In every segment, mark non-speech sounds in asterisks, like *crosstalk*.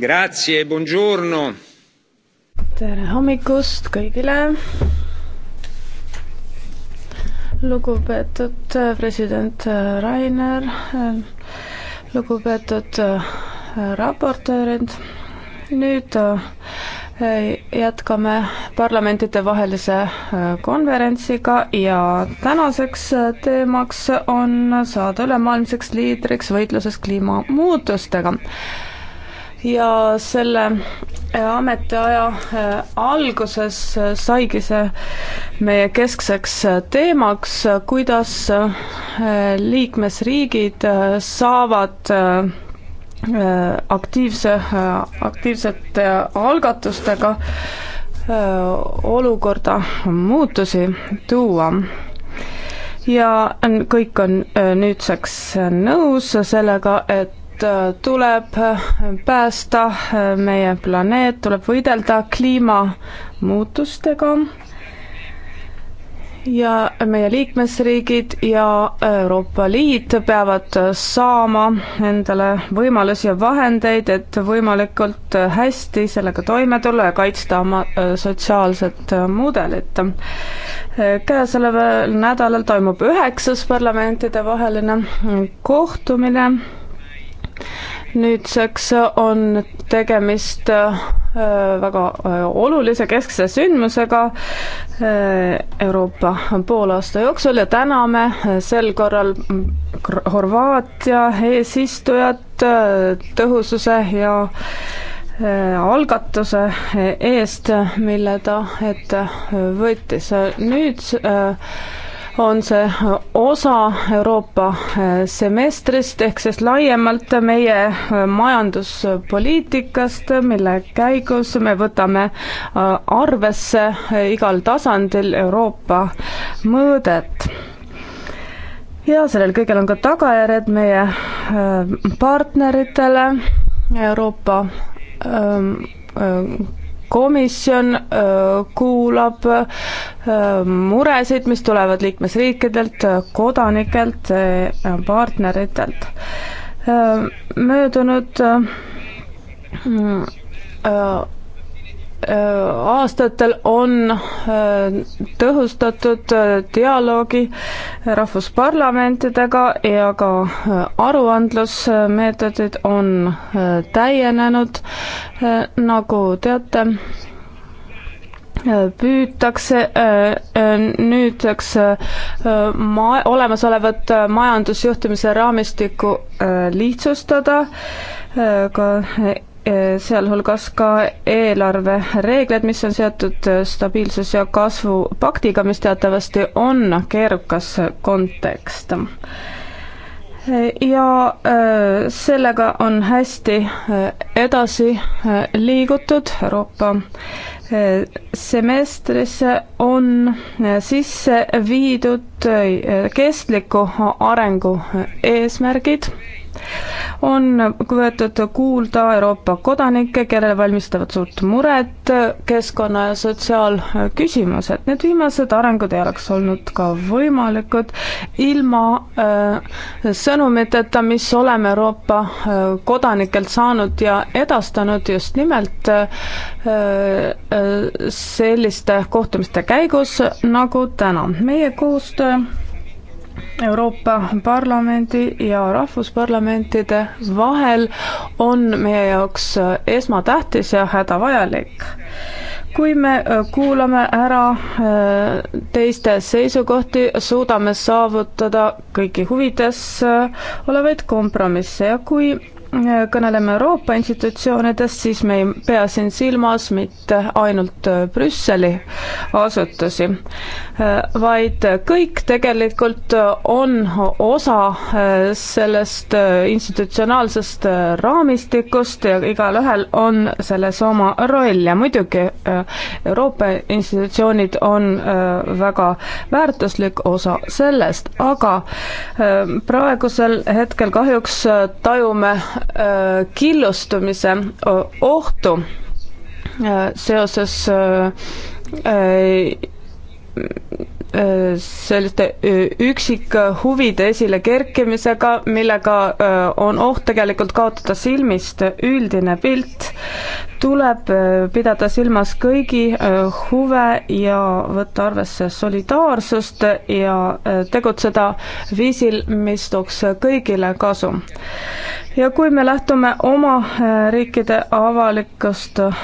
Grazie, buongiorno. tere hommikust kõigile. lugupeetud äh, president äh, Rainer, äh, lugupeetud raportöörid, nüüd jätkame parlamentidevahelise konverentsiga ja tänaseks teemaks on saada ülemaailmseks liidriks võitluses kliimamuutustega ja selle äh, ametiaja äh, alguses äh, saigi see meie keskseks teemaks, kuidas liikmesriigid saavad aktiivse, aktiivsete algatustega olukorda muutusi tuua ja kõik on nüüdseks nõus sellega, et Äh, tuleb äh, päästa äh, meie planeet, tuleb võidelda kliimamuutustega ja meie liikmesriigid ja Euroopa Liit peavad saama endale võimalusi ja vahendeid, et võimalikult hästi sellega toime tulla ja kaitsta oma sotsiaalset mudelit. käesoleval nädalal toimub üheksas parlamentidevaheline kohtumine nüüdseks on tegemist äh, väga äh, olulise keskse sündmusega äh, Euroopa poolaasta jooksul ja täname sel korral mm, Horvaatia eesistujat tõhususe ja algatuse eest, mille ta ette võttis. nüüd on see osa Euroopa eh, semestrist ehk siis laiemalt meie eh, majanduspoliitikast, mille käigus me võtame eh, arvesse igal tasandil Euroopa mõõdet ja sellel kõigel on ka tagajärjed meie partneritele Euroopa komisjon kuulab muresid, mis tulevad liikmesriikidelt, kodanikelt, partneritelt. möödunud Äh, aastatel on äh, tõhustatud äh, dialoogi rahvusparlamentidega ja ka aruandlusmeetodid on täienenud, nagu teate, püütakse nüüdseks ma-, olemasolevat majandusjuhtimise raamistikku lihtsustada, ka Äh, sealhulgas ka eelarvereegled, mis on seotud äh, stabiilsus- ja kasvupaktiga, mis teatavasti on keerukas kontekst. Äh, ja sellega on hästi edasi liigutud, Euroopa semestrisse on sisse viidud kestliku arengu eesmärgid on võetud kuulda Euroopa kodanikke, kellele valmistavad suurt muret keskkonna ja sotsiaalküsimused. Need viimased arengud ei oleks olnud ka võimalikud ilma äh, sõnumiteta, mis oleme Euroopa äh, kodanikelt saanud ja edastanud just nimelt äh, äh selliste kohtumiste käigus nagu täna. meie koostöö Euroopa Parlamendi ja rahvusparlamentide vahel on meie jaoks äh, esmatähtis ja hädavajalik kui me äh, kuulame ära äh, teiste seisukohti, suudame saavutada kõigi huvides olevaid kompromisse ja kui kõneleme Euroopa institutsioonidest, siis me ei pea siin silmas mitte ainult äh, Brüsseli asutusi, äh, vaid kõik tegelikult äh, on osa sellest institutsionaalsest raamistikust ja igalühel on selles oma roll ja muidugi Euroopa institutsioonid on väga väärtuslik osa sellest, aga praegusel hetkel kahjuks tajume Äh, killustumise ohtu äh, seoses äh, selliste üksikhuvide esile kerkimisega, millega on oht tegelikult kaotada silmist üldine pilt, tuleb pidada silmas kõigi huve ja võtta arvesse solidaarsust ja tegutseda viisil, mis tooks kõigile kasu ja kui me lähtume oma äh, riikide avalikust äh,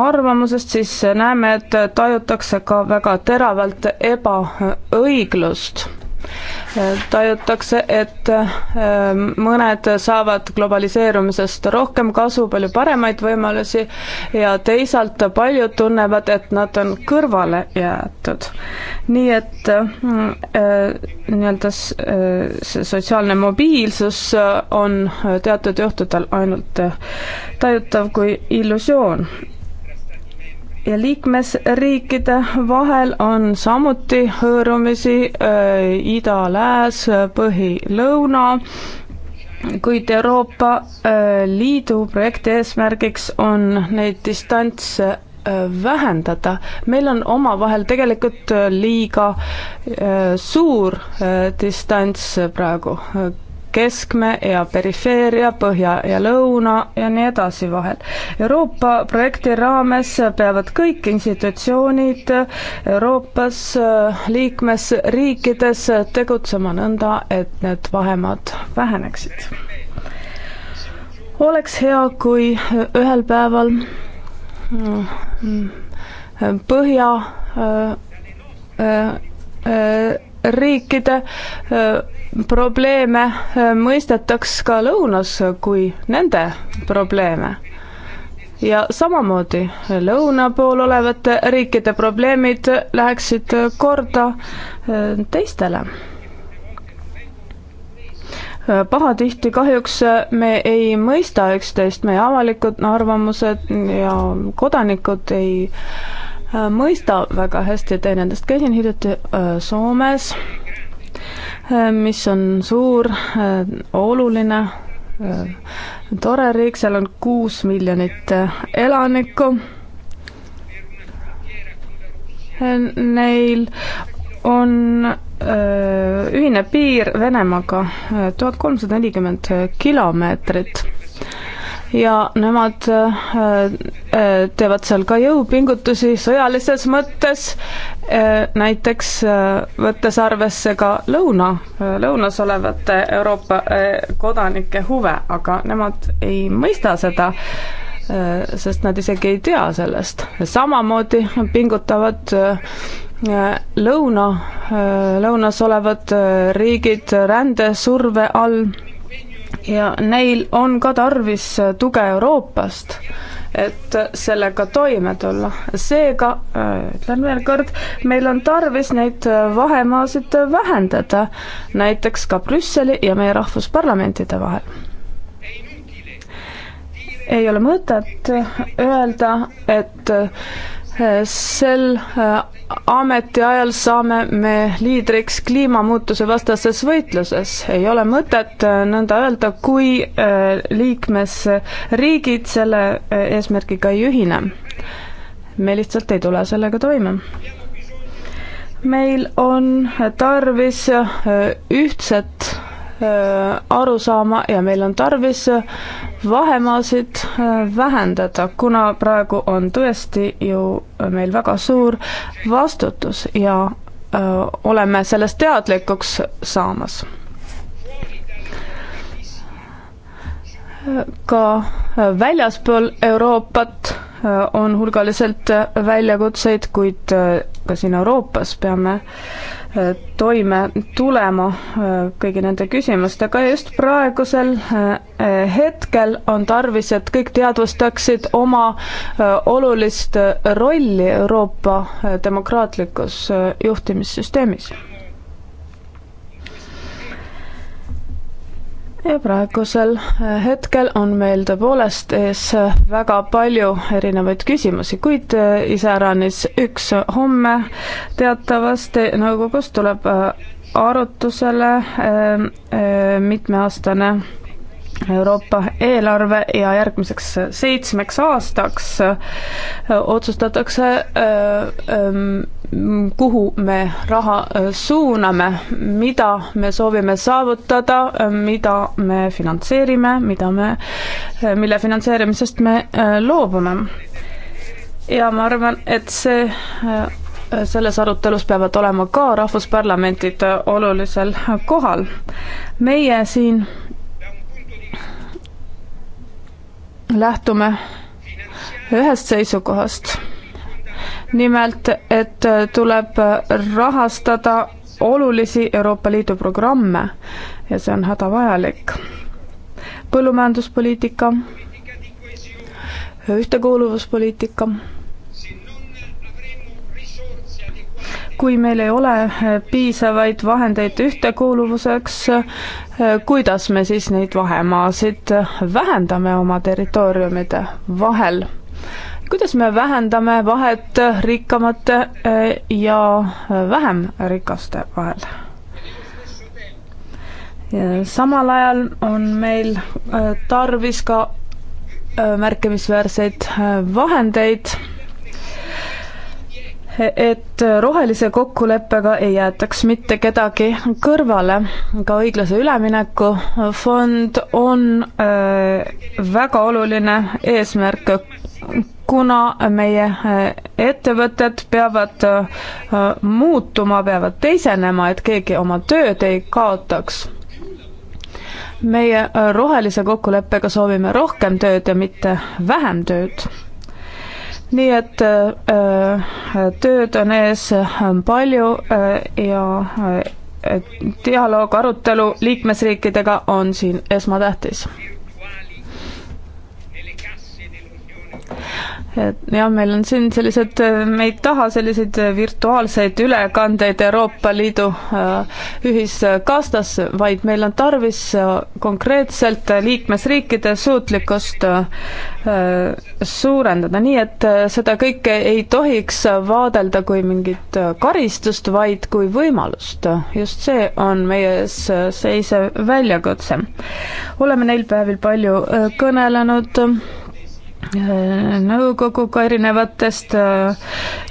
arvamusest, siis näeme, et tajutakse ka väga teravalt ebaõiglust tajutakse, et ähm, mõned saavad globaliseerumisest rohkem kasu, palju paremaid võimalusi ja teisalt paljud tunnevad, et nad on kõrvale jäetud. nii et äh, nii-öelda äh, see sotsiaalne mobiilsus on teatud juhtudel ainult äh, tajutav kui illusioon ja liikmesriikide vahel on samuti hõõrumisi äh, ida-lääs, põhi-lõuna, kuid Euroopa äh, Liidu projekti eesmärgiks on neid distantse äh, vähendada, meil on omavahel tegelikult liiga suur distants praegu keskme ja perifeeria, põhja ja lõuna ja nii edasi vahel. Euroopa projekti raames peavad kõik institutsioonid Euroopas liikmesriikides tegutsema nõnda, et need vahemaad väheneksid. oleks hea, kui ühel päeval mm, põhja äh, äh, äh, riikide probleeme äh, mõistetaks ka lõunas kui nende probleeme ja samamoodi lõuna pool olevate riikide probleemid läheksid korda äh, teistele. Äh, pahatihti kahjuks me ei mõista üksteist, meie avalikud arvamused ja kodanikud ei mõista väga hästi teineteist. käisin hiljuti Soomes mis on suur, oluline, tore riik, seal on kuus miljonit elanikku. Neil on äh, ühine piir Venemaaga äh, tuhat kolmsada nelikümmend kilomeetrit ja nemad äh, äh, teevad seal ka jõupingutusi sõjalises mõttes, äh, näiteks võttes arvesse ka lõuna, lõunas olevate Euroopa kodanike huve, aga nemad ei mõista seda, sest nad isegi ei tea sellest. samamoodi pingutavad lõuna, lõunas olevad riigid rändesurve all ja neil on ka tarvis tuge Euroopast, et sellega toime tulla. seega, äh, ütlen veel kord, meil on tarvis neid äh, vahemaasid vähendada, näiteks ka Brüsseli ja meie rahvusparlamentide vahel ei ole mõtet öelda, et äh, sel äh, ametiajal saame me liidriks kliimamuutuse vastases võitluses. ei ole mõtet äh, nõnda öelda, kui äh, liikmesriigid selle eesmärgiga ei ühine. me lihtsalt ei tule sellega toime meil on tarvis ühtset Äh, aru saama ja meil on tarvis äh, vahemaasid äh, vähendada, kuna praegu on tõesti ju meil väga suur vastutus ja öö, oleme sellest teadlikuks saamas. ka väljaspool Euroopat Äh, on hulgaliselt äh, väljakutseid, kuid äh, ka siin Euroopas peame toime tulema kõigi nende küsimustega ja just praegusel hetkel on tarvis, et kõik teadvustaksid oma olulist rolli Euroopa demokraatlikus juhtimissüsteemis ja praegusel äh, hetkel on meil tõepoolest ees äh, väga palju erinevaid küsimusi, kuid äh, iseäranis üks homme teatavasti nõukogus tuleb arutusele mitmeaastane Euroopa eelarve ja järgmiseks seitsmeks aastaks äh, otsustatakse, äh, ähm, kuhu me raha äh, suuname, mida me soovime saavutada, mida me finantseerime, mida me, mille finantseerimisest me loobume. ja ma arvan, et see selles arutelus peavad olema ka rahvusparlamentid olulisel kohal. meie siin lähtume ühest seisukohast. nimelt, et tuleb rahastada olulisi Euroopa Liidu programme ja see on hädavajalik. põllumajanduspoliitika, ühtekuuluvuspoliitika kui meil ei ole eh, piisavaid vahendeid ühtekuuluvuseks, eh, kuidas me siis neid vahemaasid vähendame oma territooriumide vahel? kuidas me vähendame vahet rikkamate eh, ja vähem rikaste vahel? samal ajal on meil tarvis ka märkimisväärseid vahendeid et rohelise kokkuleppega ei jäetaks mitte kedagi kõrvale. ka õiglase ülemineku fond on äh, väga oluline eesmärk, kuna meie äh, ettevõtted peavad äh, muutuma, peavad teisenema, et keegi oma tööd ei kaotaks meie rohelise kokkuleppega soovime rohkem tööd ja mitte vähem tööd nii et äh, äh, tööd on ees äh, palju ja dialoog, arutelu liikmesriikidega on siin esmatähtis ja meil on siin sellised, äh, me ei taha selliseid äh, virtuaalseid ülekandeid Euroopa Liidu äh, ühiskastas, vaid meil on tarvis konkreetselt liikmesriikide suutlikkust suurendada, nii et seda kõike ei tohiks vaadelda kui mingit karistust, vaid kui võimalust. just see on meie ees seisev väljakutse. oleme neil päevil palju kõnelenud Äh, nõukoguga erinevatest äh,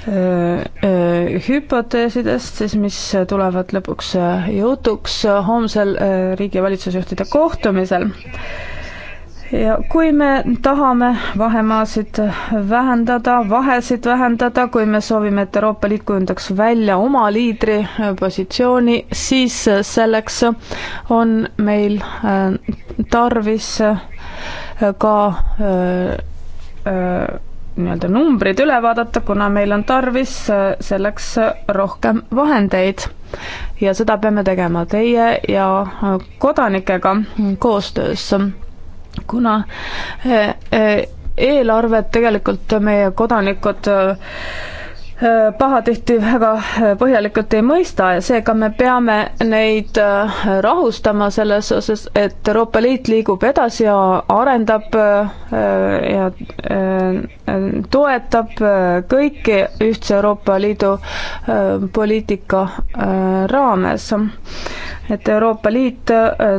äh, hüpoteesidest, siis mis tulevad lõpuks jutuks homsel riigi valitsusjuhtide kohtumisel. ja kui me tahame vahemaasid vähendada, vahesid vähendada, kui me soovime, et Euroopa Liit kujundaks välja oma liidri positsiooni, siis selleks on meil tarvis ka Äh, nii-öelda numbrid üle vaadata, kuna meil on tarvis äh, selleks äh, rohkem vahendeid. ja seda peame tegema teie ja kodanikega koostöös, kuna eelarved tegelikult meie kodanikud Äh, pahatihti väga äh, põhjalikult ei mõista ja seega me peame neid äh, rahustama selles osas, et Euroopa Liit liigub edasi ja arendab ja toetab kõiki ühtse Euroopa Liidu poliitika raames. et Euroopa Liit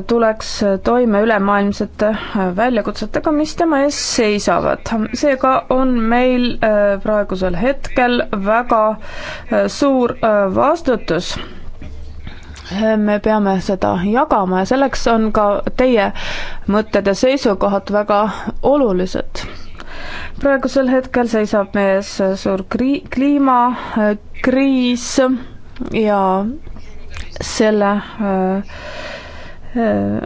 tuleks toime ülemaailmsete väljakutsetega, mis tema ees seisavad. seega on meil praegusel hetkel väga äh, suur äh, vastutus me peame seda jagama ja selleks on ka teie mõtted ja seisukohad väga olulised. praegusel hetkel seisab meie ees äh, suur kri-, kliimakriis ja selle äh, äh,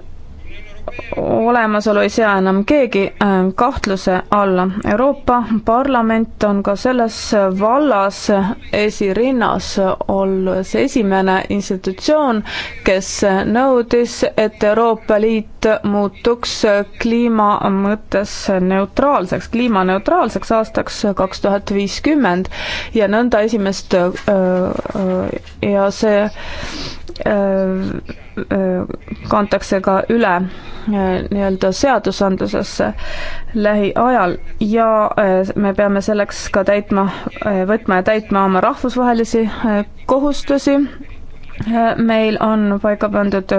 olemasolu ei sea enam keegi äh, kahtluse alla. Euroopa Parlament on ka selles vallas esirinnas, olles esimene institutsioon, kes nõudis, et Euroopa Liit muutuks kliima mõttes neutraalseks, kliimaneutraalseks aastaks kaks tuhat viiskümmend ja nõnda esimest äh, äh, ja see Äh, kantakse ka üle äh, nii-öelda seadusandlusesse lähiajal ja äh, me peame selleks ka täitma, võtma ja täitma oma rahvusvahelisi kohustusi. meil on paika pandud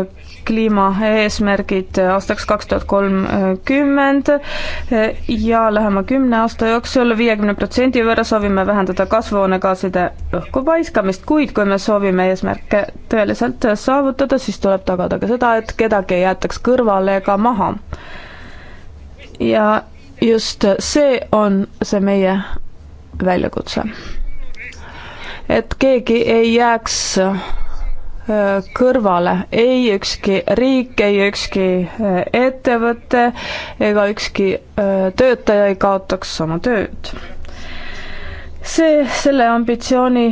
kliimaeesmärgid aastaks kaks tuhat kolmkümmend ja lähema kümne aasta jooksul viiekümne protsendi võrra soovime vähendada kasvuhoonegaaside õhku paiskamist, kuid kui me soovime eesmärke tõeliselt saavutada, siis tuleb tagada ka seda, et kedagi ei jäetaks kõrvale ega maha. ja just see on see meie väljakutse. et keegi ei jääks Äh, kõrvale. ei ükski riik, ei ükski äh, ettevõte ega ükski äh, töötaja ei kaotaks oma tööd. see, selle ambitsiooni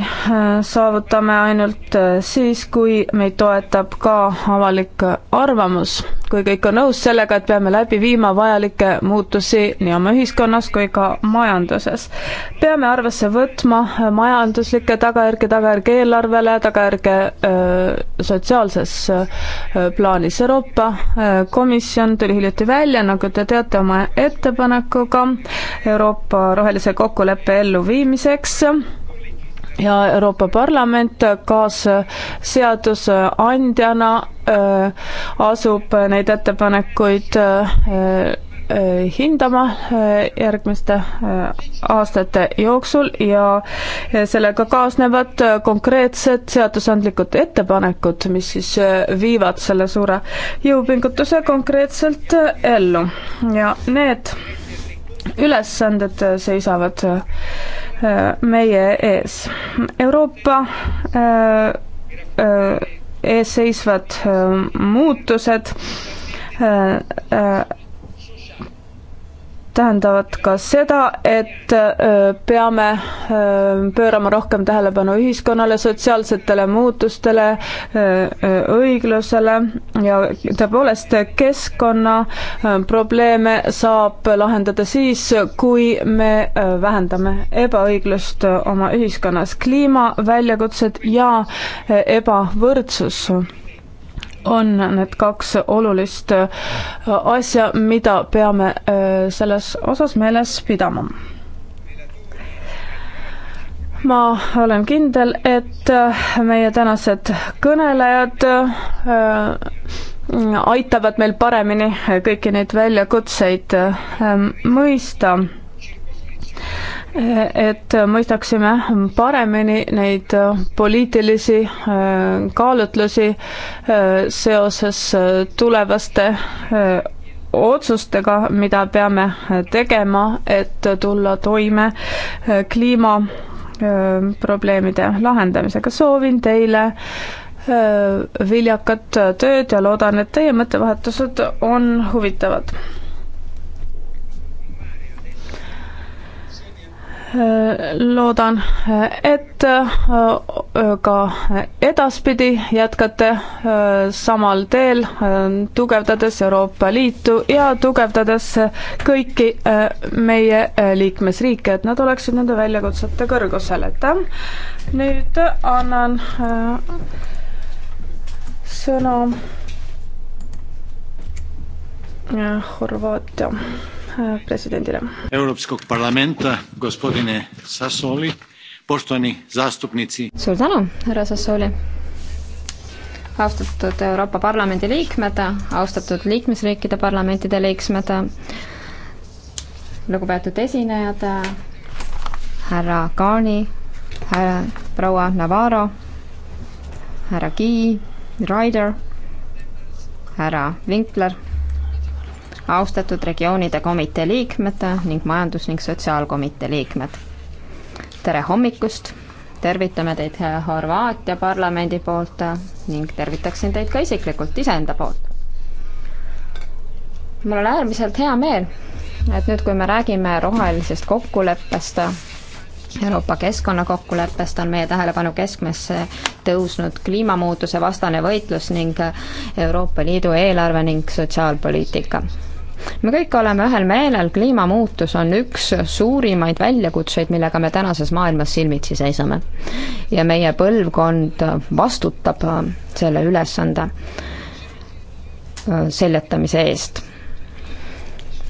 saavutame ainult siis, kui meid toetab ka avalik arvamus kui kõik on nõus sellega, et peame läbi viima vajalikke muutusi nii oma ühiskonnas kui ka majanduses. peame arvesse võtma majanduslikke tagajärgi, tagajärgi eelarvele, tagajärge sotsiaalses plaanis. Euroopa Komisjon tuli hiljuti välja, nagu te teate, oma ettepanekuga Euroopa rohelise kokkuleppe elluviimiseks ja Euroopa Parlament kaasseadusandjana äh, asub neid ettepanekuid äh, äh, hindama järgmiste aastate jooksul ja sellega kaasnevad konkreetsed seadusandlikud ettepanekud, mis siis viivad selle suure jõupingutuse konkreetselt ellu ja need ülesanded äh, seisavad äh, meie ees. Euroopa äh, ees seisvad muutused tähendavad ka seda, et peame pöörama rohkem tähelepanu ühiskonnale, sotsiaalsetele muutustele, õiglusele ja tõepoolest keskkonnaprobleeme saab lahendada siis, kui me vähendame ebaõiglust oma ühiskonnas, kliimaväljakutsed ja ebavõrdsus on need kaks olulist äh, asja, mida peame äh, selles osas meeles pidama ma olen kindel, et äh, meie tänased kõnelejad aitavad meil paremini kõiki neid väljakutseid mõista et mõistaksime paremini neid poliitilisi äh, kaalutlusi äh, seoses äh, tulevaste otsustega, mida peame tegema, et tulla toime kliima probleemide lahendamisega. soovin teile viljakat tööd ja loodan, et teie mõttevahetused on huvitavad. loodan, et ka edaspidi jätkate samal teel, tugevdades Euroopa Liitu ja tugevdades kõiki meie liikmesriike, et nad oleksid nende väljakutsete kõrgusel, aitäh. nüüd annan sõna Horvaatia Äh, predsjedniče. Europskog parlamenta, gospodine Sassoli, poštovani zastupnici. suur tänu, härra Sassoli. austatud Euroopa Parlamendi liikmed, austatud liikmesriikide parlamentide liikmed, lugupeetud esinejad, härra Kaani, härra proua Navarro, härra Kii, Ryder, härra Winkler austatud regioonide komitee liikmed ning Majandus- ning Sotsiaalkomitee liikmed. tere hommikust, tervitame teid Horvaatia parlamendi poolt ning tervitaksin teid ka isiklikult iseenda poolt. mul on äärmiselt hea meel, et nüüd, kui me räägime rohelisest kokkuleppest, Euroopa keskkonnakokkuleppest on meie tähelepanu keskmesse tõusnud kliimamuutuse vastane võitlus ning Euroopa Liidu eelarve ning sotsiaalpoliitika me kõik oleme ühel meelel, kliimamuutus on üks suurimaid väljakutseid, millega me tänases maailmas silmitsi seisame. ja meie põlvkond vastutab äh, selle ülesande äh, seljatamise eest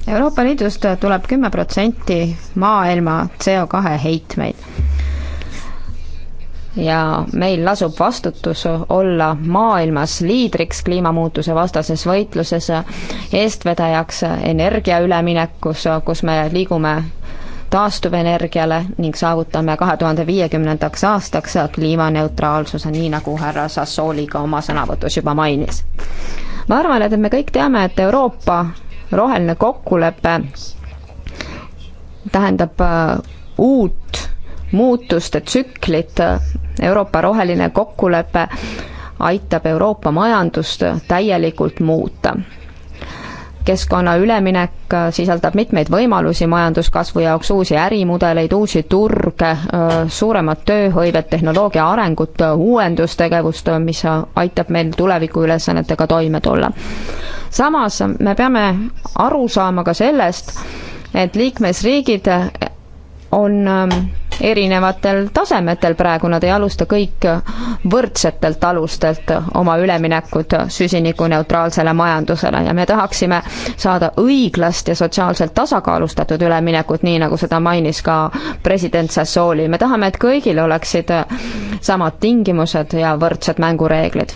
Euroopa Liidust tuleb kümme protsenti maailma CO2 heitmeid ja meil lasub vastutus olla maailmas liidriks kliimamuutuse vastases võitluses, eestvedajaks energiaüleminekus, kus me liigume taastuvenergiale ning saavutame kahe tuhande viiekümnendaks aastaks kliimaneutraalsuse, nii nagu härra Sassooli ka oma sõnavõtus juba mainis. ma arvan, et me kõik teame, et Euroopa roheline kokkulepe tähendab äh, uut muutuste tsüklit. Euroopa roheline kokkulepe aitab Euroopa majandust täielikult muuta keskkonna üleminek sisaldab mitmeid võimalusi majanduskasvu jaoks, uusi ärimudeleid, uusi turge, suuremat tööhõivet, tehnoloogia arengut, uuendustegevust, mis aitab meil tulevikuülesannetega toime tulla. samas me peame aru saama ka sellest, et liikmesriigid on erinevatel tasemetel praegu, nad ei alusta kõik võrdsetelt alustelt oma üleminekut süsinikuneutraalsele majandusele ja me tahaksime saada õiglast ja sotsiaalselt tasakaalustatud üleminekut, nii nagu seda mainis ka president Sassooli, me tahame, et kõigil oleksid samad tingimused ja võrdsed mängureeglid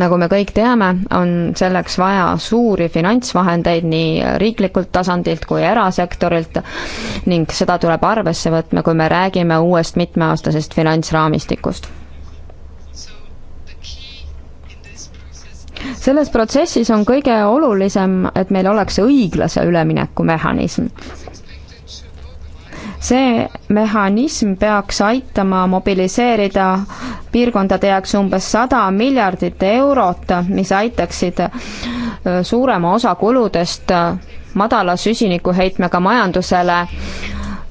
nagu me kõik teame, on selleks vaja suuri finantsvahendeid nii riiklikult tasandilt kui erasektorilt ning seda tuleb arvesse võtma, kui me räägime uuest mitmeaastasest finantsraamistikust. selles protsessis on kõige olulisem, et meil oleks õiglase ülemineku mehhanism see mehhanism peaks aitama mobiliseerida piirkondade jaoks umbes sada miljardit eurot, mis aitaksid äh, suurema osa kuludest äh, madala süsinikuheitmega majandusele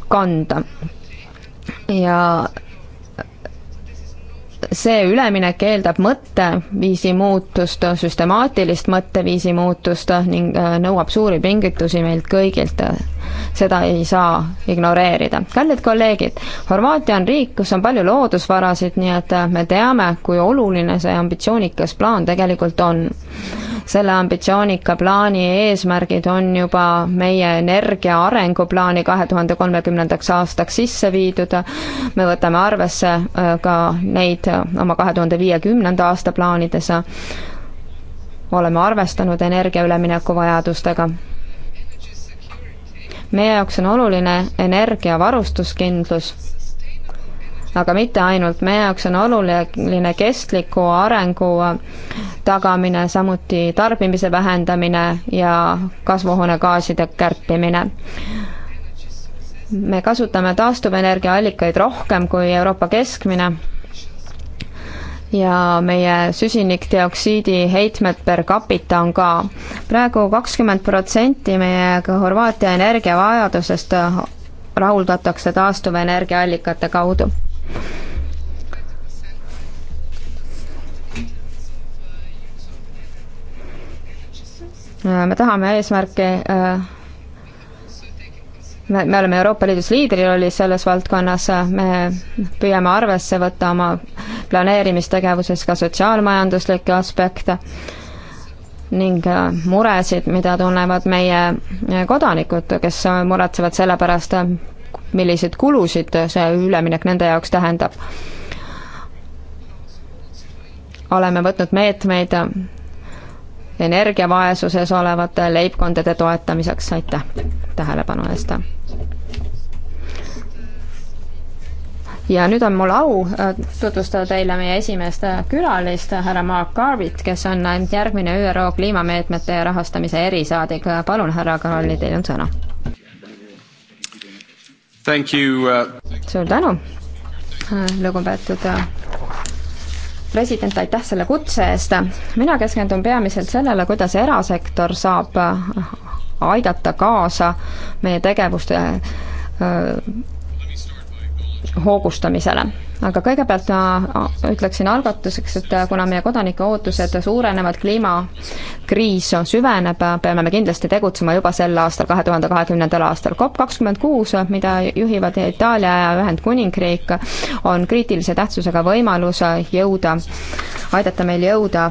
kanda. ja see üleminek eeldab mõtteviisi muutust, süstemaatilist mõtteviisi muutust ning äh, nõuab suuri pingutusi meilt kõigilt. seda ei saa ignoreerida. kallid kolleegid, Horvaatia on riik, kus on palju loodusvarasid, nii et äh, me teame, kui oluline see ambitsioonikas plaan tegelikult on selle ambitsioonika plaani eesmärgid on juba meie energia arenguplaani kahe tuhande kolmekümnendaks aastaks sisse viidud. me võtame arvesse äh, ka neid äh, oma kahe tuhande viiekümnenda aasta plaanides. oleme arvestanud energia ülemineku vajadustega meie jaoks on oluline energiavarustuskindlus aga mitte ainult, meie jaoks on oluline kestliku arengu tagamine, samuti tarbimise vähendamine ja kasvuhoonegaaside kärpimine me kasutame taastuvenergiaallikaid rohkem kui Euroopa keskmine ja meie süsinikdioksiidi heitmed per capita on ka praegu kakskümmend protsenti meie Horvaatia energiavajadusest rahuldatakse taastuvenergiaallikate kaudu Äh, me tahame eesmärke äh, me, me oleme Euroopa Liidus liidri rollis selles valdkonnas, äh, me püüame arvesse võtta oma planeerimistegevuses ka sotsiaalmajanduslikke aspekte ning muresid, mida tunnevad meie kodanikud, kes muretsevad selle pärast, milliseid kulusid see üleminek nende jaoks tähendab. oleme võtnud meetmeid energiavaesuses olevate leibkondade toetamiseks, aitäh tähelepanu eest! ja nüüd on mul au äh, tutvustada teile meie esimest äh, külalist, äh, härra Mark Garvit, kes on järgmine ÜRO kliimameetmete ja rahastamise erisaadik. palun, härra Karoli, teil on sõna Uh, suur tänu, lugupeetud äh, president, aitäh selle kutse eest. mina keskendun peamiselt sellele, kuidas erasektor saab äh, aidata kaasa meie tegevuste äh, hoogustamisele. aga kõigepealt ma äh, äh, ütleksin algatuseks, et äh, kuna meie kodanike ootused suurenevad, kliimakriis süveneb, peame me kindlasti tegutsema juba sel aastal, kahe tuhande kahekümnendal aastal. COP kakskümmend kuus, mida juhivad Itaalia ja Ühendkuningriik, on kriitilise tähtsusega võimalus jõuda, aidata meil jõuda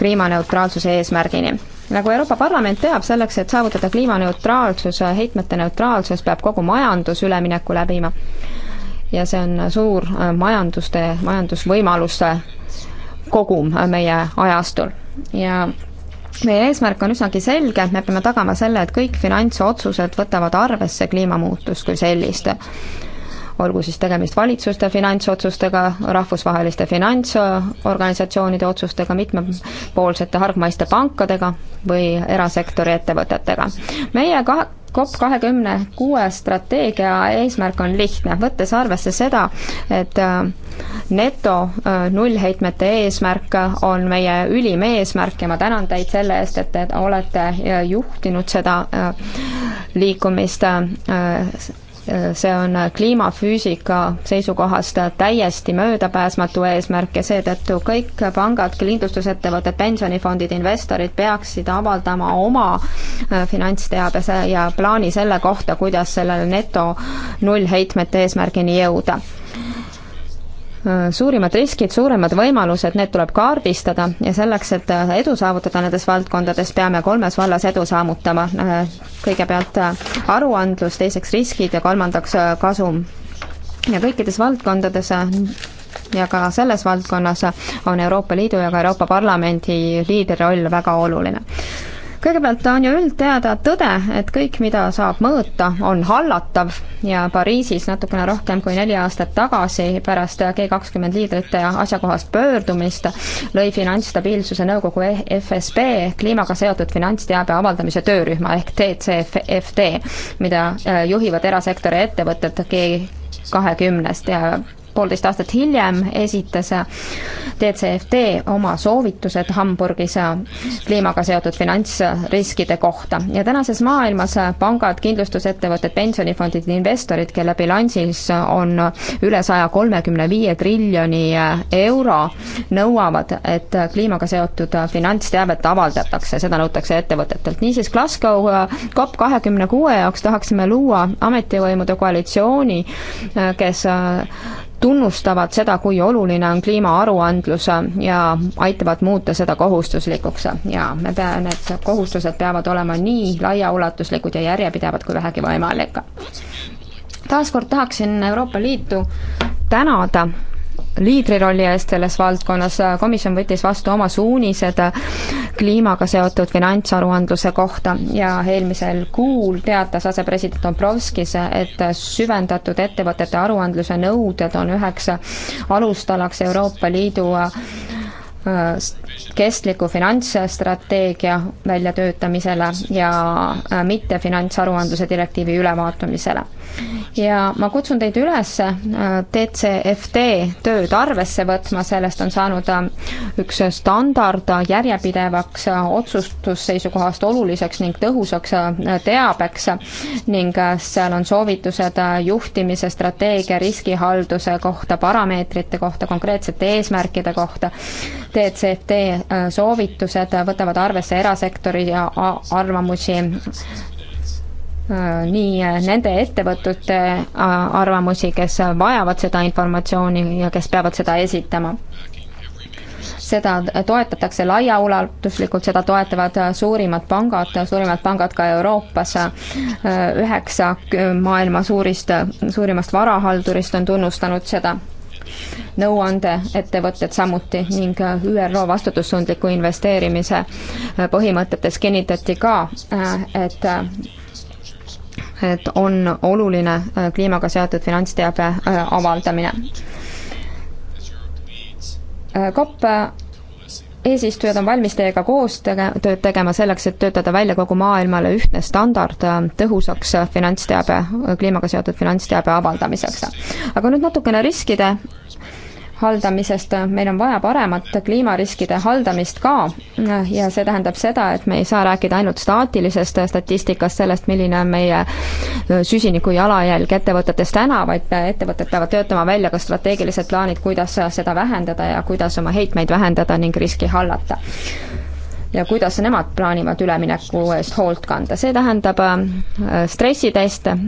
kliimaneutraalsuse eesmärgini nagu Euroopa Parlament teab, selleks, et saavutada kliimaneutraalsus, heitmete neutraalsus, peab kogu majandus ülemineku läbima. ja see on suur äh, majanduste, majandusvõimaluste kogum äh, meie ajastul ja meie eesmärk on üsnagi selge, me peame tagama selle, et kõik finantsotsused võtavad arvesse kliimamuutust kui sellist olgu siis tegemist valitsuste finantsotsustega, rahvusvaheliste finantsorganisatsioonide otsustega, mitmepoolsete hargmaiste pankadega või erasektori ettevõtetega. meie ka-, COP kahekümne kuue strateegia eesmärk on lihtne, võttes arvesse seda, et äh, neto äh, nullheitmete eesmärk on meie ülim eesmärk ja ma tänan teid selle eest, et te olete äh, juhtinud seda liikumist see on kliimafüüsika seisukohast täiesti möödapääsmatu eesmärk ja seetõttu kõik pangad, kindlustusettevõtted, pensionifondid, investorid peaksid avaldama oma äh, finantsteabe ja plaani selle kohta, kuidas sellele neto nullheitmete eesmärgini jõuda suurimad riskid, suuremad võimalused, need tuleb kaardistada ja selleks, et edu saavutada nendes valdkondades, peame kolmes vallas edu saavutama. kõigepealt äh, aruandlus, teiseks riskid ja kolmandaks äh, kasum. ja kõikides valdkondades äh, ja ka selles valdkonnas on Euroopa Liidu ja ka Euroopa Parlamendi liidriroll väga oluline kõigepealt on ju üldteada tõde, et kõik, mida saab mõõta, on hallatav ja Pariisis natukene rohkem kui neli aastat tagasi pärast G kakskümmend liidrite asjakohast pöördumist lõi Finantsstabiilsuse Nõukogu e-, FSB kliimaga seotud finantsteabe avaldamise töörühma ehk TCFD, mida eh, juhivad erasektori ettevõtted G kahekümnest ja poolteist aastat hiljem esitas DCFD oma soovitused Hamburgis kliimaga seotud finantsriskide kohta ja tänases maailmas pangad, kindlustusettevõtted, pensionifondid, investorid, kelle bilansis on üle saja kolmekümne viie triljoni euro, nõuavad, et kliimaga seotud finantsteavet avaldatakse, seda nõutakse ettevõtetelt. niisiis Glasgow COP kahekümne kuue jaoks tahaksime luua ametivõimude koalitsiooni, kes tunnustavad seda, kui oluline on kliimaaruandlus ja aitavad muuta seda kohustuslikuks. ja me pea-, need kohustused peavad olema nii laiaulatuslikud ja järjepidevad kui vähegi võimalik. taaskord tahaksin Euroopa Liitu tänada liidrirolli eest selles valdkonnas, komisjon võttis vastu oma suunised kliimaga seotud finantsaruandluse kohta ja eelmisel kuul teatas asepresident Dombrovskis, et süvendatud ettevõtete aruandluse nõuded on üheks alustalaks Euroopa Liidu Äh, kestliku finantsstrateegia väljatöötamisele ja äh, mittefinantsaruandluse direktiivi ülevaatamisele. ja ma kutsun teid üles DCFD äh, tööd arvesse võtma, sellest on saanud üks standard järjepidevaks otsustusseisukohast oluliseks ning tõhusaks teabeks ning seal on soovitused juhtimise, strateegia, riskihalduse kohta, parameetrite kohta, konkreetsete eesmärkide kohta, DCFT äh, soovitused võtavad arvesse erasektori ja arvamusi, äh, nii äh, nende ettevõtete arvamusi, kes vajavad seda informatsiooni ja kes peavad seda esitama seda toetatakse laiaulatuslikult, seda toetavad suurimad pangad, suurimad pangad ka Euroopas. üheksa maailma suurist, suurimast varahaldurist on tunnustanud seda nõuandeettevõtted samuti ning äh, ÜRO vastutustundliku investeerimise äh, põhimõtetes kinnitati ka, äh, et et on oluline kliimaga seotud finantsteabe avaldamine. COP eesistujad on valmis teiega koostööd tegema selleks, et töötada välja kogu maailmale ühtne standard tõhusaks finantsteabe, kliimaga seotud finantsteabe avaldamiseks. aga nüüd natukene riskide haldamisest, meil on vaja paremat kliimariskide haldamist ka ja see tähendab seda, et me ei saa rääkida ainult staatilisest statistikast, sellest, milline on meie süsiniku jalajälg ettevõtetes täna, vaid ettevõtted peavad töötama välja ka strateegilised plaanid, kuidas seda vähendada ja kuidas oma heitmeid vähendada ning riski hallata ja kuidas nemad plaanivad ülemineku eest hoolt kanda, see tähendab eh, stressiteste,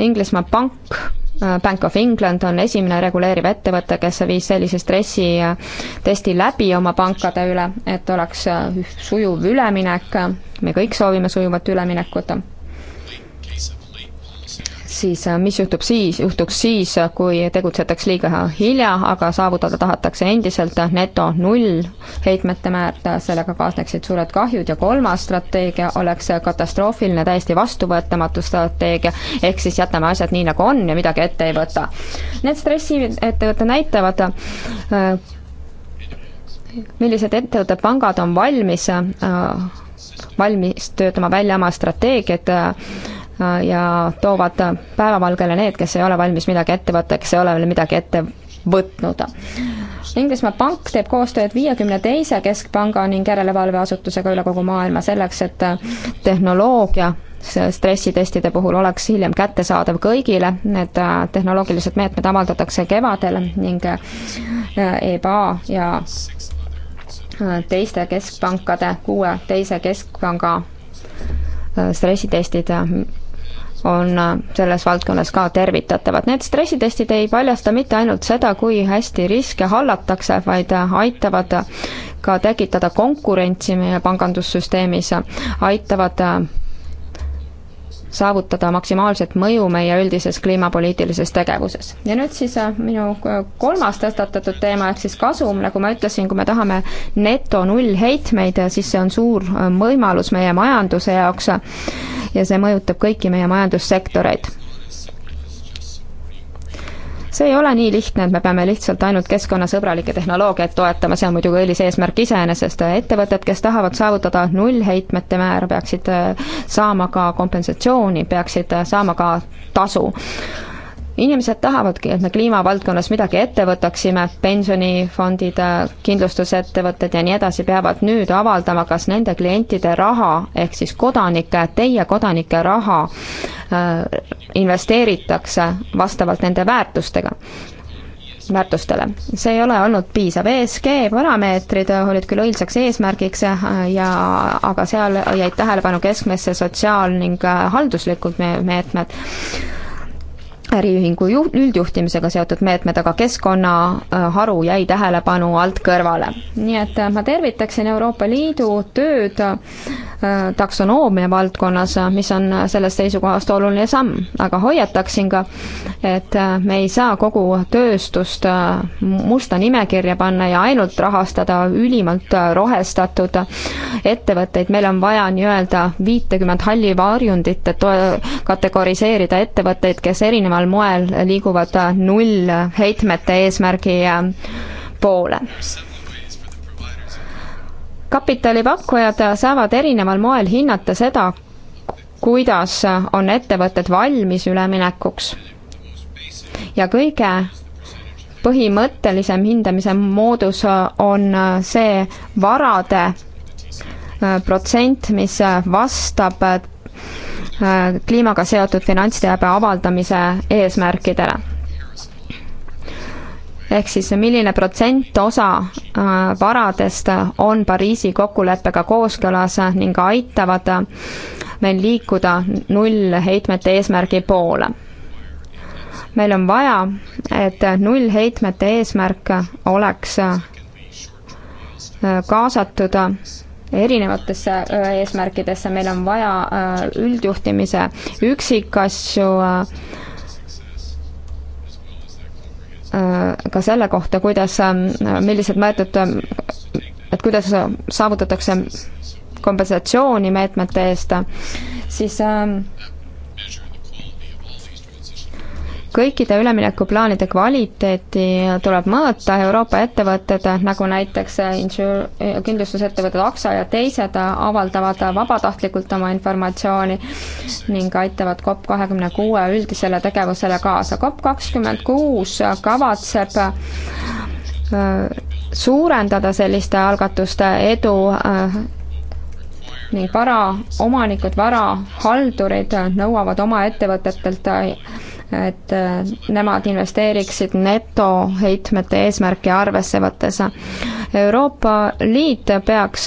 Inglismaa pank Äh, Bank of England on esimene reguleeriv ettevõte, kes viis sellise stressitesti äh, läbi oma pankade üle, et oleks äh, sujuv üleminek, me kõik soovime sujuvat üleminekut siis äh, mis juhtub siis, juhtuks siis, äh, kui tegutsetaks liiga hilja, aga saavutada tahetakse endiselt äh, neto null heitmete määr, sellega kaasneksid suured kahjud ja kolmas strateegia oleks katastroofiline, täiesti vastuvõetamatu strateegia, ehk siis jätame asjad nii, nagu on ja midagi ette ei võta. Need stressiettevõtted näitavad millised ettevõtted, pangad on valmis, valmis töötama välja oma strateegiad Äh, ja toovad päevavalgele need, kes ei ole valmis midagi ette võtta, kes ei ole veel midagi ette võtnud. Inglismaa Pank teeb koostööd viiekümne teise keskpanga ning järelevalveasutusega üle kogu maailma selleks, et tehnoloogia stressitestide puhul oleks hiljem kättesaadav kõigile, need äh, tehnoloogilised meetmed avaldatakse kevadel ning äh, EBA ja teiste keskpankade, kuue teise keskpanga stressitestid on äh, selles valdkonnas ka tervitatavad. Need stressitestid ei paljasta mitte ainult seda, kui hästi riske hallatakse, vaid äh, aitavad äh, ka tekitada konkurentsi meie pangandussüsteemis, aitavad saavutada maksimaalset mõju meie üldises kliimapoliitilises tegevuses. ja nüüd siis minu kolmas tõstatatud teema ehk siis kasum, nagu ma ütlesin, kui me tahame neto nullheitmeid, siis see on suur võimalus meie majanduse jaoks ja see mõjutab kõiki meie majandussektoreid see ei ole nii lihtne, et me peame lihtsalt ainult keskkonnasõbralikke tehnoloogiaid toetama, see on muidugi õilis eesmärk iseenesest, ettevõtted, kes tahavad saavutada nullheitmete määra, peaksid äh, saama ka kompensatsiooni, peaksid äh, saama ka tasu inimesed tahavadki, et me kliimavaldkonnas midagi ette võtaksime, pensionifondid, kindlustusettevõtted ja nii edasi peavad nüüd avaldama, kas nende klientide raha, ehk siis kodanike, teie kodanike raha äh, investeeritakse vastavalt nende väärtustega väärtustele. see ei ole olnud piisav, ESG parameetrid olid küll õilsaks eesmärgiks äh, ja aga seal jäid tähelepanu keskmesse sotsiaal- ning äh, halduslikud meetmed me äriühingu juht, üldjuhtimisega seotud meetmed, aga keskkonnaharu äh, jäi tähelepanu alt kõrvale. nii et äh, ma tervitaksin Euroopa Liidu tööd Äh, taksonoomia valdkonnas, äh, mis on äh, sellest seisukohast oluline samm, aga hoiataksin ka, et me ei saa kogu tööstust musta nimekirja panna ja ainult rahastada ülimalt rohestatud ettevõtteid, meil on vaja nii-öelda viitekümmet halli varjundit, et kategoriseerida ettevõtteid, kes erineval moel liiguvad null heitmete eesmärgi poole kapitalipakkujad saavad erineval moel hinnata seda, kuidas on ettevõtted valmis üleminekuks. ja kõige põhimõttelisem hindamise moodus on see varade äh, protsent, mis vastab äh, kliimaga seotud finantsteabe avaldamise eesmärkidele ehk siis milline protsent osa äh, varadest on Pariisi kokkuleppega kooskõlas ning aitavad meil liikuda nullheitmete eesmärgi poole. meil on vaja, et nullheitmete eesmärk oleks äh, kaasatud erinevatesse äh, eesmärkidesse, meil on vaja üldjuhtimise üksikasju, Äh, ka selle kohta, kuidas, äh, millised meetod, et kuidas saavutatakse kompensatsiooni meetmete eest, siis äh, kõikide üleminekuplaanide kvaliteeti tuleb mõõta, Euroopa ettevõtted, nagu näiteks insur-, kindlustusettevõtted Aksa ja teised, avaldavad vabatahtlikult oma informatsiooni ning aitavad COP kahekümne kuue üldisele tegevusele kaasa. COP kakskümmend kuus kavatseb suurendada selliste algatuste edu ning vara, omanikud, varahaldurid nõuavad oma ettevõtetelt et äh, nemad investeeriksid netoheitmete eesmärki arvesse võttes. Euroopa Liit peaks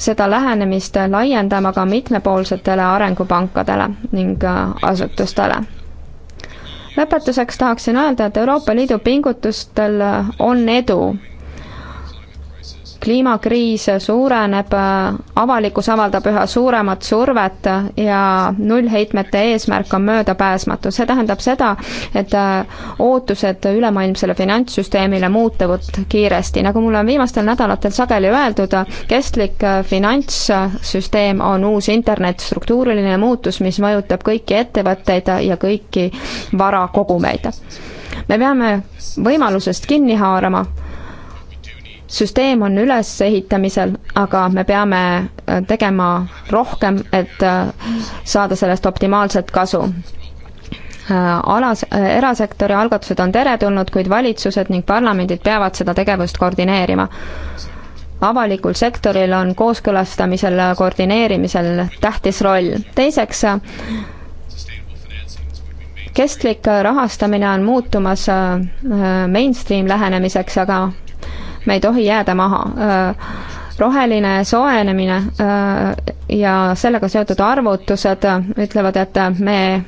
seda lähenemist laiendama ka mitmepoolsetele arengupankadele ning äh, asutustele. lõpetuseks tahaksin öelda, et Euroopa Liidu pingutustel on edu kliimakriis suureneb, avalikkus avaldab üha suuremat survet ja nullheitmete eesmärk on möödapääsmatu. see tähendab seda, et ootused ülemaailmsele finantssüsteemile muutuvad kiiresti. nagu mulle on viimastel nädalatel sageli öeldud, kestlik finantssüsteem on uus internet, struktuuriline muutus, mis mõjutab kõiki ettevõtteid ja kõiki varakogumeid. me peame võimalusest kinni haarama süsteem on ülesehitamisel, aga me peame äh, tegema rohkem, et äh, saada sellest optimaalset kasu äh, alas, erasektori algatused on teretulnud, kuid valitsused ning parlamendid peavad seda tegevust koordineerima. avalikul sektoril on kooskõlastamisel, koordineerimisel tähtis roll. teiseks, kestlik rahastamine on muutumas mainstream lähenemiseks, aga me ei tohi jääda maha. roheline soojenemine ja sellega seotud arvutused ütlevad, et me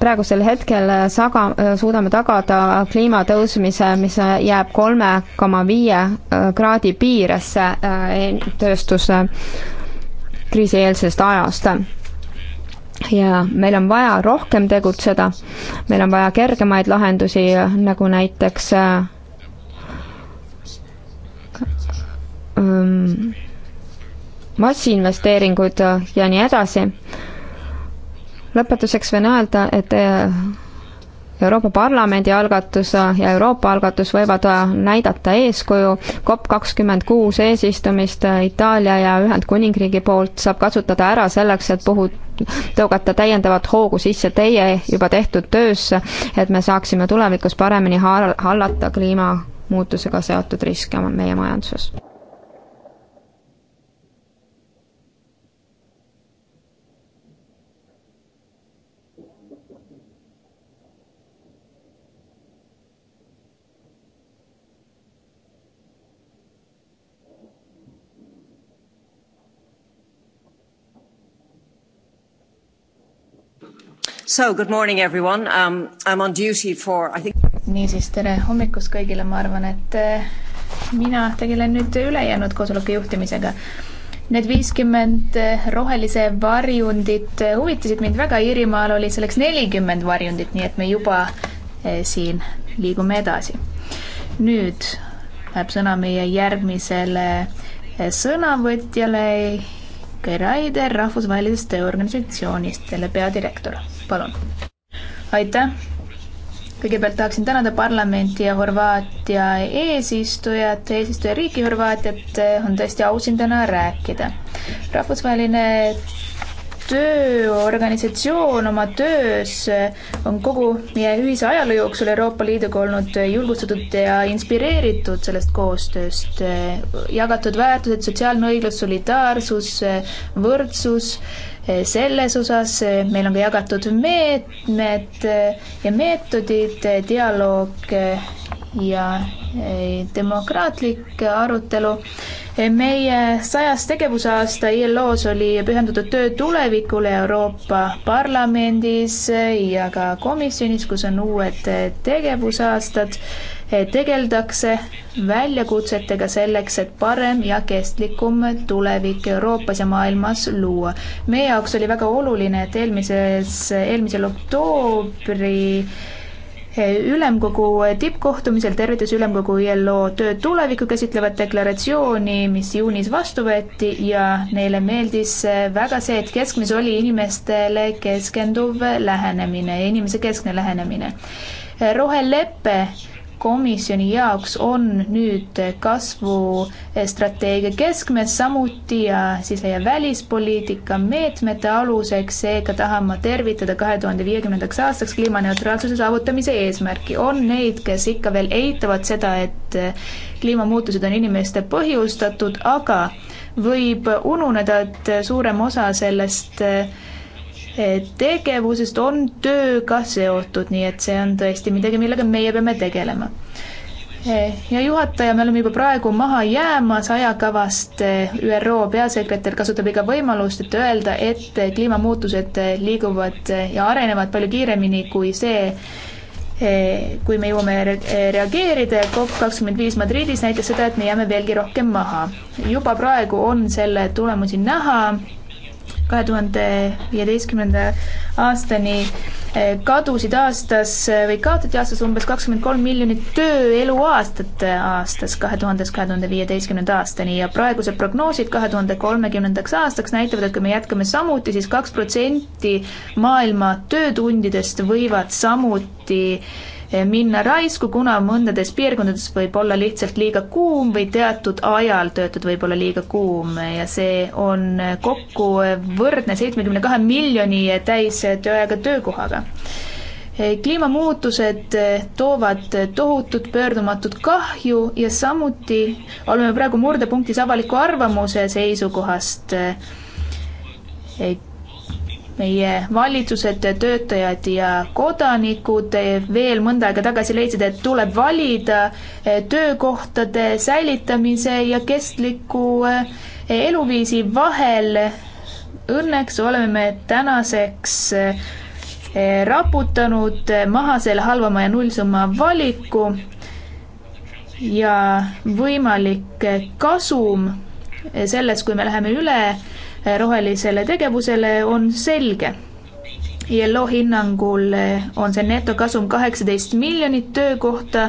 praegusel hetkel saga, suudame tagada kliima tõusmise, mis jääb kolme koma viie kraadi piiresse e-, tööstuse kriisieelsest ajast ja meil on vaja rohkem tegutseda, meil on vaja kergemaid lahendusi, nagu näiteks äh, ähm, massiinvesteeringud ja nii edasi. lõpetuseks võin öelda, et äh, Euroopa Parlamendi algatus ja Euroopa algatus võivad näidata eeskuju. COP kakskümmend kuus eesistumist Itaalia ja Ühendkuningriigi poolt saab kasutada ära selleks, et puhu-, tõugata täiendavat hoogu sisse teie juba tehtud töösse, et me saaksime tulevikus paremini hallata kliimamuutusega seotud riske meie majanduses. So good morning everyone um,, I am on duty for I think. niisiis, tere hommikust kõigile, ma arvan, et eh, mina tegelen nüüd ülejäänud koosoleku juhtimisega. Need viiskümmend eh, rohelise varjundit eh, huvitasid mind väga, Iirimaal oli selleks nelikümmend varjundit, nii et me juba siin liigume edasi. nüüd läheb sõna meie järgmisele sõnavõtjale Annika Raider Rahvusvahelisest Tööorganisatsioonist, selle peadirektor, palun. aitäh! kõigepealt tahaksin tänada parlamenti ja Horvaatia eesistujat, eesistujariiki Horvaatiat, on tõesti au siin täna rääkida. rahvusvaheline tööorganisatsioon oma töös on kogu meie ühise ajaloo jooksul Euroopa Liiduga olnud julgustatud ja inspireeritud sellest koostööst. jagatud väärtused, sotsiaalne õiglus, solidaarsus, võrdsus, selles osas meil on ka jagatud meetmed ja meetodid, dialoog ja demokraatlik arutelu meie sajas tegevusaasta ILO-s oli pühendatud töö tulevikule Euroopa Parlamendis ja ka komisjonis, kus on uued tegevusaastad, tegeldakse väljakutsetega selleks, et parem ja kestlikum tulevik Euroopas ja maailmas luua. meie jaoks oli väga oluline, et eelmises, eelmisel oktoobri ülemkogu tippkohtumisel tervitas ülemkogu ILO tööd tulevikku käsitlevat deklaratsiooni, mis juunis vastu võeti ja neile meeldis väga see, et keskmes oli inimestele keskenduv lähenemine, inimese keskne lähenemine. rohelepe komisjoni jaoks on nüüd kasvustrateegia keskmes, samuti siis meie välispoliitika meetmete aluseks, seega tahan ma tervitada kahe tuhande viiekümnendaks aastaks kliimaneutraalsuse saavutamise eesmärki. on neid, kes ikka veel eitavad seda, et kliimamuutused on inimeste põhjustatud, aga võib ununeda, et suurem osa sellest äh, tegevusest on tööga seotud, nii et see on tõesti midagi, millega meie peame tegelema. Eh, ja juhataja, me oleme juba praegu maha jäämas ajakavast, eh, ÜRO peasekretär kasutab iga võimalust, et öelda, et kliimamuutused eh, liiguvad ja arenevad palju kiiremini kui see, kui me jõuame reageerida ja COP kakskümmend viis Madridis näitas seda, et me jääme veelgi rohkem maha. juba praegu on selle tulemusi näha kahe tuhande viieteistkümnenda aastani eh, kadusid aastas eh, või kaotati aastas umbes kakskümmend kolm miljonit tööeluaastat eh, aastas kahe tuhandest kahe tuhande viieteistkümnenda aastani ja praegused prognoosid kahe tuhande kolmekümnendaks aastaks näitavad, et kui me jätkame samuti siis, siis kaks protsenti maailma töötundidest võivad samuti minna raisku, kuna mõndades piirkondades võib olla lihtsalt liiga kuum või teatud ajal töötad võib-olla liiga kuum ja see on kokku võrdne seitsmekümne kahe miljoni täistööajaga töökohaga kliimamuutused toovad tohutut pöördumatut kahju ja samuti oleme praegu murdepunktis avaliku arvamuse seisukohast meie valitsused, töötajad ja kodanikud veel mõnda aega tagasi leidsid, et tuleb valida eh, töökohtade säilitamise ja kestliku eh, eluviisi vahel. Õnneks oleme me tänaseks eh, raputanud maha selle halvama ja nullsumma valiku ja võimalik kasum selles, kui me läheme üle rohelisele tegevusele on selge. ILO hinnangul on see netokasum kaheksateist miljonit töökohta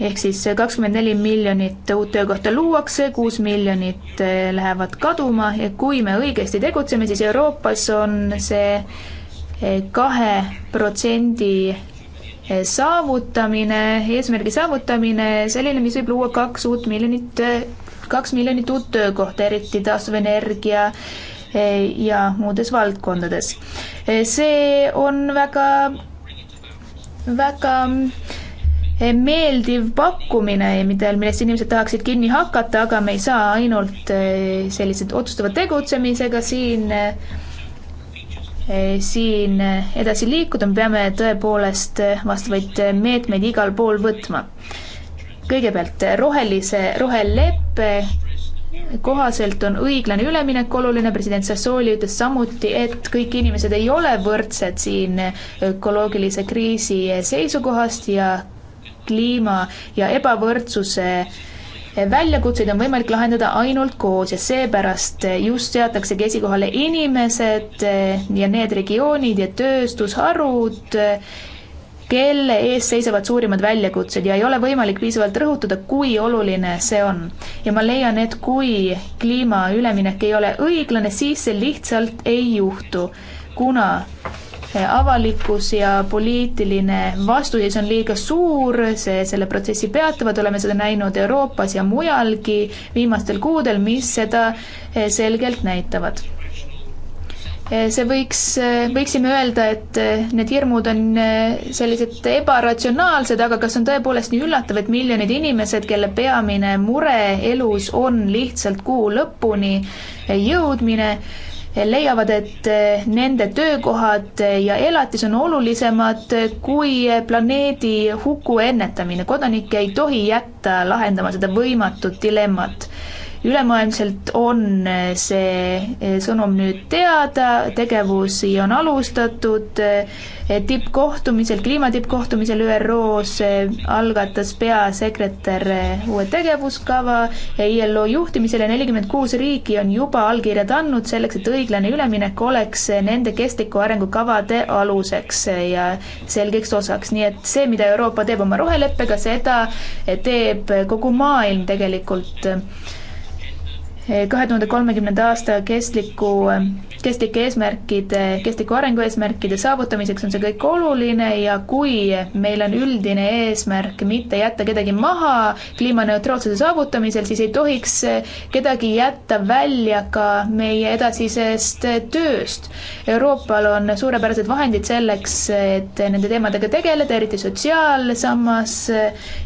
ehk siis kakskümmend neli miljonit uut töökohta luuakse, kuus miljonit lähevad kaduma ja kui me õigesti tegutseme, siis Euroopas on see kahe protsendi saavutamine, eesmärgi saavutamine selline, mis võib luua kaks uut miljonit kaks miljonit uut töökohta, eriti taastuvenergia eh, ja muudes valdkondades. Eh, see on väga, väga eh, meeldiv pakkumine, mida, millest inimesed tahaksid kinni hakata, aga me ei saa ainult sellise otsustava tegutsemisega siin, siin edasi liikuda, me peame tõepoolest vastavaid meetmeid igal pool võtma kõigepealt rohelise, roheleppe kohaselt on õiglane üleminek oluline, president Sassoli ütles samuti, et kõik inimesed ei ole võrdsed siin ökoloogilise kriisi seisukohast ja kliima ja ebavõrdsuse väljakutseid on võimalik lahendada ainult koos ja seepärast just seataksegi esikohale inimesed ja need regioonid ja tööstusharud kelle ees seisavad suurimad väljakutsed ja ei ole võimalik piisavalt rõhutada, kui oluline see on. ja ma leian, et kui kliima üleminek ei ole õiglane, siis see lihtsalt ei juhtu, kuna avalikkus ja poliitiline vastuseis on liiga suur, see, selle protsessi peatavad, oleme seda näinud Euroopas ja mujalgi viimastel kuudel, mis seda eh, selgelt näitavad Eh, see võiks, eh, võiksime öelda, et eh, need hirmud on sellised ebaratsionaalsed, aga kas on tõepoolest nii üllatav, et miljonid inimesed, kelle peamine mure elus on lihtsalt kuu lõpuni jõudmine, leiavad, et nende töökohad ja elatis on olulisemad kui planeedi huku ennetamine. kodanik ei tohi jätta lahendama seda võimatut dilemmat ülemaailmselt on eh, see eh, sõnum nüüd teada, tegevusi on alustatud, eh, tippkohtumisel, kliimatippkohtumisel ÜRO-s algatas peasekretär uue tegevuskava ja ILO juhtimisele nelikümmend kuus riiki on juba allkirjad andnud selleks, et õiglane üleminek oleks nende kestliku arengukavade aluseks ja selgeks osaks, nii et see, mida Euroopa teeb oma roheleppega, seda teeb kogu maailm tegelikult kahe tuhande kolmekümnenda aasta kestliku, kestlike eesmärkide, kestliku arengu eesmärkide saavutamiseks on see kõik oluline ja kui meil on üldine eesmärk mitte jätta kedagi maha kliimaneutraalsuse saavutamisel, siis ei tohiks kedagi jätta välja ka meie edasisest tööst. Euroopal on suurepärased vahendid selleks, et nende teemadega tegeleda, eriti sotsiaalsammas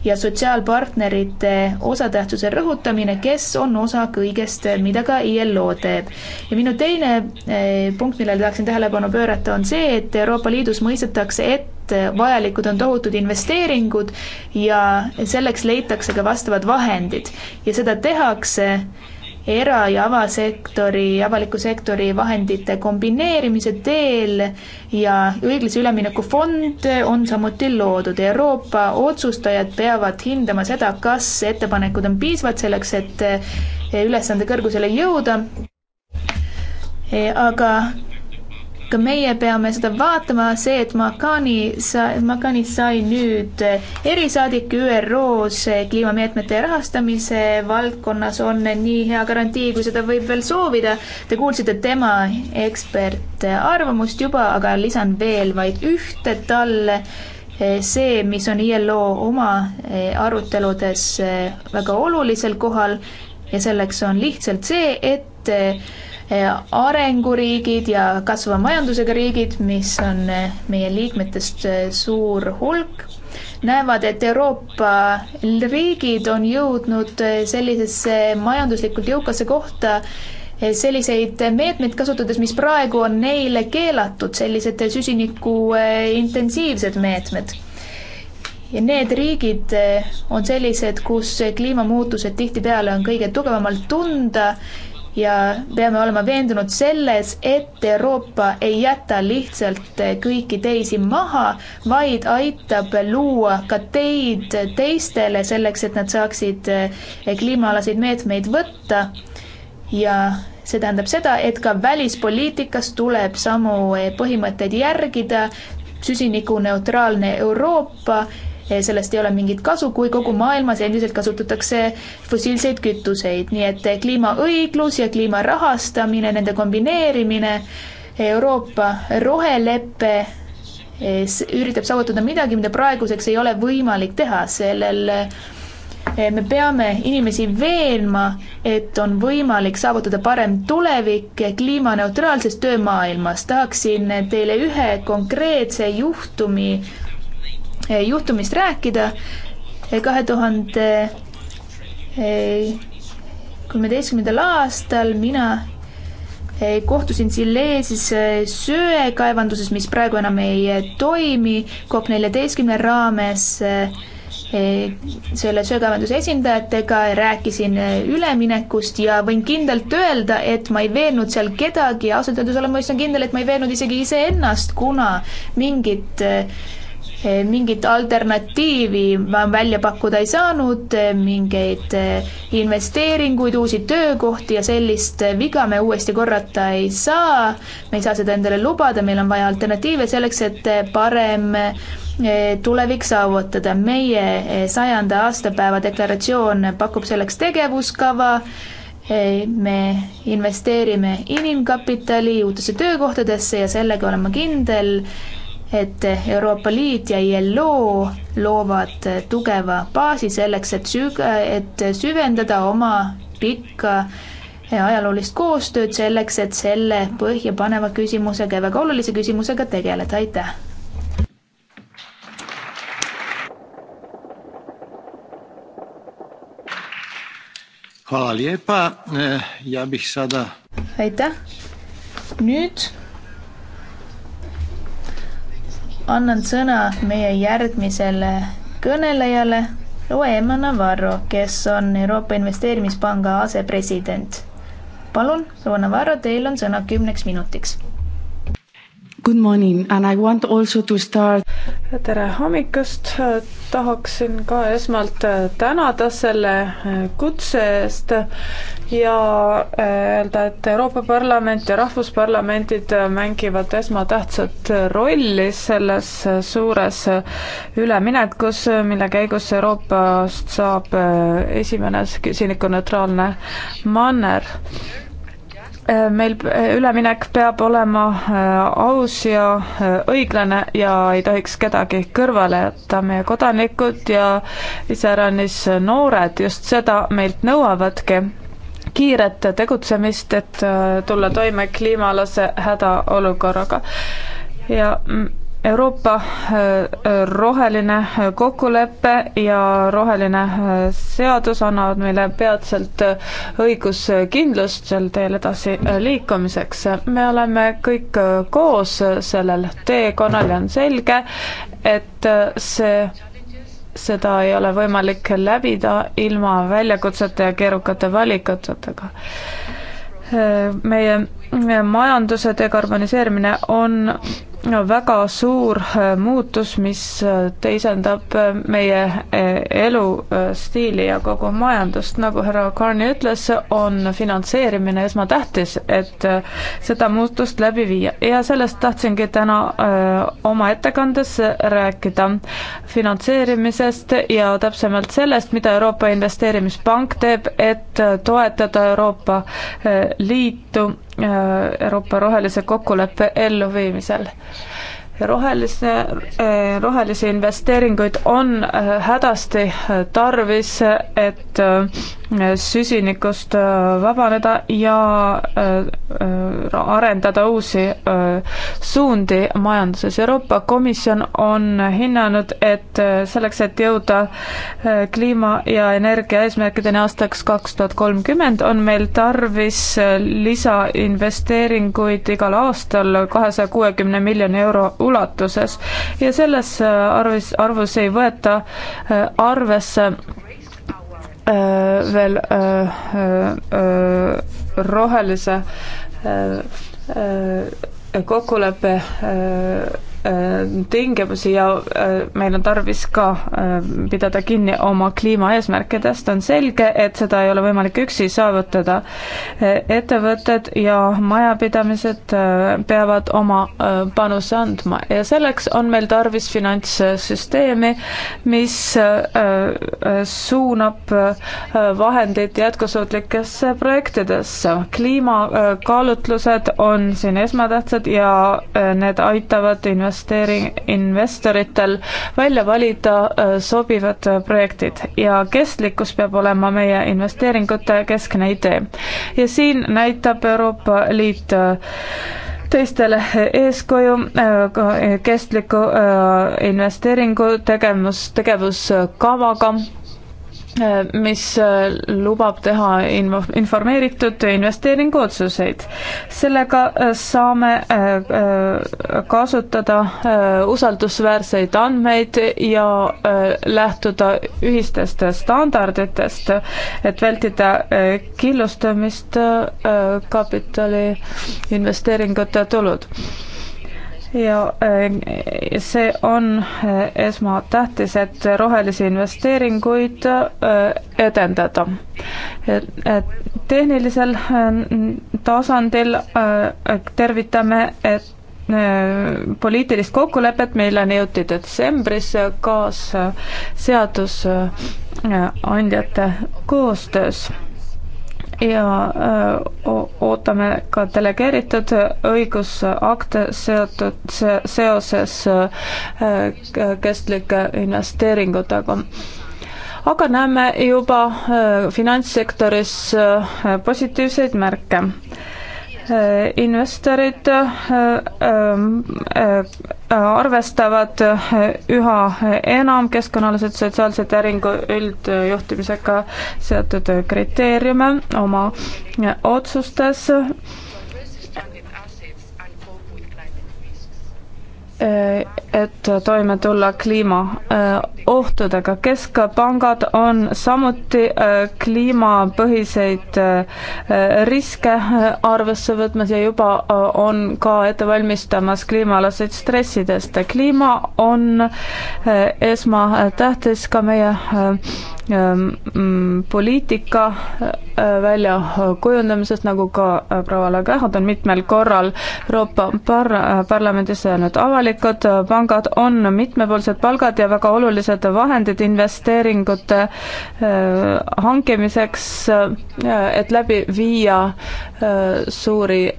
ja sotsiaalpartnerite osatähtsuse rõhutamine, kes on osa kõige kõigest, mida ka ILO teeb. ja minu teine eh, punkt, millele tahaksin tähelepanu pöörata, on see, et Euroopa Liidus mõistetakse ette, vajalikud on tohutud investeeringud ja selleks leitakse ka vastavad vahendid ja seda tehakse era- ja avasektori, avaliku sektori vahendite kombineerimise teel ja õiglase ülemineku fond on samuti loodud. Euroopa otsustajad peavad hindama seda, kas ettepanekud on piisavad selleks, et eh, ülesande kõrgusele jõuda. Eh, aga ka meie peame seda vaatama, see, et Makani sa-, Makani sai nüüd erisaadik ÜRO-s kliimameetmete rahastamise valdkonnas, on nii hea garantii, kui seda võib veel soovida. Te kuulsite tema ekspertarvamust juba, aga lisan veel vaid ühte talle, see, mis on ILO oma aruteludes väga olulisel kohal ja selleks on lihtsalt see, et Eh, arenguriigid ja kasvava majandusega riigid, mis on eh, meie liikmetest eh, suur hulk, näevad, et Euroopa riigid on jõudnud sellisesse majanduslikult jõukasse kohta, selliseid meetmeid kasutades, mis praegu on neile keelatud, sellised süsiniku intensiivsed meetmed ja need riigid on sellised, kus kliimamuutused tihtipeale on kõige tugevamalt tunda ja peame olema veendunud selles, et Euroopa ei jäta lihtsalt kõiki teisi maha, vaid aitab luua ka teid teistele selleks, et nad saaksid eh, kliimaalaseid meetmeid võtta. ja see tähendab seda, et ka välispoliitikas tuleb samu eh, põhimõtteid järgida, süsinikuneutraalne Euroopa Eh, sellest ei ole mingit kasu, kui kogu maailmas endiselt kasutatakse fossiilseid kütuseid, nii et eh, kliimaõiglus ja kliima rahastamine, nende kombineerimine, eh, Euroopa rohelepe üritab saavutada midagi, mida praeguseks ei ole võimalik teha, sellel me peame inimesi veenma, et on võimalik saavutada parem tulevik kliimaneutraalses töömaailmas. tahaksin teile ühe konkreetse juhtumi Eh, juhtumist rääkida. Eh, kahe tuhande eh, kolmeteistkümnendal aastal mina kohtusin Silesis söekaevanduses, mis praegu enam ei toimi, COP neljateistkümne raames selle söekaevanduse esindajatega, rääkisin üleminekust ja võin kindlalt öelda, et ma ei veennud seal kedagi, ausalt öeldes olen ma üsna kindel, et ma ei veennud isegi iseennast, kuna mingit äh, Eh, mingit alternatiivi välja pakkuda ei saanud, eh, mingeid eh, investeeringuid, uusi töökohti ja sellist viga me uuesti korrata ei saa. me ei saa seda endale lubada, meil on vaja alternatiive selleks, et parem tulevik saavutada. meie sajanda aastapäeva deklaratsioon pakub selleks tegevuskava me investeerime inimkapitali uutesse töökohtadesse ja sellega olen ma kindel, et Euroopa Liit ja ILO loovad tugeva baasi selleks, et süg-, et süvendada oma pikka ajaloolist koostööd selleks, et selle põhjapaneva küsimusega ja väga olulise küsimusega tegeleda, aitäh! aitäh! nüüd annan sõna meie järgmisele kõnelejale, proua Emma Navarro, kes on Euroopa Investeerimispanga asepresident. palun, proua Navarro, teil on sõna kümneks minutiks Good morning and I want also to start. tere hommikust, tahaksin ka esmalt äh, tänada selle äh, kutse eest ja äh, öelda, et Euroopa Parlament ja rahvusparlamendid mängivad esmatähtsat rolli selles suures üleminekus, mille käigus Euroopast saab esimene süsinikuneutraalne manner Äh, meil äh, üleminek peab olema äh, aus ja õiglane ja ei tohiks kedagi kõrvale jätta. meie kodanikud ja iseäranis noored just seda meilt nõuavadki, kiiret tegutsemist, et tulla toime kliimaalase hädaolukorraga ja. ja Euroopa äh, roheline äh, kokkulepe ja roheline äh, seadus annavad meile peatselt õiguskindlust sel teel edasi liikumiseks. me oleme kõik koos sellel teekonnal ja on selge, et see seda ei ole võimalik läbida ilma väljakutsete ja keerukate valikutsetega meie majanduse dekarboniseerimine on väga suur äh, muutus, mis äh, teisendab äh, meie elustiili ja kogu majandust. nagu härra Carney ütles, on finantseerimine esmatähtis, et seda muutust läbi viia ja sellest tahtsingi täna oma ettekandes rääkida finantseerimisest ja täpsemalt sellest, mida Euroopa Investeerimispank teeb, et toetada Euroopa Liitu Euroopa rohelise kokkuleppe elluviimisel rohelise, eh, rohelisi investeeringuid on eh, hädasti eh, tarvis, et süsinikust vabaneda ja arendada uusi suundi majanduses. Euroopa Komisjon on hinnanud, et selleks, et jõuda kliima- ja energiaeesmärkideni aastaks kaks tuhat kolmkümmend, on meil tarvis lisainvesteeringuid igal aastal kahesaja kuuekümne miljoni euro ulatuses ja selles äh, arvis, arvus ei võeta äh, arvesse äh, veel rohelise kokkuleppe Äh, tingimusi ja äh, meil on tarvis ka äh, pidada kinni oma kliimaeesmärkidest, on selge, et seda ei ole võimalik üksi saavutada. ettevõtted ja majapidamised peavad oma panuse andma ja selleks on meil tarvis finantssüsteemi, mis suunab vahendeid jätkusuutlikesse projektidesse. kliimakaalutlused on siin esmatähtsad ja need aitavad investeerida investeering, investoritel välja valida äh, sobivad äh, projektid ja kestlikkus peab olema meie investeeringute keskne idee. ja siin näitab Euroopa Liit äh, teistele eeskuju, kestliku investeeringu tegevus, tegevuskavaga Äh, mis äh, lubab teha inf-, informeeritud investeeringuotsuseid. sellega äh, saame kasutada usaldusväärseid andmeid ja lähtuda ühistest standarditest, et vältida killustamist kapitali investeeringute tulud ja äh, see on äh, esmatähtis, et rohelisi investeeringuid äh, edendada. tehnilisel tasandil tervitame, et poliitilist kokkulepet, milleni jõuti detsembris kaasseadusandjate koostöös ja äh, ootame ka delegeeritud õigusakte seotud seoses äh, kestlike investeeringutega aga näeme juba äh, finantssektoris positiivseid märke Eh, investorid eh, eh, arvestavad üha enam keskkonnalaselt sotsiaalse äringu üldjuhtimisega seotud kriteeriume oma otsustes Äh, et toime tulla kliimaohtudega. Äh, keskpangad on samuti äh, kliimapõhiseid riske arvesse võtmas ja juba on ka ette valmistamas kliimaalaseid stressiteste. kliima on esmatähtis ka meie Ehm, mm, poliitika eh, väljakujundamisest, nagu ka eh, proua Lagarde on mitmel korral Euroopa par-, eh, parlamendis öelnud, avalikud pangad on mitmepoolsed palgad ja väga olulised vahendid investeeringute hankimiseks, et läbi viia suuri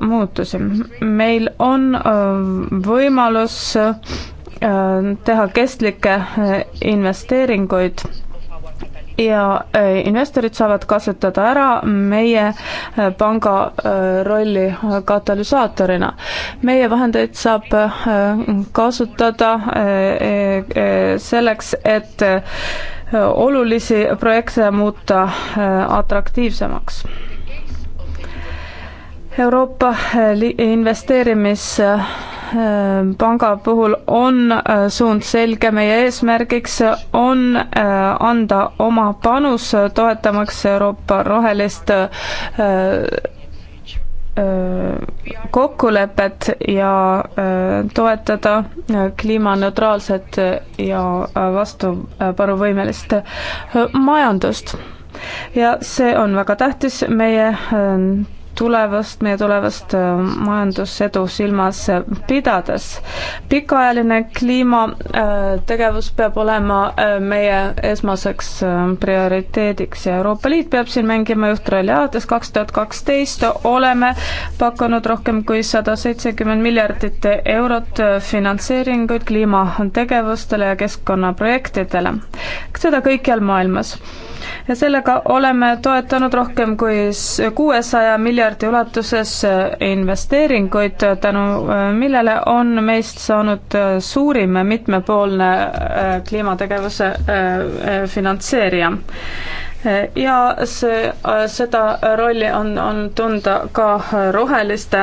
muutusi. meil on võimalus teha kestlikke investeeringuid ja äh, investorid saavad kasutada ära meie äh, panga äh, rolli katalüsaatorina. meie vahendeid saab kasutada selleks, et olulisi projekte muuta atraktiivsemaks Euroopa eh, investeerimispanga eh, puhul on eh, suund selge, meie eesmärgiks on anda oma panus, toetamaks Euroopa rohelist kokkulepet ja toetada kliimaneutraalset ja vastupanuvõimelist majandust. ja see on väga tähtis meie tulevast, meie tulevast äh, majandusedu silmas pidades. pikaajaline kliimategevus äh, peab olema äh, meie esmaseks prioriteediks ja Euroopa Liit peab siin mängima juhtrolli. alates kaks tuhat kaksteist oleme pakkunud rohkem kui sada seitsekümmend miljardit eurot finantseeringuid kliimategevustele ja keskkonnaprojektidele. seda kõikjal maailmas. ja sellega oleme toetanud rohkem kui kuuesaja miljoni miljardi ulatuses eh, investeeringuid, eh, tänu eh, millele on meist saanud suurim mitmepoolne kliimategevuse finantseerija ja see, seda rolli on, on tunda ka roheliste,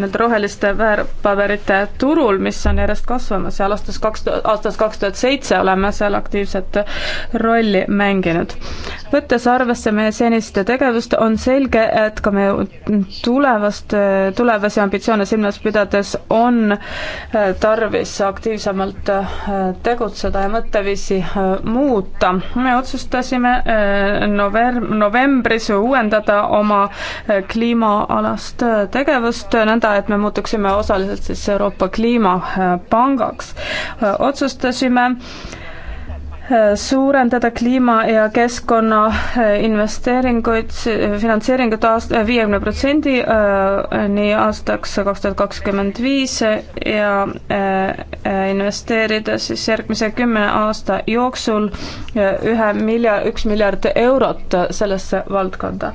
nende roheliste väärpaberite turul, mis on järjest kasvamas ja alates kaks, aastast kaks tuhat seitse oleme seal aktiivset rolli mänginud. võttes arvesse meie senist tegevust, on selge, et ka meie tulevast, tulevasi ambitsioone silmas pidades on tarvis aktiivsemalt tegutseda ja mõtteviisi muuta. me otsustasime november, novembris uuendada oma äh, kliimaalast äh, tegevust, äh, nõnda et me muutuksime osaliselt siis Euroopa Kliimapangaks. otsustasime äh, Eh, suurendada kliima- ja keskkonnainvesteeringuid, eh, finantseeringut aast-, eh, viiekümne protsendi nii aastaks kaks tuhat kakskümmend viis ja investeerida siis järgmise kümne aasta jooksul ühe milja-, üks miljard eurot sellesse valdkonda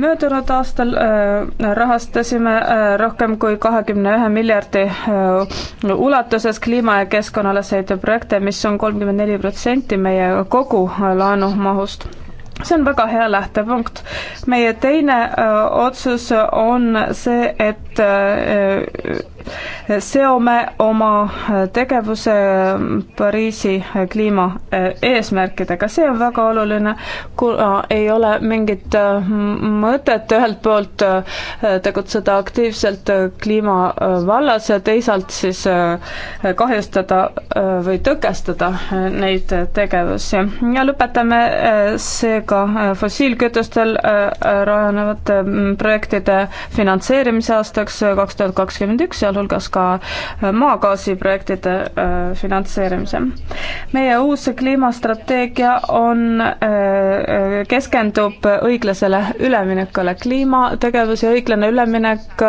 möödunud aastal äh, rahastasime äh, rohkem kui kahekümne ühe miljardi äh, ulatuses kliima- ja keskkonnalaseid projekte, mis on kolmkümmend neli protsenti meie kogu laenumahust see on väga hea lähtepunkt. meie teine öö, otsus on see, et öö, seome oma tegevuse Pariisi kliimaeesmärkidega, see on väga oluline, kuna ei ole mingit mõtet ühelt poolt tegutseda aktiivselt kliima vallas ja teisalt siis kahjustada või tõkestada neid tegevusi. ja lõpetame seega fossiilkütustel rajanevate projektide finantseerimise aastaks kaks tuhat kakskümmend üks ja sealhulgas ka äh, maagaasiprojektide äh, finantseerimise. meie uus kliimastrateegia on, äh, keskendub õiglasele üleminekule, kliimategevus ja õiglane üleminek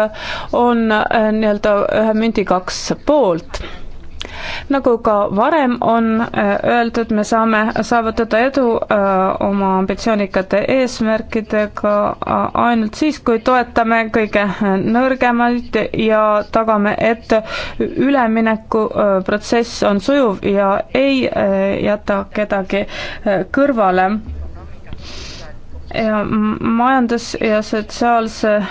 on nii-öelda ühe mündi kaks poolt nagu ka varem on äh, öeldud, me saame saavutada edu äh, oma ambitsioonikate eesmärkidega äh, ainult siis, kui toetame kõige nõrgemaid ja tagame, et üleminekuprotsess on sujuv ja ei jäta kedagi kõrvale ja majandus- ja sotsiaalse äh,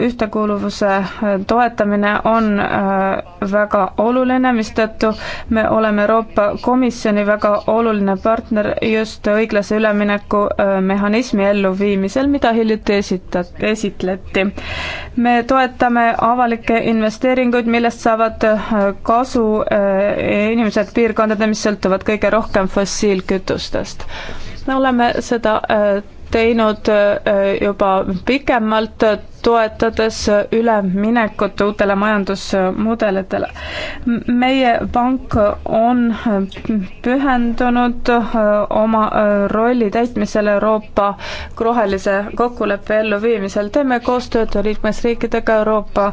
ühtekuuluvuse äh, toetamine on äh, väga oluline, mistõttu me oleme Euroopa Komisjoni väga oluline partner just õiglase ülemineku mehhanismi elluviimisel, mida hiljuti esitat-, esitleti. me toetame avalikke investeeringuid, millest saavad kasu inimesed piirkondade, mis sõltuvad kõige rohkem fossiilkütustest. me oleme seda teinud äh, juba pikemalt toetades üleminekut uutele majandusmudelitele. meie pank on pühendunud oma rolli täitmisel Euroopa rohelise kokkuleppe elluviimisel. teeme koostööd liikmesriikidega, Euroopa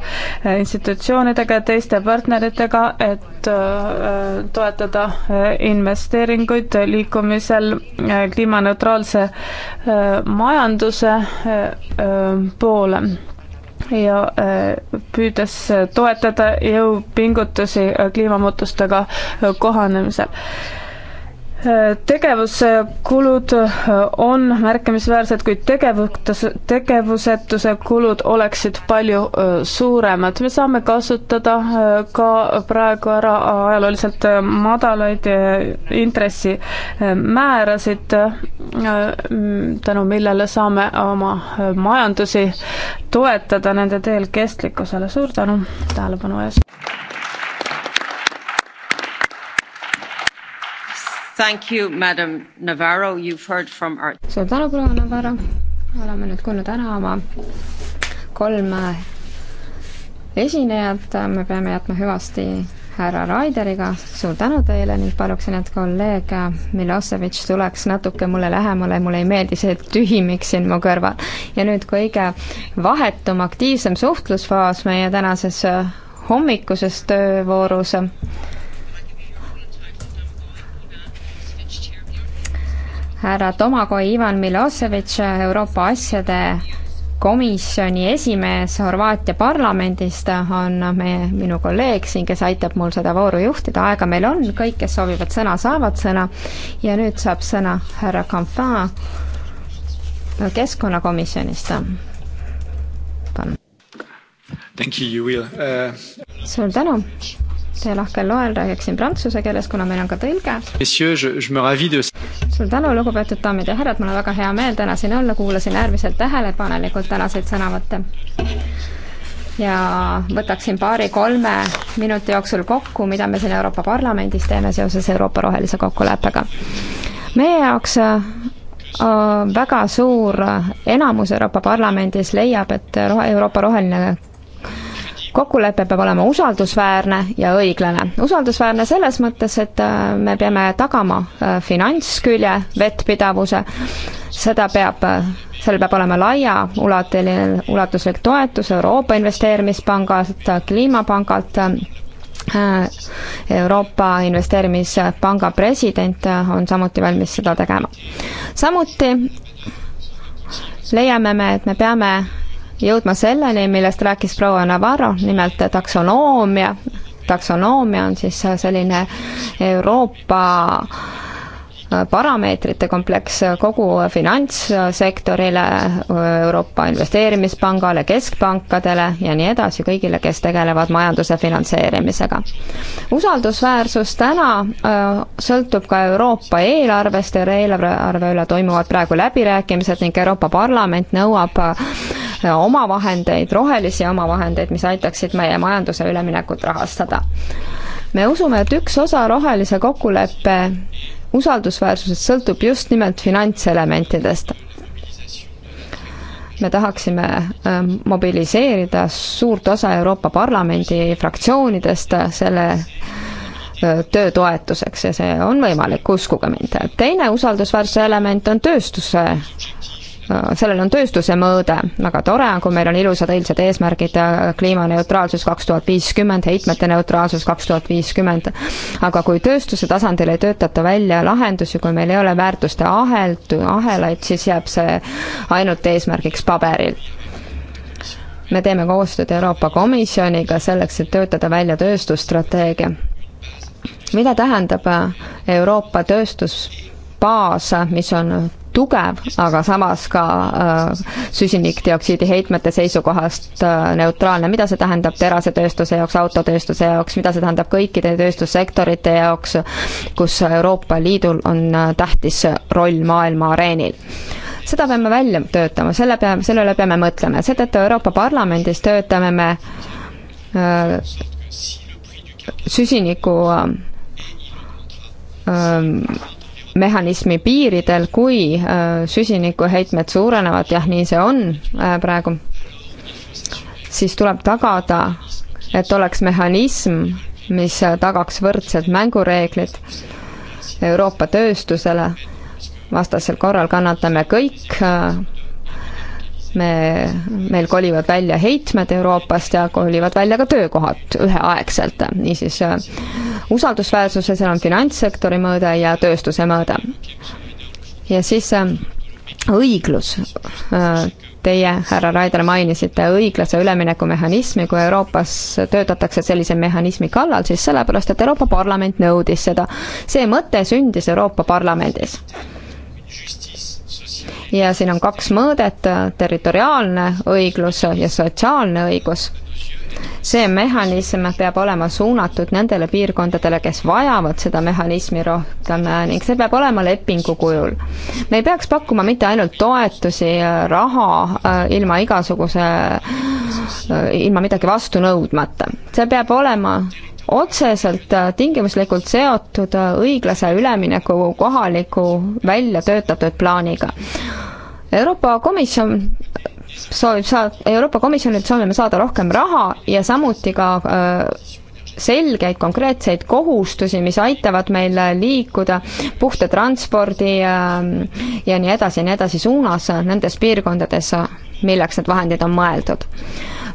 institutsioonidega ja teiste partneritega, et äh, toetada investeeringuid liikumisel äh, kliimaneutraalse äh, majanduse poole ja äh, püüdes toetada jõupingutusi äh, kliimamuutustega kohanemisel tegevuskulud äh, on märkimisväärsed, kuid tegevus, tegevusetuse kulud oleksid palju äh, suuremad. me saame kasutada äh, ka praegu ära ajalooliselt madalaid intressimäärasid, tänu millele saame oma majandusi toetada nende teel kestlikkusele. suur tänu tähelepanu eest! Our... suur tänu, proua Navarro. oleme nüüd kuulnud ära oma kolm esinejat, me peame jätma hüvasti härra Raideriga, suur tänu teile ning paluksin, et kolleeg Milosevic tuleks natuke mulle lähemale, mulle ei meeldi see tühimik siin mu kõrval. ja nüüd kõige vahetum, aktiivsem suhtlusfaas meie tänases hommikuses töövoorus härra Tomagoj Ivan Milosevic, Euroopa asjade komisjoni esimees Horvaatia parlamendist on meie, minu kolleeg siin, kes aitab mul seda vooru juhtida, aega meil on, kõik, kes soovivad sõna, saavad sõna ja nüüd saab sõna härra Canfin keskkonnakomisjonist. palun. Uh, suur tänu see lahkel loel räägiksin prantsuse keeles, kuna meil on ka tõlge. suur tänu, lugupeetud daamid ja härrad, mul on väga hea meel täna siin olla, kuulasin äärmiselt tähelepanelikult tänaseid sõnavõtte. ja võtaksin paari-kolme minuti jooksul kokku, mida me siin Euroopa Parlamendis teeme seoses Euroopa rohelise kokkuleppega. meie jaoks äh, äh, väga suur enamus Euroopa Parlamendis leiab, et Euroopa roheline kokkulepe peab olema usaldusväärne ja õiglane. usaldusväärne selles mõttes, et äh, me peame tagama äh, finantskülje, vettpidavuse, seda peab, äh, sellel peab olema laiaulatuline, ulatuslik toetus Euroopa Investeerimispangalt, Kliimapangalt, Euroopa Investeerimispanga president on samuti valmis seda tegema. samuti leiame me, et me peame jõudma selleni, millest rääkis proua Navarro, nimelt taksonoomia. taksonoomia on siis selline Euroopa parameetrite kompleks kogu finantssektorile, Euroopa Investeerimispangale, keskpankadele ja nii edasi, kõigile, kes tegelevad majanduse finantseerimisega. usaldusväärsus täna äh, sõltub ka Euroopa eelarvest ja eelarve üle toimuvad praegu läbirääkimised ning Euroopa Parlament nõuab äh, omavahendeid, rohelisi omavahendeid, mis aitaksid meie majanduse üleminekut rahastada me usume, et üks osa rohelise kokkuleppe usaldusväärsusest sõltub just nimelt finantselementidest. me tahaksime ähm, mobiliseerida suurt osa Euroopa Parlamendi fraktsioonidest selle äh, töö toetuseks ja see on võimalik, uskuge mind. teine usaldusväärse element on tööstuse sellel on tööstuse mõõde, väga tore, kui meil on ilusad õilsad eesmärgid, äh, kliimaneutraalsus kaks tuhat viiskümmend, heitmete neutraalsus kaks tuhat viiskümmend, aga kui tööstuse tasandil ei töötata välja lahendusi, kui meil ei ole väärtuste ahelt, ahelaid, siis jääb see ainult eesmärgiks paberil me teeme koostööd Euroopa Komisjoniga selleks, et töötada välja tööstusstrateegia. mida tähendab äh, Euroopa tööstusbaas, mis on tugev, aga samas ka äh, süsinikdioksiidi heitmete seisukohast äh, neutraalne, mida see tähendab terasetööstuse jaoks, autotööstuse jaoks, mida see tähendab kõikide tööstussektorite jaoks, kus Euroopa Liidul on äh, tähtis roll maailma areenil seda peame välja töötama, selle peame, selle üle peame mõtlema ja seetõttu Euroopa Parlamendis töötame me äh, süsiniku äh, mehhanismi piiridel, kui äh, süsinikuheitmed suurenevad, jah, nii see on äh, praegu, siis tuleb tagada, et oleks mehhanism, mis äh, tagaks võrdsed mängureeglid Euroopa tööstusele, vastasel korral kannatame kõik, me, meil kolivad välja heitmed Euroopast ja kolivad välja ka töökohad üheaegselt. niisiis äh, usaldusväärsuses on finantssektori mõõde ja tööstuse mõõde. ja siis äh, õiglus äh, teie, härra Raider, mainisite õiglase ülemineku mehhanismi, kui Euroopas töötatakse sellise mehhanismi kallal, siis sellepärast, et Euroopa Parlament nõudis seda. see mõte sündis Euroopa Parlamendis ja siin on kaks mõõdet, territoriaalne õiglus ja sotsiaalne õigus. see mehhanism peab olema suunatud nendele piirkondadele, kes vajavad seda mehhanismi rohkem ning see peab olema lepingu kujul. me ei peaks pakkuma mitte ainult toetusi, raha äh, ilma igasuguse, äh, ilma midagi vastu nõudmata. see peab olema otseselt äh, tingimuslikult seotud äh, õiglase ülemineku kohaliku välja töötatud plaaniga. Euroopa Komisjon soovib saada, Euroopa Komisjonilt soovime saada rohkem raha ja samuti ka öö, äh, selgeid konkreetseid kohustusi, mis aitavad meil liikuda puhta transpordi ja, ähm, ja nii edasi ja nii edasi suunas nendes piirkondades, milleks need vahendid on mõeldud.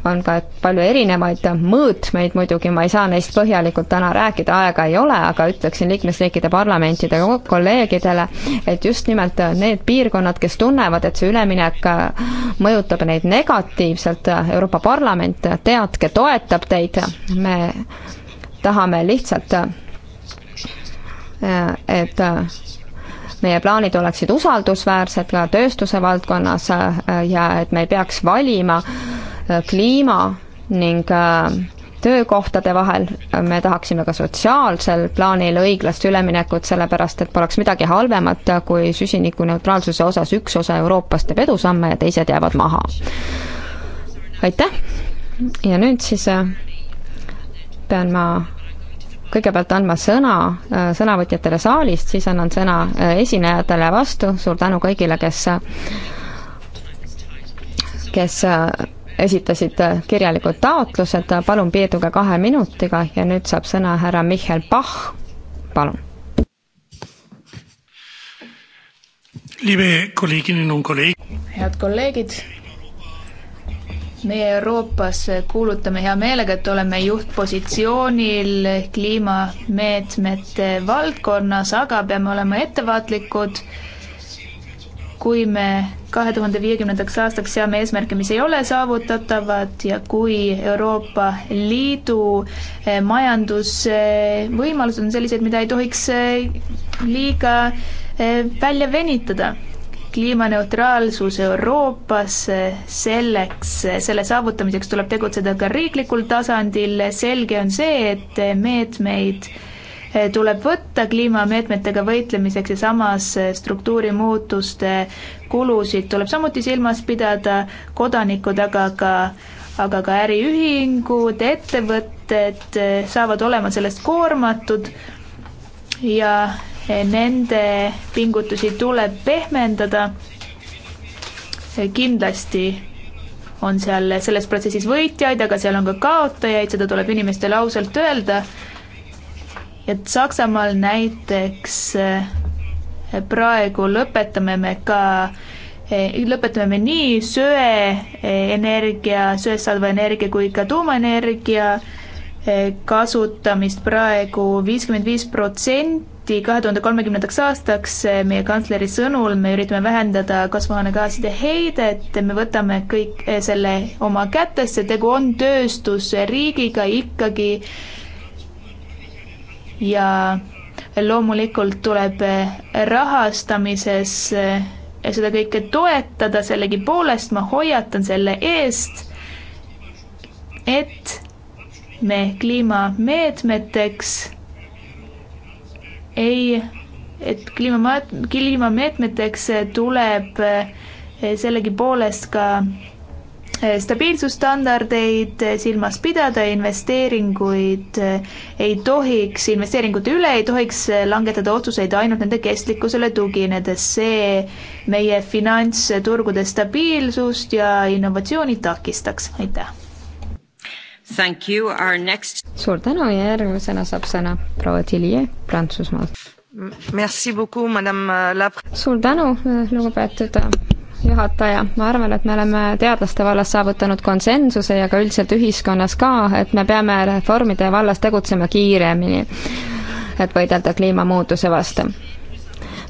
on ka palju erinevaid mõõtmeid muidugi, ma ei saa neist põhjalikult täna rääkida, aega ei ole, aga ütleksin liikmesriikide parlamentide kolleegidele, et just nimelt need piirkonnad, kes tunnevad, et see üleminek mõjutab neid negatiivselt, Euroopa Parlament, teadke, toetab teid, me tahame lihtsalt et meie plaanid oleksid usaldusväärsed ka tööstuse valdkonnas äh, ja et me ei peaks valima äh, kliima ning äh, töökohtade vahel, me tahaksime ka sotsiaalsel plaanil õiglast üleminekut, sellepärast et poleks midagi halvemat, kui süsinikuneutraalsuse osas üks osa Euroopast teeb edusamme ja teised jäävad maha. aitäh! ja nüüd siis pean ma kõigepealt andma sõna äh, sõnavõtjatele saalist, siis annan sõna äh, esinejatele vastu, suur tänu kõigile, kes kes äh, esitasid kirjalikud taotlused, palun piirduge kahe minutiga ja nüüd saab sõna härra Michal Bach, palun. head kolleegid, meie Euroopas kuulutame hea meelega, et oleme juhtpositsioonil kliimameetmete valdkonnas, aga peame olema ettevaatlikud, kui me kahe tuhande viiekümnendaks aastaks seame eesmärke, mis ei ole saavutatavad ja kui Euroopa Liidu eh, majandusvõimalused on sellised, mida ei tohiks eh, liiga eh, välja venitada kliimaneutraalsus Euroopas, selleks, selle saavutamiseks tuleb tegutseda ka riiklikul tasandil, selge on see, et meetmeid eh, tuleb võtta kliimameetmetega võitlemiseks ja samas eh, struktuurimuutuste kulusid tuleb samuti silmas pidada, kodanikud, aga ka, aga ka äriühingud, ettevõtted eh, saavad olema sellest koormatud ja nende pingutusi tuleb pehmendada. kindlasti on seal selles protsessis võitjaid, aga seal on ka kaotajaid, seda tuleb inimestele ausalt öelda. et Saksamaal näiteks eh, praegu lõpetame me ka eh, lõpetame me nii söeenergia, eh, söest saadava energia kui ka tuumaenergia kasutamist praegu viiskümmend viis protsenti võeti kahe tuhande kolmekümnendaks aastaks eh, meie kantsleri sõnul, me üritame vähendada kasvuhoonegaaside heidet, me võtame kõik eh, selle oma kätesse, tegu on tööstusriigiga ikkagi ja loomulikult tuleb eh, rahastamises seda kõike toetada, sellegipoolest ma hoiatan selle eest, et me kliimameetmeteks ei, et kliima, kliimameetmeteks tuleb eh, sellegipoolest ka eh, stabiilsusstandardeid eh, silmas pidada, investeeringuid ei tohiks, investeeringute üle ei tohiks langetada otsuseid ainult nende kestlikkusele tuginedes. see meie finantsturgude stabiilsust ja innovatsiooni takistaks, aitäh Next... suur tänu ja järgmisena saab sõna proua Tillier Prantsusmaalt. Euh, la... suur tänu, äh, lugupeetud äh, juhataja, ma arvan, et me oleme teadlaste vallas saavutanud konsensuse ja ka üldiselt ühiskonnas ka, et me peame reformide vallas tegutsema kiiremini, et võidelda kliimamuutuse vastu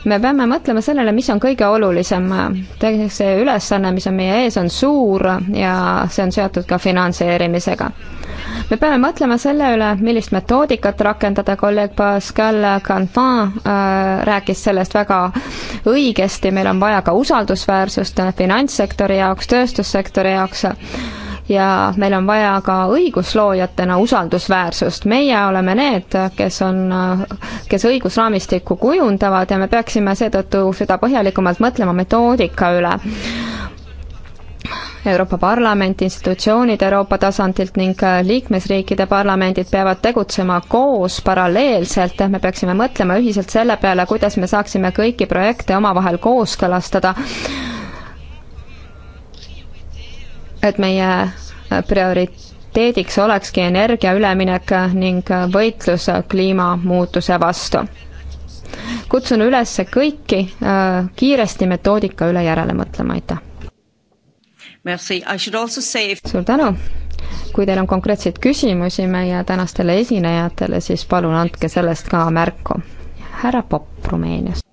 me peame mõtlema sellele, mis on kõige olulisem. tegelikult see ülesanne, mis on meie ees, on suur ja see on seotud ka finantseerimisega. me peame mõtlema selle üle, millist metoodikat rakendada, kolleeg Pascal Canfin äh, rääkis sellest väga õigesti, meil on vaja ka usaldusväärsust finantssektori jaoks, tööstussektori jaoks ja meil on vaja ka õigusloojatena usaldusväärsust. meie oleme need, kes on, kes õigusraamistikku kujundavad ja me peaksime seetõttu seda põhjalikumalt mõtlema metoodika üle. Euroopa Parlament, institutsioonid Euroopa tasandilt ning liikmesriikide parlamendid peavad tegutsema koos paralleelselt, me peaksime mõtlema ühiselt selle peale, kuidas me saaksime kõiki projekte omavahel kooskõlastada et meie prioriteediks olekski energia üleminek ning võitlus kliimamuutuse vastu. kutsun üles kõiki äh, kiiresti metoodika üle järele mõtlema, aitäh! suur tänu! kui teil on konkreetseid küsimusi meie tänastele esinejatele, siis palun andke sellest ka märku. härra Popp Rumeeniast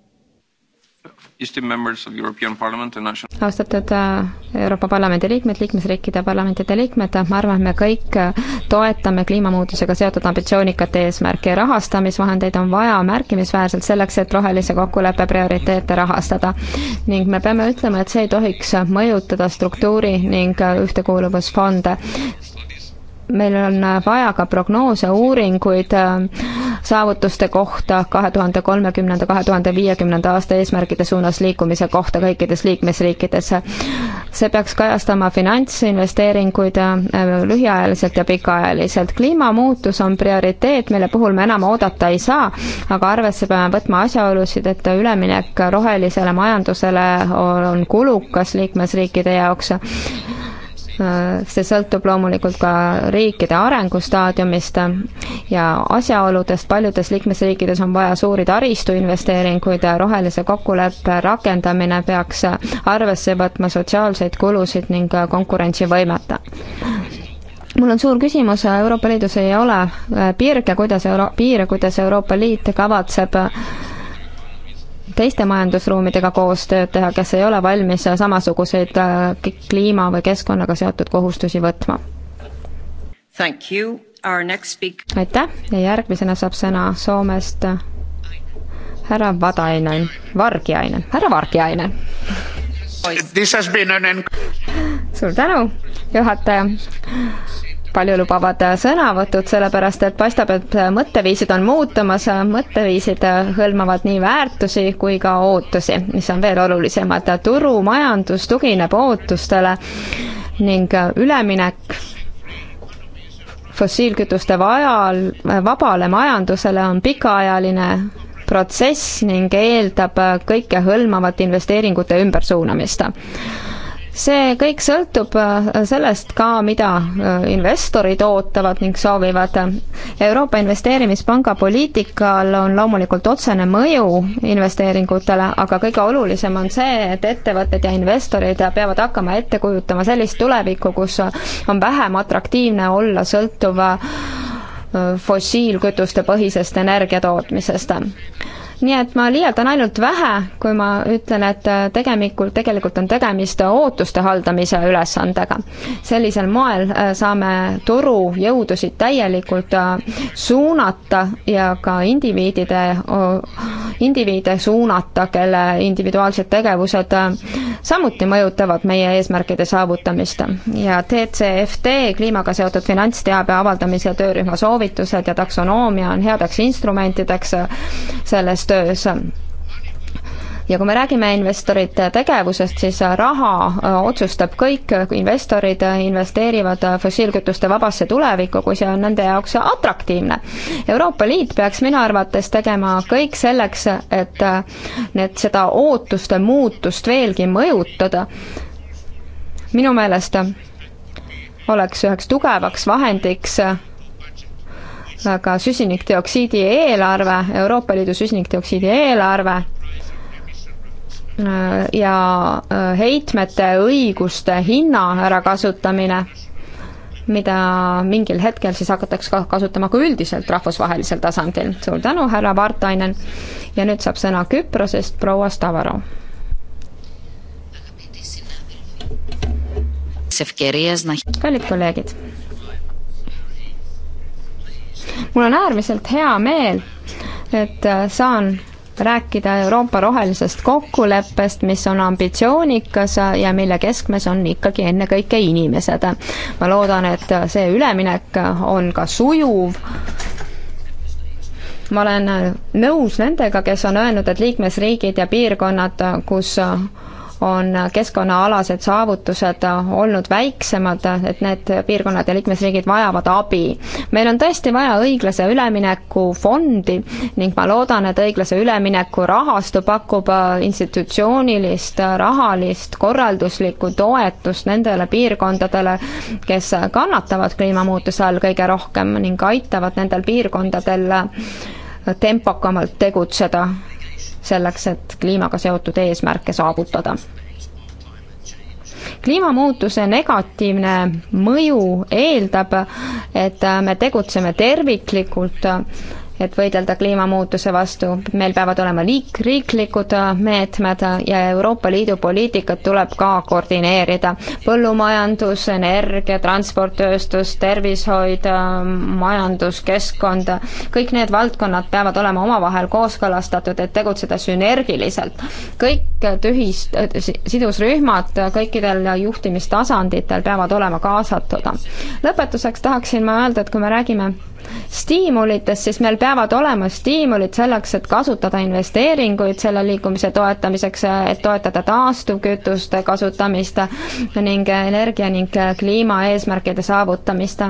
austatud äh, Euroopa Parlamendi liikmed, liikmesriikide parlamentide liikmed, äh, ma arvan, et me kõik äh, toetame kliimamuutusega seotud ambitsioonikat eesmärki ja rahastamisvahendeid on vaja märkimisväärselt selleks, et rohelise kokkuleppe prioriteete rahastada. ning me peame ütlema, et see ei tohiks mõjutada struktuuri ning ühtekuuluvusfonde meil on vaja ka prognoose, uuringuid äh, saavutuste kohta kahe tuhande kolmekümnenda, kahe tuhande viiekümnenda aasta eesmärgide suunas liikumise kohta kõikides liikmesriikides. see peaks kajastama finantsinvesteeringuid äh, lühiajaliselt ja pikaajaliselt. kliimamuutus on prioriteet, mille puhul me enam oodata ei saa, aga arvesse peame võtma asjaolusid, et üleminek rohelisele majandusele on kulukas liikmesriikide jaoks Äh, see sõltub loomulikult ka riikide arengustaadiumist äh, ja asjaoludest, paljudes liikmesriikides on vaja suuri taristuinvesteeringuid ja äh, rohelise kokkuleppe rakendamine peaks arvesse võtma sotsiaalseid kulusid ning konkurentsivõimet mul on suur küsimus, Euroopa Liidus ei ole piirge, kuidas Euro-, piire, kuidas Euroopa Liit kavatseb teiste majandusruumidega koostööd teha, kes ei ole valmis samasuguseid äh, kliima või keskkonnaga seotud kohustusi võtma. aitäh ja järgmisena saab sõna Soomest härra Vadainen, Vargiainen, härra Vargiainen. suur tänu, juhataja paljulubavad sõnavõtud, sellepärast et paistab, et mõtteviisid on muutumas, mõtteviisid hõlmavad nii väärtusi kui ka ootusi, mis on veel olulisemad. turumajandus tugineb ootustele ning üleminek fossiilkütuste vajal, vabale majandusele on pikaajaline protsess ning eeldab kõikehõlmavat investeeringute ümbersuunamist see kõik sõltub äh, sellest ka, mida äh, investorid ootavad ning soovivad. Euroopa Investeerimispanga poliitikal on loomulikult otsene mõju investeeringutele, aga kõige olulisem on see, et ettevõtted ja investorid peavad hakkama ette kujutama sellist tulevikku, kus on vähem atraktiivne olla sõltuv äh, fossiilkütuste põhisest energiatootmisest nii et ma liialdan ainult vähe, kui ma ütlen, et äh, tegemikult, tegelikult on tegemist ootuste haldamise ülesandega. sellisel moel äh, saame turu jõudusid täielikult äh, suunata ja ka indiviidide, indiviide suunata, kelle individuaalsed tegevused samuti mõjutavad meie eesmärkide saavutamist. ja TCFD, kliimaga seotud finantsteabe avaldamise töörühma soovitused ja taksonoomia on headeks instrumentideks selles koostöös ja kui me räägime investorite tegevusest, siis raha äh, otsustab kõik, investorid äh, investeerivad äh, fossiilkütuste vabasse tulevikku, kui see on nende jaoks atraktiivne. Euroopa Liit peaks minu arvates tegema kõik selleks, et need, seda ootuste muutust veelgi mõjutada. minu meelest oleks üheks tugevaks vahendiks aga süsinikdioksiidi eelarve, Euroopa Liidu süsinikdioksiidi eelarve äh, ja äh, heitmete õiguste hinna ärakasutamine, mida mingil hetkel siis hakatakse ka kasutama ka üldiselt rahvusvahelisel tasandil. suur tänu, härra Vartainen, ja nüüd saab sõna Küprosest proua Stavaro. kallid kolleegid mul on äärmiselt hea meel, et äh, saan rääkida Euroopa rohelisest kokkuleppest, mis on ambitsioonikas äh, ja mille keskmes on ikkagi ennekõike inimesed. ma loodan, et äh, see üleminek on ka sujuv ma olen nõus nendega, kes on öelnud, et liikmesriigid ja piirkonnad, kus on keskkonnaalased saavutused olnud väiksemad, et need piirkonnad ja liikmesriigid vajavad abi. meil on tõesti vaja õiglase ülemineku fondi ning ma loodan, et õiglase ülemineku rahastu pakub institutsioonilist, rahalist, korralduslikku toetust nendele piirkondadele, kes kannatavad kliimamuutuse all kõige rohkem ning aitavad nendel piirkondadel tempokamalt tegutseda selleks, et kliimaga seotud eesmärke saavutada. kliimamuutuse negatiivne mõju eeldab, et me tegutseme terviklikult et võidelda kliimamuutuse vastu. meil peavad olema liik-, riiklikud äh, meetmed ja Euroopa Liidu poliitikat tuleb ka koordineerida. põllumajandus, energia, transporttööstus, tervishoid, äh, majandus, keskkond, kõik need valdkonnad peavad olema omavahel kooskõlastatud, et tegutseda sünergiliselt. kõik tühis, äh, sidusrühmad kõikidel juhtimistasanditel peavad olema kaasatud. lõpetuseks tahaksin ma öelda, et kui me räägime stiimulitest, siis meil peavad olema stiimulid selleks, et kasutada investeeringuid selle liikumise toetamiseks, et toetada taastuvkütuste kasutamist ning energia ning kliimaeesmärkide saavutamist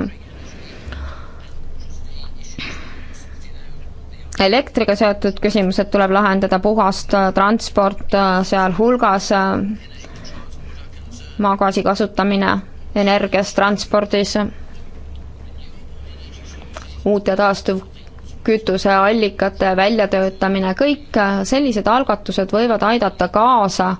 elektriga seotud küsimused tuleb lahendada, puhast transport sealhulgas, maagaasi kasutamine energias, transpordis uute taastuvkütuseallikate väljatöötamine, kõik äh, sellised algatused võivad aidata kaasa äh,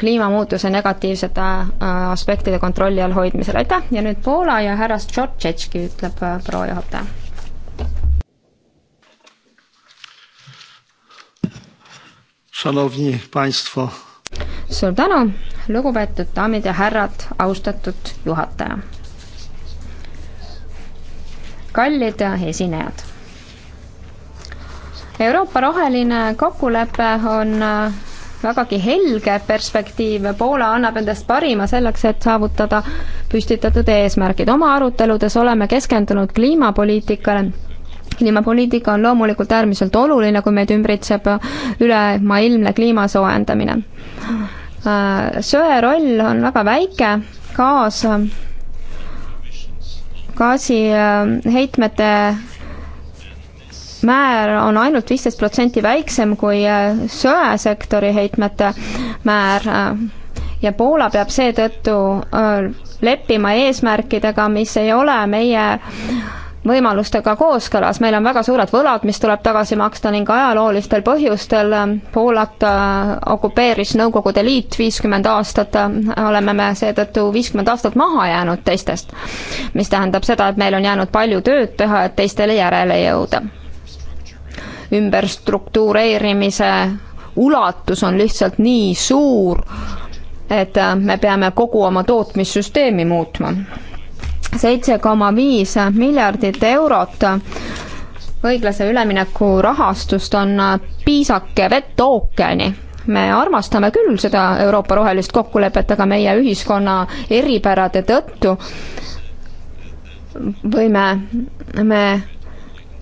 kliimamuutuse negatiivsete äh, aspektide kontrolli all hoidmisel, aitäh, ja nüüd Poola ja härra Stšotšetški, ütleb proua juhataja. Szanowni Państwo. suur tänu, lugupeetud daamid ja härrad, austatud juhataja kallid esinejad. Euroopa roheline kokkulepe on äh, vägagi helge perspektiiv, Poola annab endast parima selleks, et saavutada püstitatud eesmärgid. oma aruteludes oleme keskendunud kliimapoliitikale kliimapoliitika on loomulikult äärmiselt oluline, kui meid ümbritseb ülemaailmne kliima soojendamine. Äh, söe roll on väga väike, gaas gaasiheitmete ähm, määr on ainult viisteist protsenti väiksem kui äh, söesektori heitmete määr äh, ja Poola peab seetõttu äh, leppima eesmärkidega, mis ei ole meie võimalustega kooskõlas, meil on väga suured võlad, mis tuleb tagasi maksta ning ajaloolistel põhjustel ähm, Poolat äh, okupeeris Nõukogude Liit viiskümmend aastat, äh, oleme me seetõttu viiskümmend aastat maha jäänud teistest. mis tähendab seda, et meil on jäänud palju tööd teha, et teistele järele jõuda. ümberstruktureerimise ulatus on lihtsalt nii suur, et äh, me peame kogu oma tootmissüsteemi muutma seitse koma viis miljardit eurot õiglase ülemineku rahastust on piisake vett ookeani me armastame küll seda Euroopa rohelist kokkulepet, aga meie ühiskonna eripärade tõttu võime me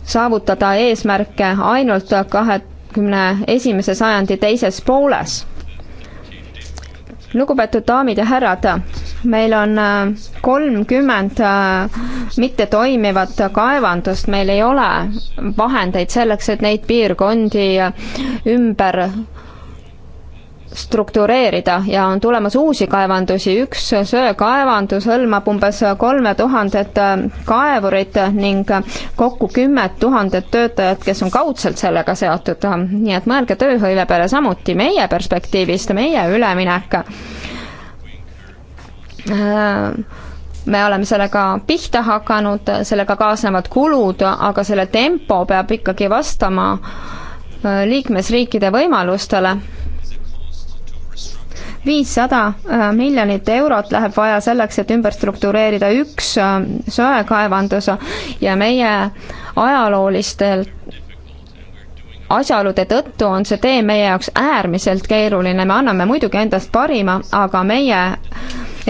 saavutada eesmärke ainult kahekümne esimese sajandi teises pooles lugupeetud daamid ja härrad, meil on äh, kolmkümmend äh, mittetoimivat kaevandust, meil ei ole vahendeid selleks, et neid piirkondi äh, ümber struktureerida ja on tulemas uusi kaevandusi, üks söekaevandus hõlmab umbes kolme tuhandet äh, kaevurit ning kokku kümmet tuhandet töötajat, kes on kaudselt sellega seotud. nii et mõelge tööhõive peale samuti meie perspektiivist, meie üleminek äh, me oleme sellega pihta hakanud, sellega kaasnevad kulud, aga selle tempo peab ikkagi vastama äh, liikmesriikide võimalustele viissada äh, miljonit eurot läheb vaja selleks, et ümber struktureerida üks äh, söekaevandus ja meie ajaloolistel asjaolude tõttu on see tee meie jaoks äärmiselt keeruline, me anname muidugi endast parima, aga meie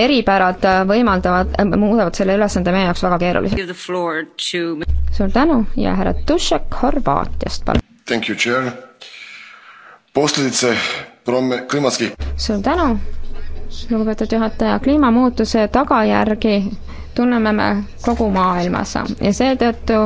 eripärad äh, võimaldavad, muudavad selle ülesande meie jaoks väga keeruliseks. suur tänu ja härra Tušek Horvaatiast, palun. Posljedice suur tänu, lugupeetud juhataja, kliimamuutuse tagajärgi tunneme me kogu maailmas ja seetõttu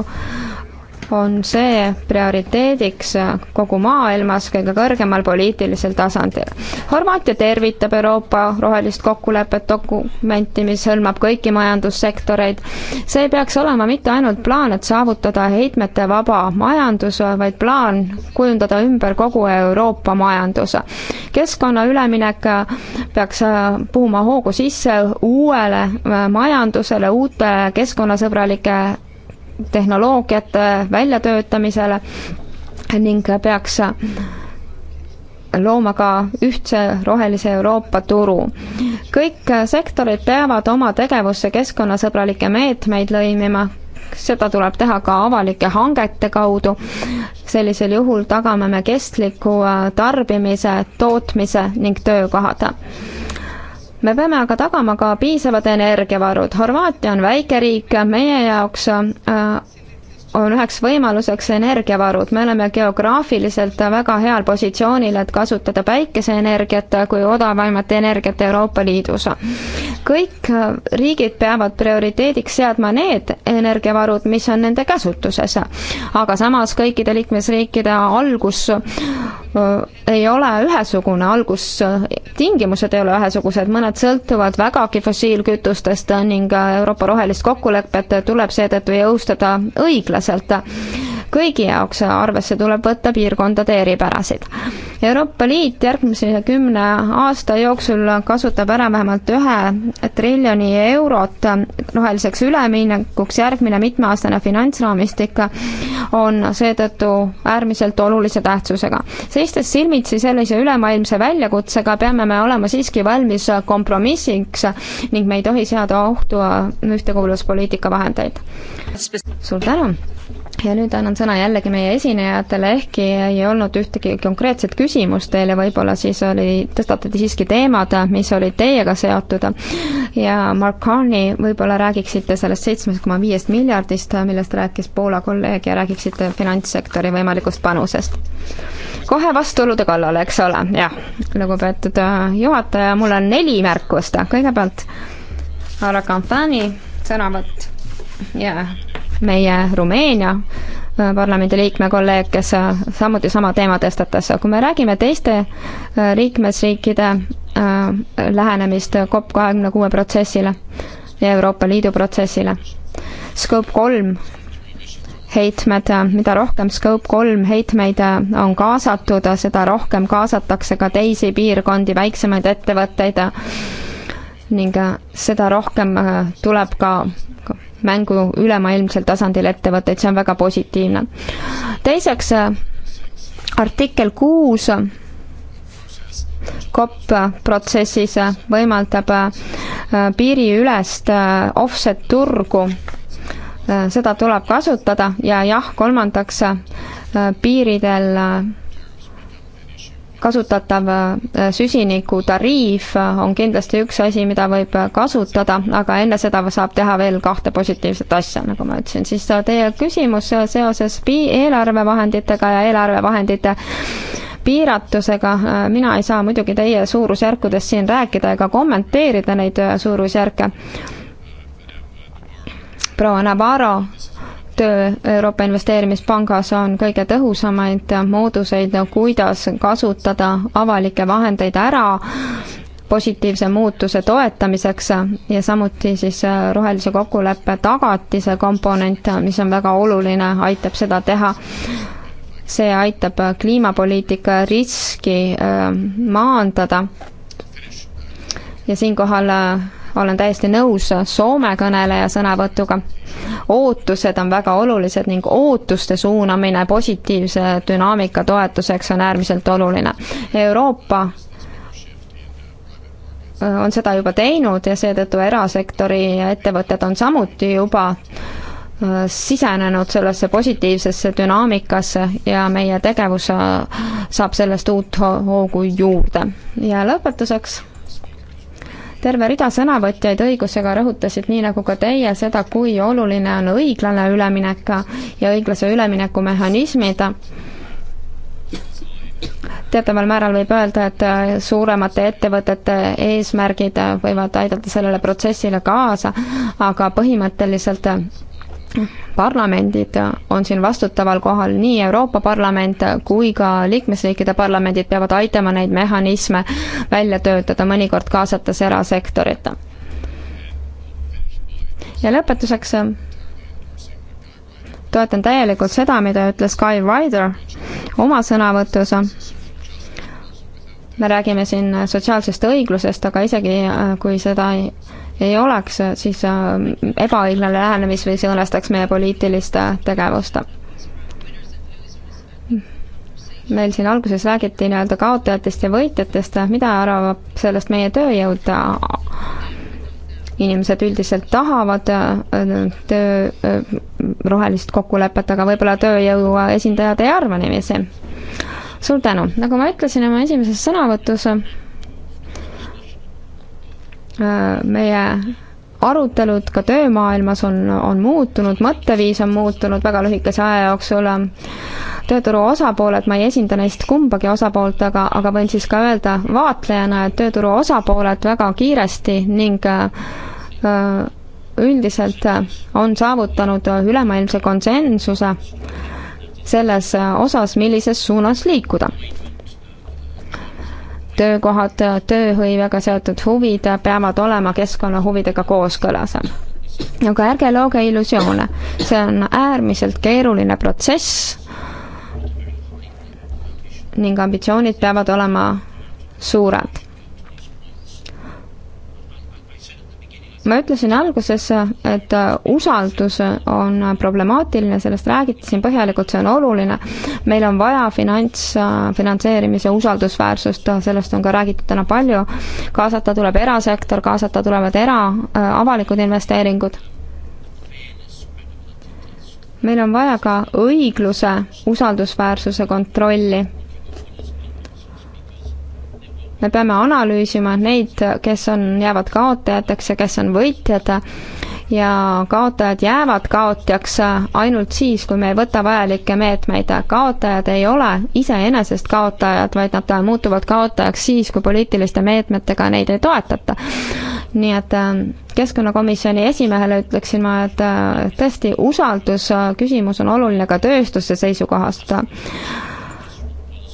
on see prioriteediks kogu maailmas kõige kõrgemal poliitilisel tasandil. Horvaatia tervitab Euroopa rohelist kokkulepet, dokumenti, mis hõlmab kõiki majandussektoreid. see ei peaks olema mitte ainult plaan, et saavutada heitmete vaba majandus, vaid plaan kujundada ümber kogu Euroopa majanduse. keskkonna üleminek peaks puhuma hoogu sisse uuele majandusele, uutele keskkonnasõbralike tehnoloogiate äh, väljatöötamisele ning peaks looma ka ühtse rohelise Euroopa turu. kõik sektorid peavad oma tegevusse keskkonnasõbralikke meetmeid lõimima, seda tuleb teha ka avalike hangete kaudu, sellisel juhul tagame me kestliku äh, tarbimise, tootmise ning töökohad me peame aga tagama ka piisavad energiavarud. Horvaatia on väike riik, meie jaoks äh, on üheks võimaluseks energiavarud, me oleme geograafiliselt väga heal positsioonil, et kasutada päikeseenergiat kui odavaimat energiat Euroopa Liidus. kõik riigid peavad prioriteediks seadma need energiavarud, mis on nende käsutuses. aga samas kõikide liikmesriikide algus ei ole ühesugune, algustingimused ei ole ühesugused, mõned sõltuvad vägagi fossiilkütustest ning Euroopa rohelist kokkulepet tuleb seetõttu jõustada õiglaselt õiglaselt. kõigi jaoks arvesse tuleb võtta piirkondade eripärasid. Euroopa Liit järgmise kümne aasta jooksul kasutab ära vähemalt ühe triljoni eurot roheliseks üleminekuks, järgmine mitmeaastane finantsraamistik on seetõttu äärmiselt olulise tähtsusega. seistes silmitsi sellise ülemaailmse väljakutsega, peame me olema siiski valmis kompromissiks ning me ei tohi seada ohtu ühtekuuluvuspoliitika vahendeid. suur tänu! ja nüüd annan sõna jällegi meie esinejatele, ehkki ei olnud ühtegi konkreetset küsimust teile, võib-olla siis oli, tõstatati siiski teemad, mis olid teiega seotud ja Mark Carney, võib-olla räägiksite sellest seitsmest koma viiest miljardist, millest rääkis Poola kolleeg ja räägiksite finantssektori võimalikust panusest. kohe vastuolude kallale, eks ole, jah. lugupeetud äh, juhataja, mul on neli märkust, kõigepealt Ara Kampani sõnavõtt ja yeah meie Rumeenia äh, parlamendiliikme kolleeg, kes äh, samuti sama teema tõstatas, kui me räägime teiste äh, liikmesriikide lähenemist COP kahekümne kuue protsessile ja Euroopa Liidu protsessile, Scope kolm heitmed, mida rohkem Scope kolm heitmeid on kaasatud, seda rohkem kaasatakse ka teisi piirkondi, väiksemaid ettevõtteid ning seda rohkem tuleb ka mängu ülemaailmsel tasandil ettevõtteid, see on väga positiivne. teiseks, äh, artikkel kuus äh, COP protsessis äh, võimaldab piiriülest offset turgu, seda tuleb kasutada ja jah, kolmandaks, piiridel kasutatav äh, süsiniku tariif äh, on kindlasti üks asi, mida võib äh, kasutada, aga enne seda saab teha veel kahte positiivset asja, nagu ma ütlesin. siis teie küsimus seoses pi-, eelarvevahenditega ja eelarvevahendite piiratusega, mina ei saa muidugi teie suurusjärkudest siin rääkida ega kommenteerida neid suurusjärke. proua Navarro töö Euroopa Investeerimispangas on kõige tõhusamaid mooduseid, kuidas kasutada avalikke vahendeid ära positiivse muutuse toetamiseks ja samuti siis rohelise kokkuleppe tagatise komponent, mis on väga oluline, aitab seda teha. see aitab kliimapoliitika riski äh, maandada ja siinkohal äh, olen täiesti nõus Soome kõneleja sõnavõtuga. ootused on väga olulised ning ootuste suunamine positiivse dünaamika toetuseks on äärmiselt oluline. Euroopa äh, on seda juba teinud ja seetõttu erasektori ettevõtted on samuti juba äh, sisenenud sellesse positiivsesse dünaamikasse ja meie tegevus äh, saab sellest uut hoogu juurde. ja lõpetuseks terve rida sõnavõtjaid õigusega rõhutasid, nii nagu ka teie, seda, kui oluline on õiglane üleminek ja õiglase ülemineku mehhanismid. teataval määral võib öelda, et suuremate ettevõtete eesmärgid võivad aidata sellele protsessile kaasa, aga põhimõtteliselt parlamendid on siin vastutaval kohal, nii Euroopa Parlament kui ka liikmesriikide parlamendid peavad aitama neid mehhanisme välja töötada, mõnikord kaasates erasektorit. ja lõpetuseks toetan täielikult seda, mida ütles Kai Vaider oma sõnavõtus, me räägime siin sotsiaalsest õiglusest, aga isegi äh, kui seda ei ei oleks, äh, siis äh, ebaõiglane lähenemisviis õõnestaks meie poliitilist äh, tegevust. meil siin alguses räägiti nii-öelda kaotajatest ja võitjatest, mida arvab sellest meie tööjõud? inimesed üldiselt tahavad töö, rohelist kokkulepet, aga võib-olla tööjõu esindajad ei arva niiviisi. suur tänu, nagu ma ütlesin oma esimeses sõnavõtus, Äh, meie arutelud ka töömaailmas on, on muutunud, mõtteviis on muutunud väga lühikese aja jooksul, tööturu osapooled, ma ei esinda neist kumbagi osapoolt, aga, aga võin siis ka öelda vaatlejana, et tööturu osapooled väga kiiresti ning äh, üldiselt on saavutanud ülemaailmse konsensuse selles osas, millises suunas liikuda töökohad, tööhõivega seotud huvid peavad olema keskkonnahuvidega kooskõlas. aga ärge looge illusioone, see on äärmiselt keeruline protsess ning ambitsioonid peavad olema suured ma ütlesin alguses, et usaldus on problemaatiline, sellest räägiti siin põhjalikult, see on oluline. meil on vaja finants, finantseerimise usaldusväärsust, sellest on ka räägitud täna palju. kaasata tuleb erasektor, kaasata tulevad era, avalikud investeeringud. meil on vaja ka õigluse usaldusväärsuse kontrolli me peame analüüsima neid, kes on, jäävad kaotajateks ja kes on võitjad ja kaotajad jäävad kaotajaks ainult siis, kui me ei võta vajalikke meetmeid. kaotajad ei ole iseenesest kaotajad, vaid nad muutuvad kaotajaks siis, kui poliitiliste meetmetega neid ei toetata nii et ähm, keskkonnakomisjoni esimehele ütleksin ma, et äh, tõesti usaldusküsimus äh, on oluline ka tööstuse seisukohast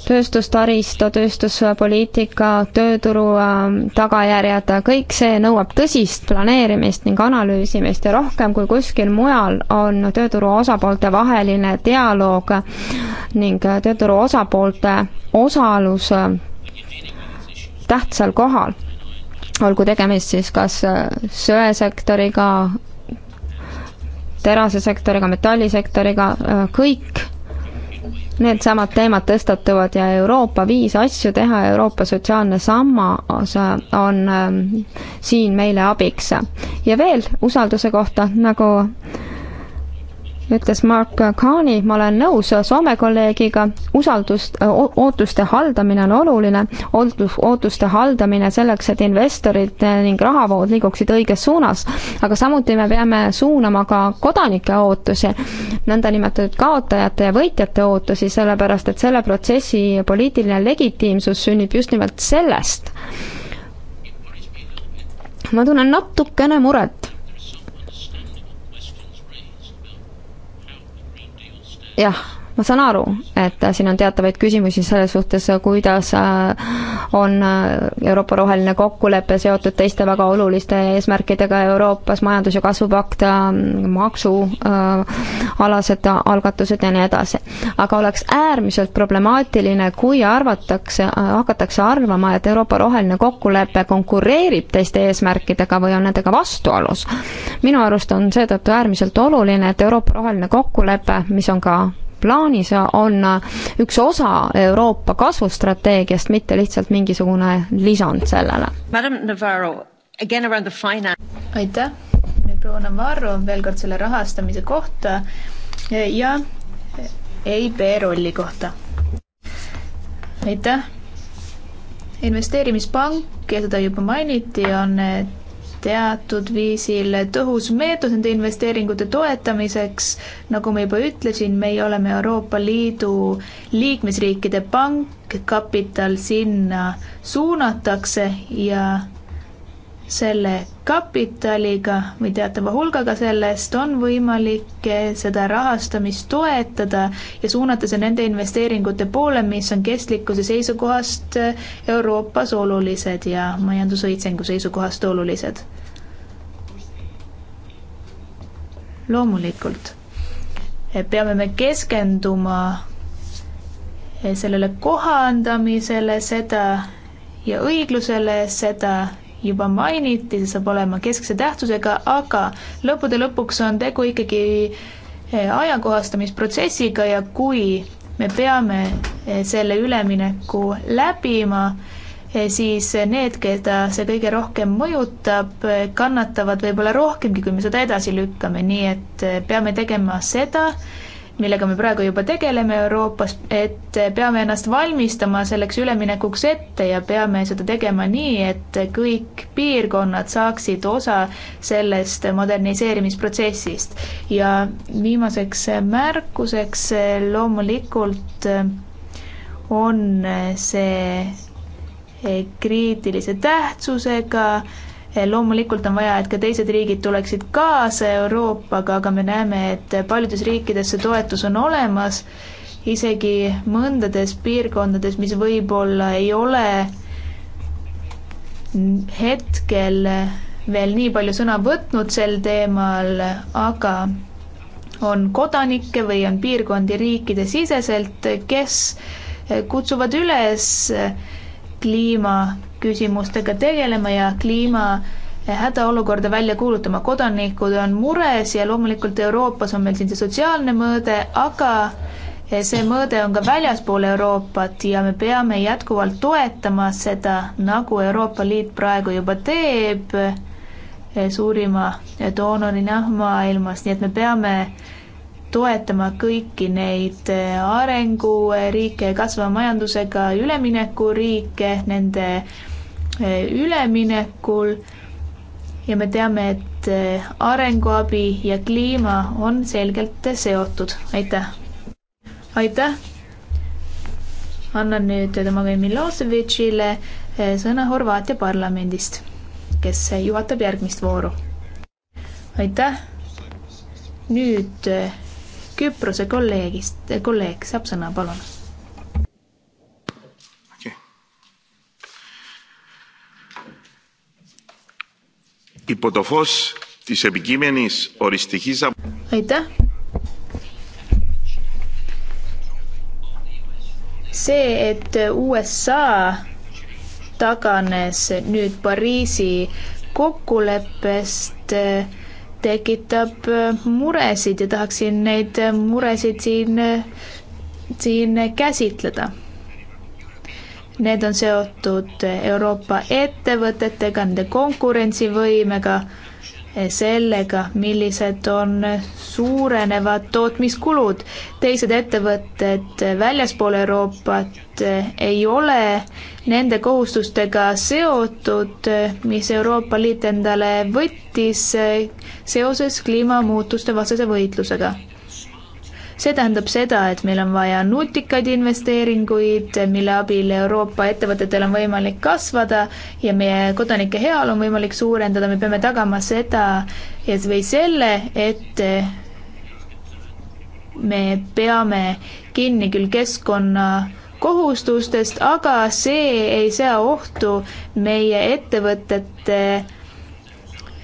tööstustaristu, tööstuspoliitika, tööturu ähm, tagajärjed, kõik see nõuab tõsist planeerimist ning analüüsimist ja rohkem kui kuskil mujal on tööturu osapoolte vaheline dialoog ning tööturu osapoolte osalus äh, tähtsal kohal. olgu tegemist siis kas äh, söesektoriga, terasesektoriga, metallisektoriga, äh, kõik needsamad teemad tõstatuvad ja Euroopa viis asju teha, Euroopa sotsiaalne sammas äh, on ähm, siin meile abiks. ja veel usalduse kohta, nagu ütles Mark Kaani, ma olen nõus Soome kolleegiga, usaldust, ootuste haldamine on oluline, ootus, ootuste haldamine selleks, et investorid eh, ning rahavood liiguksid õiges suunas, aga samuti me peame suunama ka kodanike ootusi, nõndanimetatud kaotajate ja võitjate ootusi, sellepärast et selle protsessi poliitiline legitiimsus sünnib just nimelt sellest. ma tunnen natukene muret jah ma saan aru, et äh, siin on teatavaid küsimusi selle suhtes, äh, kuidas äh, on Euroopa roheline kokkulepe seotud teiste väga oluliste eesmärkidega Euroopas, majandus- ja kasvupakt, maksualased algatused ja nii edasi. aga oleks äärmiselt problemaatiline, kui arvatakse, hakatakse arvama, et Euroopa roheline kokkulepe konkureerib teiste eesmärkidega või on nendega vastuolus. minu arust on seetõttu äärmiselt oluline, et Euroopa roheline kokkulepe, mis on ka plaanis on äh, üks osa Euroopa kasvustrateegiast, mitte lihtsalt mingisugune lisand sellele. aitäh, proua Navarro, veel kord selle rahastamise kohta ja EIB rolli kohta. aitäh investeerimispank ja seda juba mainiti, on teatud viisil tõhus meetod nende investeeringute toetamiseks. nagu ma juba ütlesin, meie oleme Euroopa Liidu liikmesriikide pank, kapital sinna suunatakse ja selle kapitaliga või teatava hulgaga sellest on võimalik seda rahastamist toetada ja suunata see nende investeeringute poole, mis on kestlikkuse seisukohast Euroopas olulised ja majandusõitsengu seisukohast olulised. loomulikult peame me keskenduma sellele kohandamisele, seda ja õiglusele, seda juba mainiti, see saab olema keskse tähtsusega, aga lõppude lõpuks on tegu ikkagi eh, ajakohastamisprotsessiga ja kui me peame eh, selle ülemineku läbima, eh, siis need, keda see kõige rohkem mõjutab, kannatavad võib-olla rohkemgi, kui me seda edasi lükkame, nii et peame tegema seda, millega me praegu juba tegeleme Euroopas, et peame ennast valmistama selleks üleminekuks ette ja peame seda tegema nii, et kõik piirkonnad saaksid osa sellest moderniseerimisprotsessist. ja viimaseks märkuseks loomulikult on see kriitilise tähtsusega Eh, loomulikult on vaja, et ka teised riigid tuleksid kaasa Euroopaga, aga me näeme, et paljudes riikides see toetus on olemas, isegi mõndades piirkondades, mis võib-olla ei ole hetkel veel nii palju sõna võtnud sel teemal, aga on kodanikke või on piirkondi riikide siseselt, kes kutsuvad üles kliimaküsimustega tegelema ja kliima hädaolukorda välja kuulutama. kodanikud on mures ja loomulikult Euroopas on meil siin see sotsiaalne mõõde, aga see mõõde on ka väljaspool Euroopat ja me peame jätkuvalt toetama seda, nagu Euroopa Liit praegu juba teeb suurima doonorina maailmas, nii et me peame toetama kõiki neid äh, arenguriike, kasvava majandusega üleminekuriike nende äh, üleminekul. ja me teame, et äh, arenguabi ja kliima on selgelt seotud. aitäh. aitäh. annan nüüd Domagoj Miloševičile sõna Horvaatia parlamendist, kes juhatab järgmist vooru. aitäh. nüüd Küprose kolleegist, kolleeg saab sõna, palun. υπό το φως της επικείμενης οριστικής Aitäh. see, et USA taganes nüüd Pariisi kokkuleppest äh, tekitab äh, muresid ja tahaksin neid äh, muresid siin, äh, siin käsitleda. Need on seotud Euroopa ettevõtetega, nende konkurentsivõimega sellega, millised on suurenevad tootmiskulud. teised ettevõtted väljaspool Euroopat ei ole nende kohustustega seotud, mis Euroopa Liit endale võttis seoses kliimamuutuste vastase võitlusega see tähendab seda, et meil on vaja nutikaid investeeringuid, mille abil Euroopa ettevõtetel on võimalik kasvada ja meie kodanike heaolu on võimalik suurendada, me peame tagama seda et või selle, et me peame kinni küll keskkonna kohustustest, aga see ei sea ohtu meie ettevõtete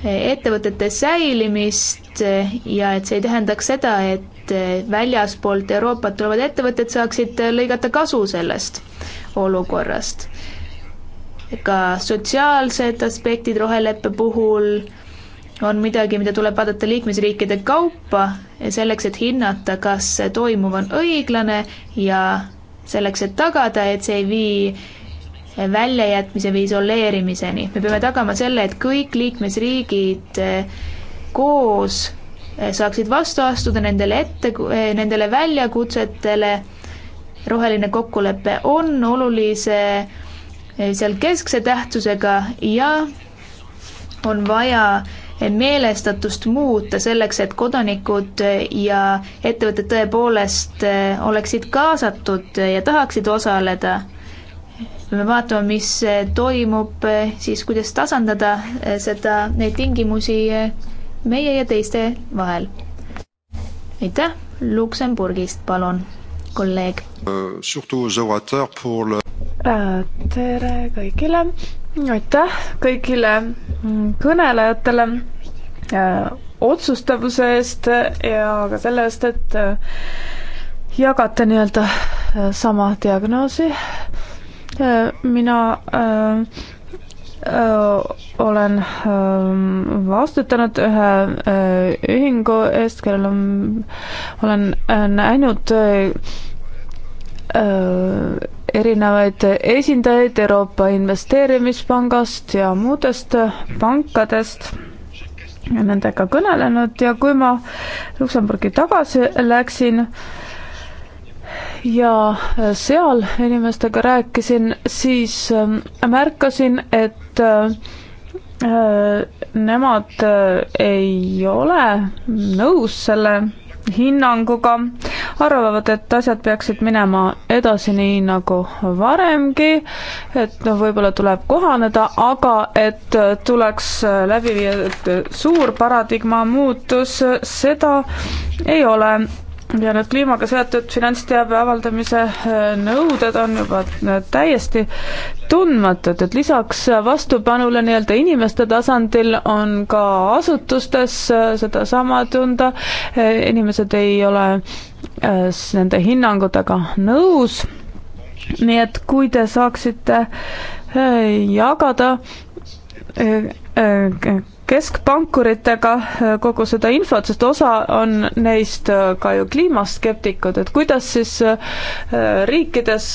ettevõtete säilimist ja et see ei tähendaks seda, et väljaspoolt Euroopat tulevad ettevõtted saaksid lõigata kasu sellest olukorrast. ka sotsiaalsed aspektid roheleppe puhul on midagi, mida tuleb vaadata liikmesriikide kaupa selleks, et hinnata, kas toimuv on õiglane ja selleks, et tagada, et see ei vii väljajätmise või isoleerimiseni. me peame tagama selle, et kõik liikmesriigid eh, koos eh, saaksid vastu astuda nendele ette, eh, nendele väljakutsetele. roheline kokkulepe on olulise, seal keskse tähtsusega ja on vaja meelestatust muuta selleks, et kodanikud ja ettevõtted tõepoolest oleksid kaasatud ja tahaksid osaleda me vaatame, mis eh, toimub, eh, siis kuidas tasandada eh, seda, neid tingimusi meie ja teiste vahel. aitäh, Luksemburgist, palun, kolleeg. Euh, äh, tere kõigile, aitäh kõigile mm, kõnelejatele äh, otsustavuse eest ja ka selle eest, et äh, jagate nii-öelda sama diagnoosi Äh, mina äh, Öö, äh, olen öö, ähm, vastutanud ühe öö, äh, ühingu eest, kellel on, olen näinud erinevaid esindajaid Euroopa Investeerimispangast ja muudest pankadest ja nendega kõnelenud ja kui ma Luksemburgi tagasi läksin, ja äh, seal inimestega rääkisin, siis ähm, märkasin, et äh, äh, nemad ei ole nõus selle hinnanguga, arvavad, et asjad peaksid minema edasi nii nagu varemgi, et noh, võib-olla tuleb kohaneda, aga et tuleks läbi viia suur paradigma muutus, seda ei ole ja need kliimaga seotud finantsteabe avaldamise äh, nõuded on juba äh, täiesti tundmatud, et lisaks vastupanule nii-öelda inimeste tasandil on ka asutustes äh, sedasama tunda, inimesed ei ole nende hinnangutega nõus, nii et kui te saaksite jagada keskpankuritega äh, kogu seda infot, sest osa on neist äh, ka ju kliimaskeptikud, et kuidas siis äh, riikides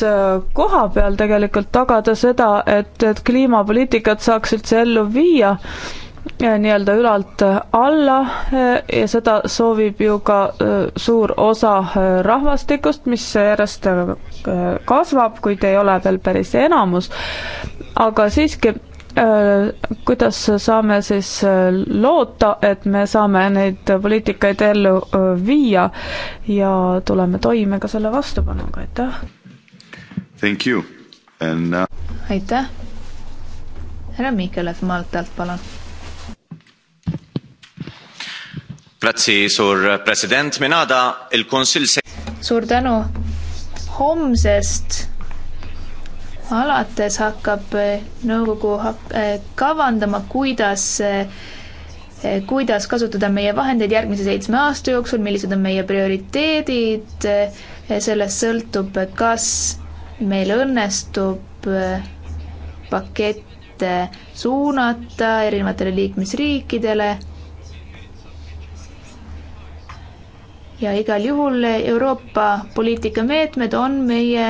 koha peal tegelikult tagada seda, et, et kliimapoliitikat saaks üldse ellu viia nii-öelda ülalt alla ja seda soovib ju ka suur osa rahvastikust, mis järjest kasvab, kuid ei ole veel päris enamus. aga siiski Äh, kuidas saame siis äh, loota, et me saame neid poliitikaid ellu äh, viia ja tuleme toime ka selle vastupanuga, aitäh! Thank you and now... aitäh! härra Mikelev Maltalt, palun! suur tänu! homsest alates hakkab eh, nõukogu hak-, eh, kavandama, kuidas eh, kuidas kasutada meie vahendeid järgmise seitsme aasta jooksul, millised on meie prioriteedid, sellest sõltub, kas meil õnnestub pakette suunata erinevatele liikmesriikidele ja igal juhul Euroopa poliitikameetmed on meie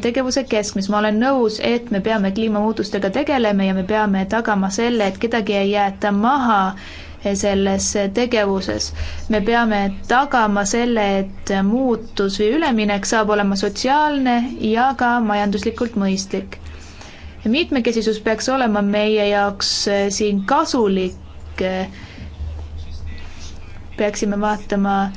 tegevuse keskmes. ma olen nõus, et me peame kliimamuutustega tegelema ja me peame tagama selle, et kedagi ei jäeta maha selles tegevuses. me peame tagama selle, et muutus või üleminek saab olema sotsiaalne ja ka majanduslikult mõistlik. mitmekesisus peaks olema meie jaoks eh, siin kasulik. peaksime vaatama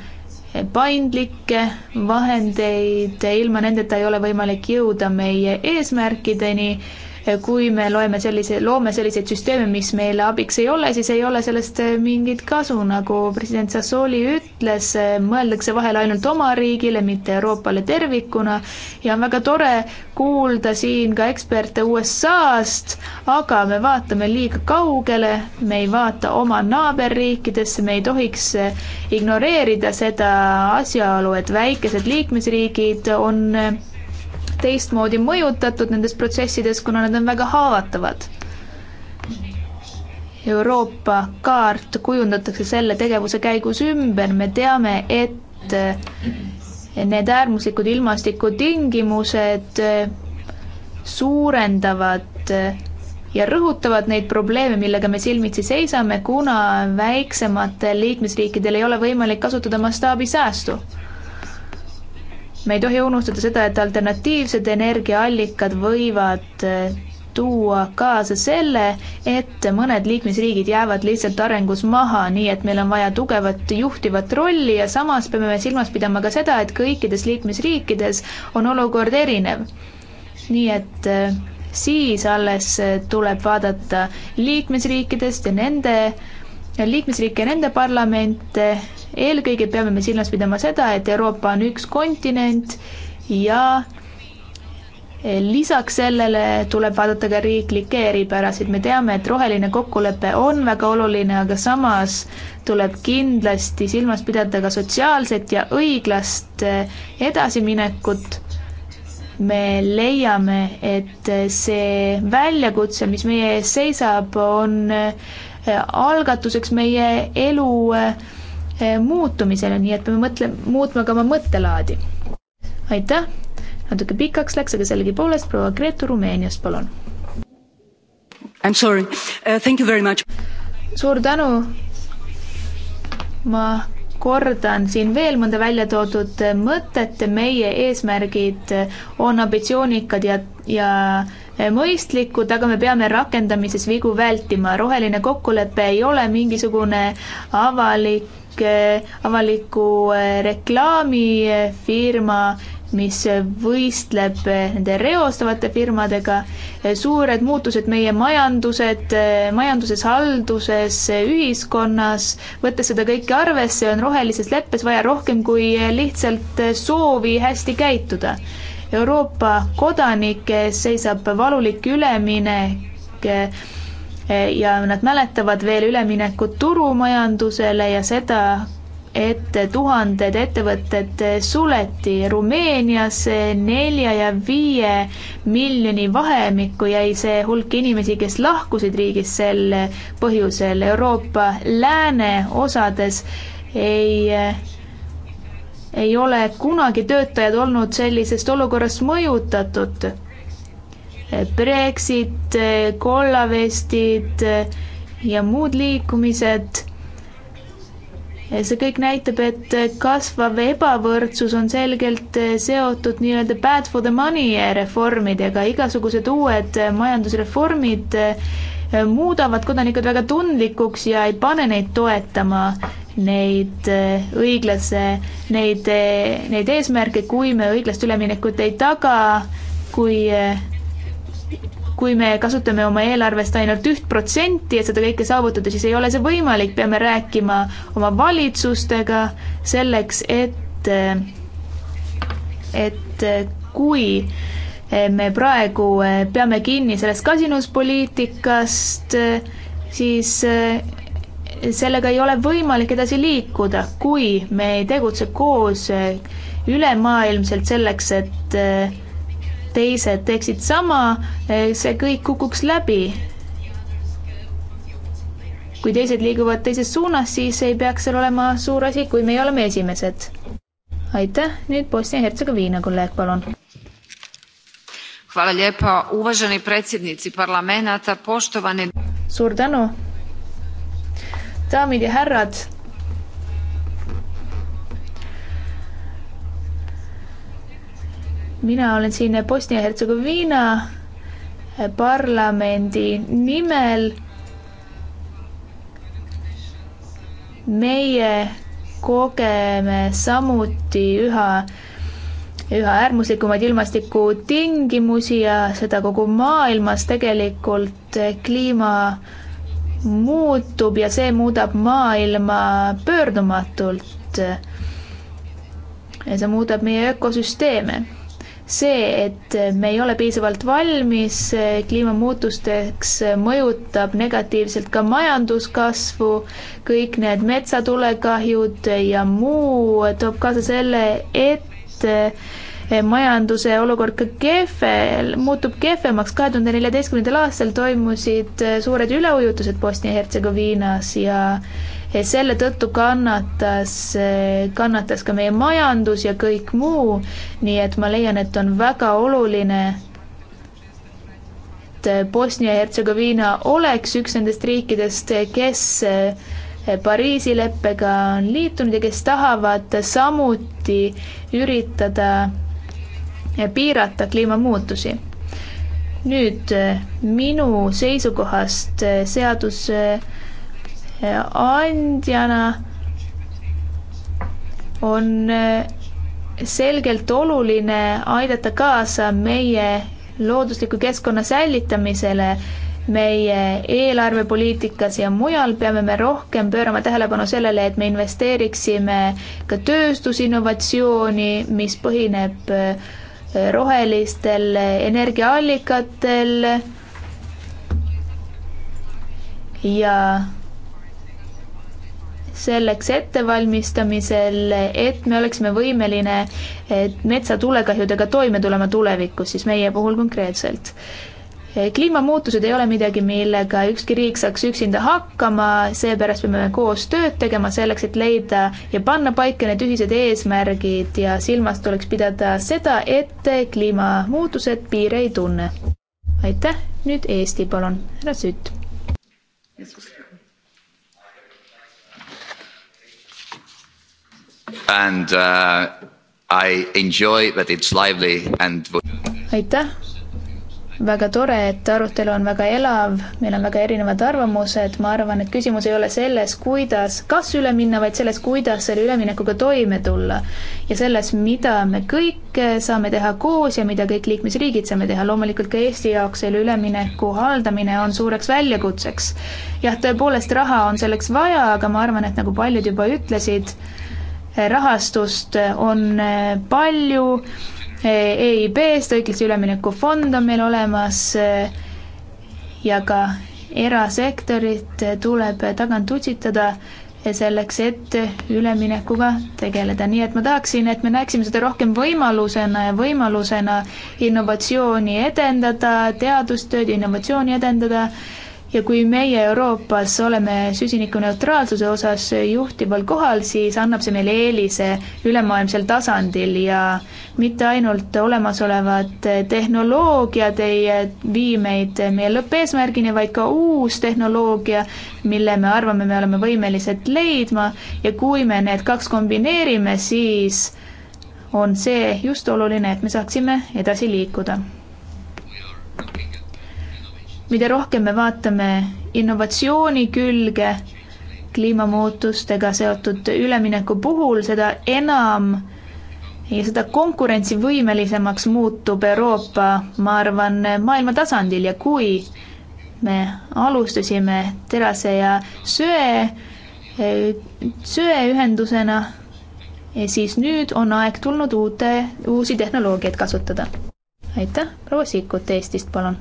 paindlikke vahendeid, ilma nendeta ei ole võimalik jõuda meie eesmärkideni kui me loeme sellise, loome selliseid süsteeme, mis meile abiks ei ole, siis ei ole sellest äh, mingit kasu, nagu president Sassoli ütles, äh, mõeldakse vahel ainult oma riigile, mitte Euroopale tervikuna ja on väga tore kuulda siin ka eksperte USA-st, aga me vaatame liiga kaugele, me ei vaata oma naaberriikidesse, me ei tohiks äh, ignoreerida seda asjaolu, et väikesed liikmesriigid on teistmoodi mõjutatud nendes protsessides, kuna nad on väga haavatavad. Euroopa kaart kujundatakse selle tegevuse käigus ümber, me teame, et eh, need äärmuslikud ilmastikutingimused eh, suurendavad eh, ja rõhutavad neid probleeme, millega me silmitsi seisame, kuna väiksematel liikmesriikidel ei ole võimalik kasutada mastaabisäästu me ei tohi unustada seda, et alternatiivsed energiaallikad võivad eh, tuua kaasa selle, et mõned liikmesriigid jäävad lihtsalt arengus maha, nii et meil on vaja tugevat juhtivat rolli ja samas peame me silmas pidama ka seda, et kõikides liikmesriikides on olukord erinev. nii et eh, siis alles eh, tuleb vaadata liikmesriikidest ja nende liikmesriike ja nende parlamente, eelkõige peame me silmas pidama seda, et Euroopa on üks kontinent ja lisaks sellele tuleb vaadata ka riiklikke eripärasid, me teame, et roheline kokkulepe on väga oluline, aga samas tuleb kindlasti silmas pidada ka sotsiaalset ja õiglast edasiminekut. me leiame, et see väljakutse, mis meie ees seisab, on Eh, algatuseks meie elu eh, muutumisele, nii et peame mõtle, muutma ka oma mõttelaadi. aitäh, natuke pikaks läks, aga sellegipoolest proua Gretu Rumeeniast, palun. I m sorry uh,, thank you very much. suur tänu. ma kordan siin veel mõnda välja toodud mõtet, meie eesmärgid on ambitsioonikad ja, ja Eh, mõistlikud, aga me peame rakendamises vigu vältima. roheline kokkulepe ei ole mingisugune avalik, eh, avaliku eh, reklaamifirma mis võistleb nende reostavate firmadega. suured muutused meie majandused, majanduses, halduses, ühiskonnas, võttes seda kõike arvesse, on rohelises leppes vaja rohkem kui lihtsalt soovi hästi käituda Euroopa kodanike ees seisab valulik üleminek eh, ja nad mäletavad veel üleminekut turumajandusele ja seda, et tuhanded ettevõtted suleti Rumeenias nelja ja viie miljoni vahemikku jäi see hulk inimesi, kes lahkusid riigist sel põhjusel. Euroopa lääne osades ei ei ole kunagi töötajad olnud sellisest olukorrast mõjutatud. Brexit, kollavestid ja muud liikumised. see kõik näitab, et kasvav ebavõrdsus on selgelt seotud nii-öelda bad for the money reformidega, igasugused uued majandusreformid muudavad kodanikud väga tundlikuks ja ei pane neid toetama neid äh, õiglase, neid, äh, neid eesmärke, kui me õiglast üleminekut ei taga, kui äh, kui me kasutame oma eelarvest ainult üht protsenti, et seda kõike saavutada, siis ei ole see võimalik, peame rääkima oma valitsustega selleks, et, et kui me praegu eh, peame kinni sellest kasinuspoliitikast, eh, siis eh, sellega ei ole võimalik edasi liikuda, kui me ei tegutse koos ülemaailmselt selleks, et teised teeksid sama, see kõik kukuks läbi kui teised liiguvad teises suunas, siis ei peaks seal olema suur asi, kui meie oleme esimesed. aitäh, nüüd Bosnia-Hertsegoviina kolleeg, palun. Hvala lijepa, uvaženi predsjednici parlamenata, poštovane... suur tänu, daamid ja härrad. mina olen siin Bosnia-Hertsegoviina parlamendi nimel. meie kogeme samuti üha üha äärmuslikumaid ilmastikutingimusi ja seda kogu maailmas tegelikult eh, kliima muutub ja see muudab maailma pöördumatult. ja see muudab meie ökosüsteeme. see, et me ei ole piisavalt valmis eh, kliimamuutusteks, eh, mõjutab negatiivselt ka majanduskasvu, kõik need metsatulekahjud ja muu toob kaasa selle, et et eh, majanduse olukord ka kehve, muutub kehvemaks. kahe tuhande neljateistkümnendal aastal toimusid eh, suured üleujutused Bosnia-Hertsegoviinas ja eh, selle tõttu kannatas, kannatas ka meie majandus ja kõik muu. nii et ma leian, et on väga oluline, et Bosnia-Hertsegoviina oleks üks nendest riikidest, kes Eh, Pariisi leppega on liitunud ja kes tahavad samuti üritada eh, piirata kliimamuutusi. nüüd eh, minu seisukohast seadusandjana on selgelt oluline aidata kaasa meie loodusliku keskkonna säilitamisele meie eelarvepoliitikas ja mujal peame me rohkem pöörama tähelepanu sellele, et me investeeriksime ka tööstusinnovatsiooni, mis põhineb äh, rohelistel energiaallikatel ja selleks ettevalmistamisel, et me oleksime võimeline metsatulekahjudega toime tulema tulevikus, siis meie puhul konkreetselt kliimamuutused ei ole midagi, millega ükski riik saaks üksinda hakkama, seepärast peame koos tööd tegema selleks, et leida ja panna paika need ühised eesmärgid ja silmas tuleks pidada seda, et kliimamuutused piire ei tunne. aitäh, nüüd Eesti, palun, härra Sütt. And uh, I enjoy that it's lively and aitäh väga tore, et arutelu on väga elav, meil on väga erinevad arvamused, ma arvan, et küsimus ei ole selles, kuidas, kas üle minna, vaid selles, kuidas selle üleminekuga toime tulla. ja selles, mida me kõik saame teha koos ja mida kõik liikmesriigid saame teha, loomulikult ka Eesti jaoks selle ülemineku haldamine on suureks väljakutseks. jah, tõepoolest, raha on selleks vaja, aga ma arvan, et nagu paljud juba ütlesid, rahastust on palju EIB-st, eh, e õiglase ülemineku fond on meil olemas eh, ja ka erasektorit eh, tuleb tagant utsitada selleks, et üleminekuga tegeleda, nii et ma tahaksin, et me näeksime seda rohkem võimalusena ja võimalusena innovatsiooni edendada, teadustööd, innovatsiooni edendada ja kui meie Euroopas oleme süsinikuneutraalsuse osas juhtival kohal, siis annab see meile eelise ülemaailmsel tasandil ja mitte ainult olemasolevad tehnoloogiad ei vii meid meie lõppeesmärgini, vaid ka uus tehnoloogia, mille me arvame, me oleme võimelised leidma ja kui me need kaks kombineerime, siis on see just oluline, et me saaksime edasi liikuda mida rohkem me vaatame innovatsiooni külge kliimamuutustega seotud ülemineku puhul, seda enam ja seda konkurentsivõimelisemaks muutub Euroopa, ma arvan, maailma tasandil ja kui me alustasime terase ja söe, söeühendusena, siis nüüd on aeg tulnud uute, uusi tehnoloogiaid kasutada. aitäh, proua Sikkut Eestist, palun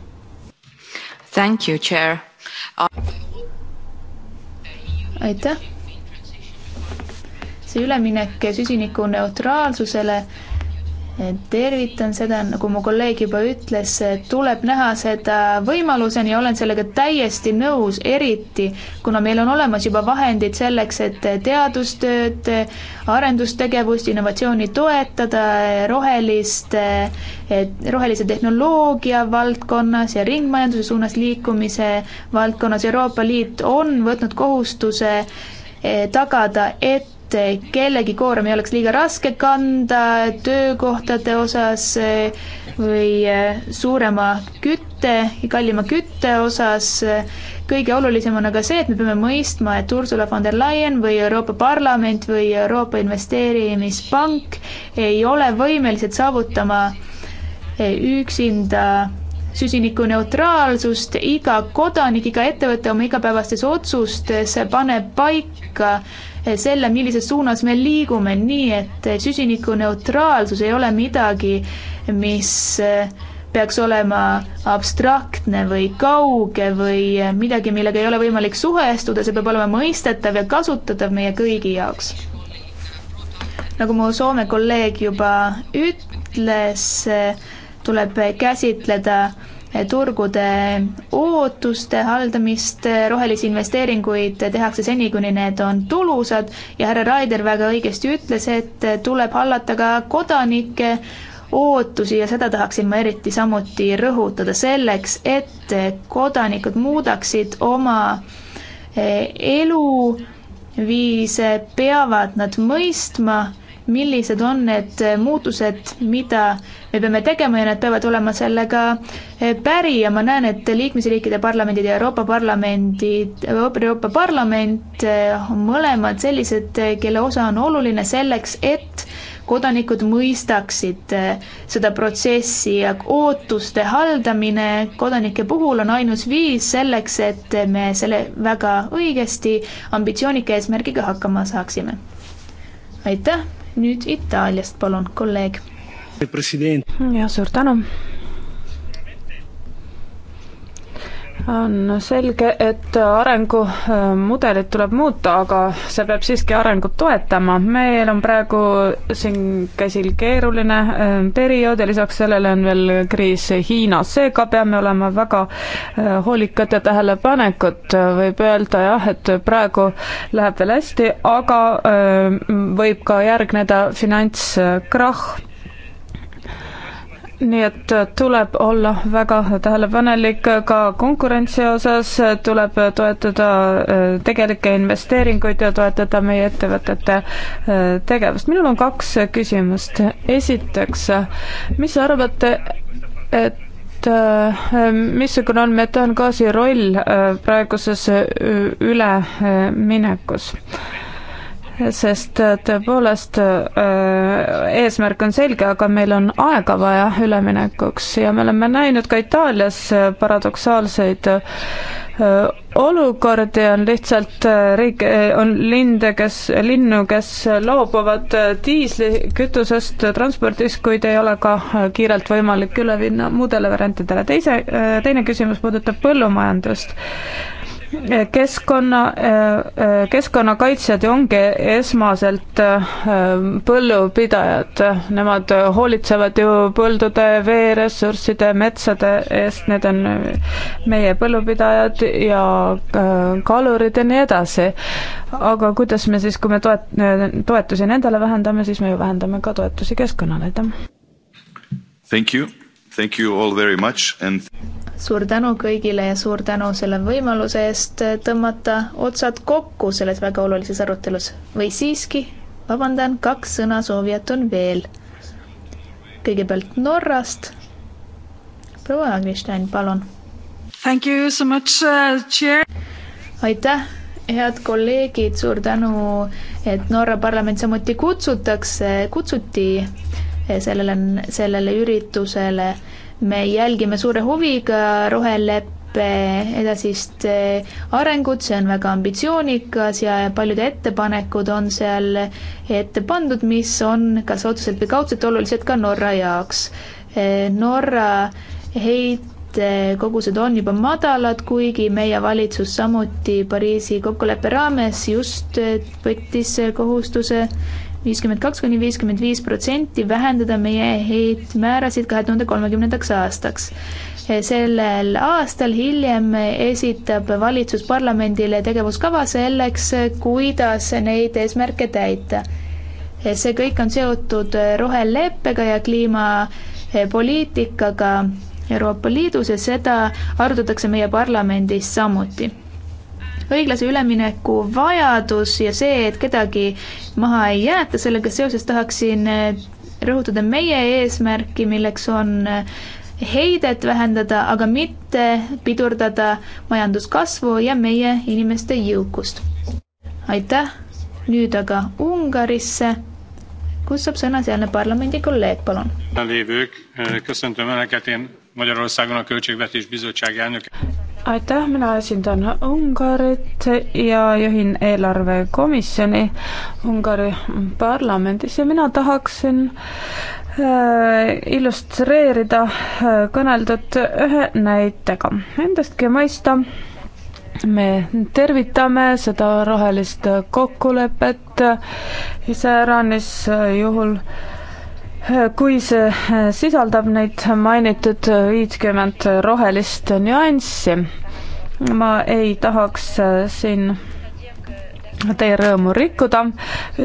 Thank you, chair. aitäh. see üleminek süsinikuneutraalsusele tervitan seda, nagu mu kolleeg juba ütles, tuleb näha seda võimaluseni ja olen sellega täiesti nõus, eriti kuna meil on olemas juba vahendid selleks, et teadustööd, arendustegevust, innovatsiooni toetada, rohelist, rohelise tehnoloogia valdkonnas ja ringmajanduse suunas liikumise valdkonnas Euroopa Liit on võtnud kohustuse eh, tagada, et et kellegi koorem ei oleks liiga raske kanda töökohtade osas või suurema kütte, kallima kütte osas. kõige olulisem on aga see, et me peame mõistma, et Ursula von der Leyen või Euroopa Parlament või Euroopa Investeerimispank ei ole võimelised saavutama üksinda süsinikuneutraalsust, iga kodanik, iga ettevõte oma igapäevastes otsustes paneb paika Eh, selle, millises suunas me liigume, nii et eh, süsinikuneutraalsus ei ole midagi, mis eh, peaks olema abstraktne või kauge või midagi, millega ei ole võimalik suhestuda, see peab olema mõistetav ja kasutatav meie kõigi jaoks. nagu mu Soome kolleeg juba ütles, tuleb käsitleda turgude ootuste haldamist, rohelisi investeeringuid tehakse seni, kuni need on tulusad ja härra Raider väga õigesti ütles, et tuleb hallata ka kodanike ootusi ja seda tahaksin ma eriti samuti rõhutada selleks, et kodanikud muudaksid oma eh, eluviise, peavad nad mõistma, millised on need muutused, mida me peame tegema ja nad peavad olema sellega eh, päri ja ma näen, et liikmesriikide parlamendid ja Euroopa Parlamendid, Euroopa Parlament eh, on mõlemad sellised, eh, kelle osa on oluline selleks, et kodanikud mõistaksid seda protsessi ja ootuste haldamine kodanike puhul on ainus viis selleks, et me selle väga õigesti ambitsioonika eesmärgiga hakkama saaksime. aitäh! nüüd Itaaliast, palun, kolleeg. ja suur tänu on selge, et arengumudelit tuleb muuta, aga see peab siiski arengut toetama. meil on praegu siin käsil keeruline ähm, periood ja lisaks sellele on veel kriis Hiinas, seega peame olema väga äh, hoolikad ja tähelepanekud. võib öelda jah, et praegu läheb veel hästi, aga ähm, võib ka järgneda finantskrahh nii et äh, tuleb olla väga tähelepanelik ka konkurentsi osas, äh, tuleb toetada äh, tegelikke investeeringuid ja toetada meie ettevõtete tegevust. minul on kaks küsimust. esiteks, mis arvate, et missugune on metaangaasi roll praeguses üleminekus? sest äh, tõepoolest äh, eesmärk on selge, aga meil on aega vaja üleminekuks ja me oleme näinud ka Itaalias äh, paradoksaalseid olukordi on lihtsalt riik, on linde, kes, linnu, kes loobuvad diislikütusest transpordis, kuid ei ole ka kiirelt võimalik üle minna muudele variantidele. teise, teine küsimus puudutab põllumajandust keskkonna, äh, äh, keskkonnakaitsjad ju ongi esmaselt äh, põllupidajad, nemad hoolitsevad ju põldude, veeressursside, metsade eest, need on meie põllupidajad ja kalurid ja nii edasi. aga kuidas me siis, kui me toet-, toetusi nendele vähendame, siis me ju vähendame ka toetusi keskkonnale, aitäh! Thank you, thank you all very much and suur tänu kõigile ja suur tänu selle võimaluse eest tõmmata otsad kokku selles väga olulises arutelus. või siiski, vabandan, kaks sõnasoovijat on veel. kõigepealt Norrast. proua Agnistein, palun. Thank you so much uh,, chair. aitäh head kolleegid, suur tänu, et Norra parlament samuti kutsutakse, kutsuti sellele, sellele üritusele me jälgime suure huviga roheleppe edasist eh, arengut, see on väga ambitsioonikas ja paljud ettepanekud on seal ette pandud, mis on kas otseselt või kaudselt olulised ka Norra jaoks. Eh, Norra heitkogused on juba madalad, kuigi meie valitsus samuti Pariisi kokkuleppe raames just eh, võttis kohustuse viiskümmend kaks kuni viiskümmend viis protsenti vähendada meie heitmäärasid kahe tuhande kolmekümnendaks aastaks. sellel aastal hiljem esitab valitsus parlamendile tegevuskava selleks, kuidas neid eesmärke täita. see kõik on seotud roheleppega ja kliimapoliitikaga Euroopa Liidus ja seda arutatakse meie parlamendis samuti õiglase ülemineku vajadus ja see, et kedagi maha ei jäeta, sellega seoses tahaksin eh, rõhutada meie eesmärki, milleks on eh, heidet vähendada, aga mitte pidurdada majanduskasvu ja meie inimeste jõukust. aitäh, nüüd aga Ungarisse, kus saab sõna sealne parlamendi kolleeg, palun aitäh, mina esindan Ungarit ja juhin eelarvekomisjoni Ungari parlamendis ja mina tahaksin äh, illustreerida äh, kõneldud ühe näitega. Endastki mõista, me tervitame seda rohelist kokkulepet iseäranis äh, juhul, kui see äh, sisaldab neid mainitud viitkümmend rohelist nüanssi. ma ei tahaks äh, siin teie rõõmu rikkuda,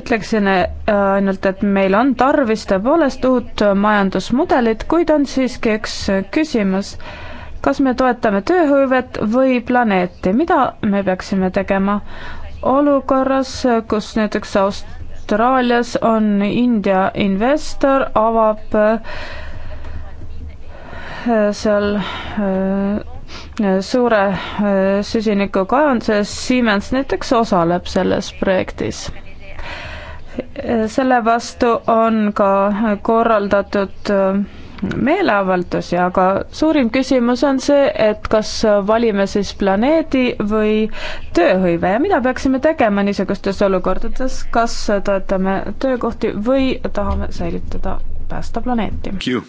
ütleksin äh, ainult, et meil on tarvis tõepoolest uut majandusmudelit, kuid on siiski üks küsimus. kas me toetame tööhõivet või planeeti, mida me peaksime tegema olukorras, kus näiteks Aust-, Austraalias on India investor, avab äh, seal äh, suure äh, süsinikukaevanduse, Siemens näiteks osaleb selles projektis. selle vastu on ka korraldatud meeleavaldusi, aga suurim küsimus on see, et kas valime siis planeedi või tööhõive ja mida peaksime tegema niisugustes olukordades, kas toetame töökohti või tahame säilitada, päästa planeeti?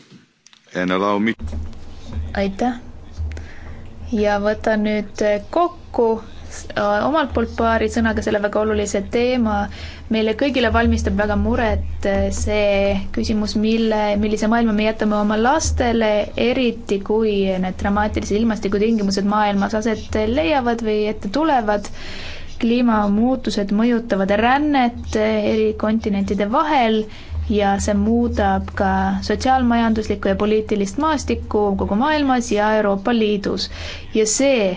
aitäh ja võtan nüüd kokku ütleks äh, omalt poolt paari sõnaga selle väga olulise teema. meile kõigile valmistab väga muret äh, see küsimus, mille, millise maailma me jätame oma lastele, eriti kui need dramaatilised ilmastikutingimused maailmas aset leiavad või ette tulevad. kliimamuutused mõjutavad rännet äh, eri kontinentide vahel ja see muudab ka sotsiaalmajanduslikku ja poliitilist maastikku kogu maailmas ja Euroopa Liidus. ja see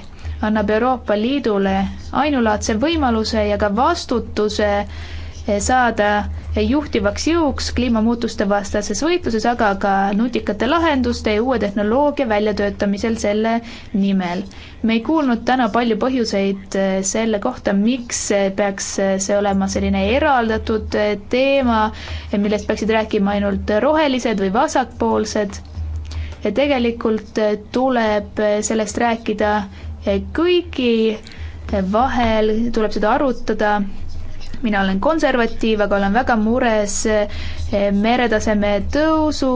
annab Euroopa Liidule ainulaadse võimaluse ja ka vastutuse eh, saada eh, juhtivaks jõuks kliimamuutuste vastases võitluses, aga ka nutikate lahenduste ja uue tehnoloogia väljatöötamisel selle nimel. me ei kuulnud täna palju põhjuseid eh, selle kohta, miks peaks see olema selline eraldatud teema, millest peaksid rääkima ainult rohelised või vasakpoolsed. ja tegelikult tuleb sellest rääkida kõigi vahel, tuleb seda arutada mina olen konservatiiv, aga olen väga mures eh, meretaseme tõusu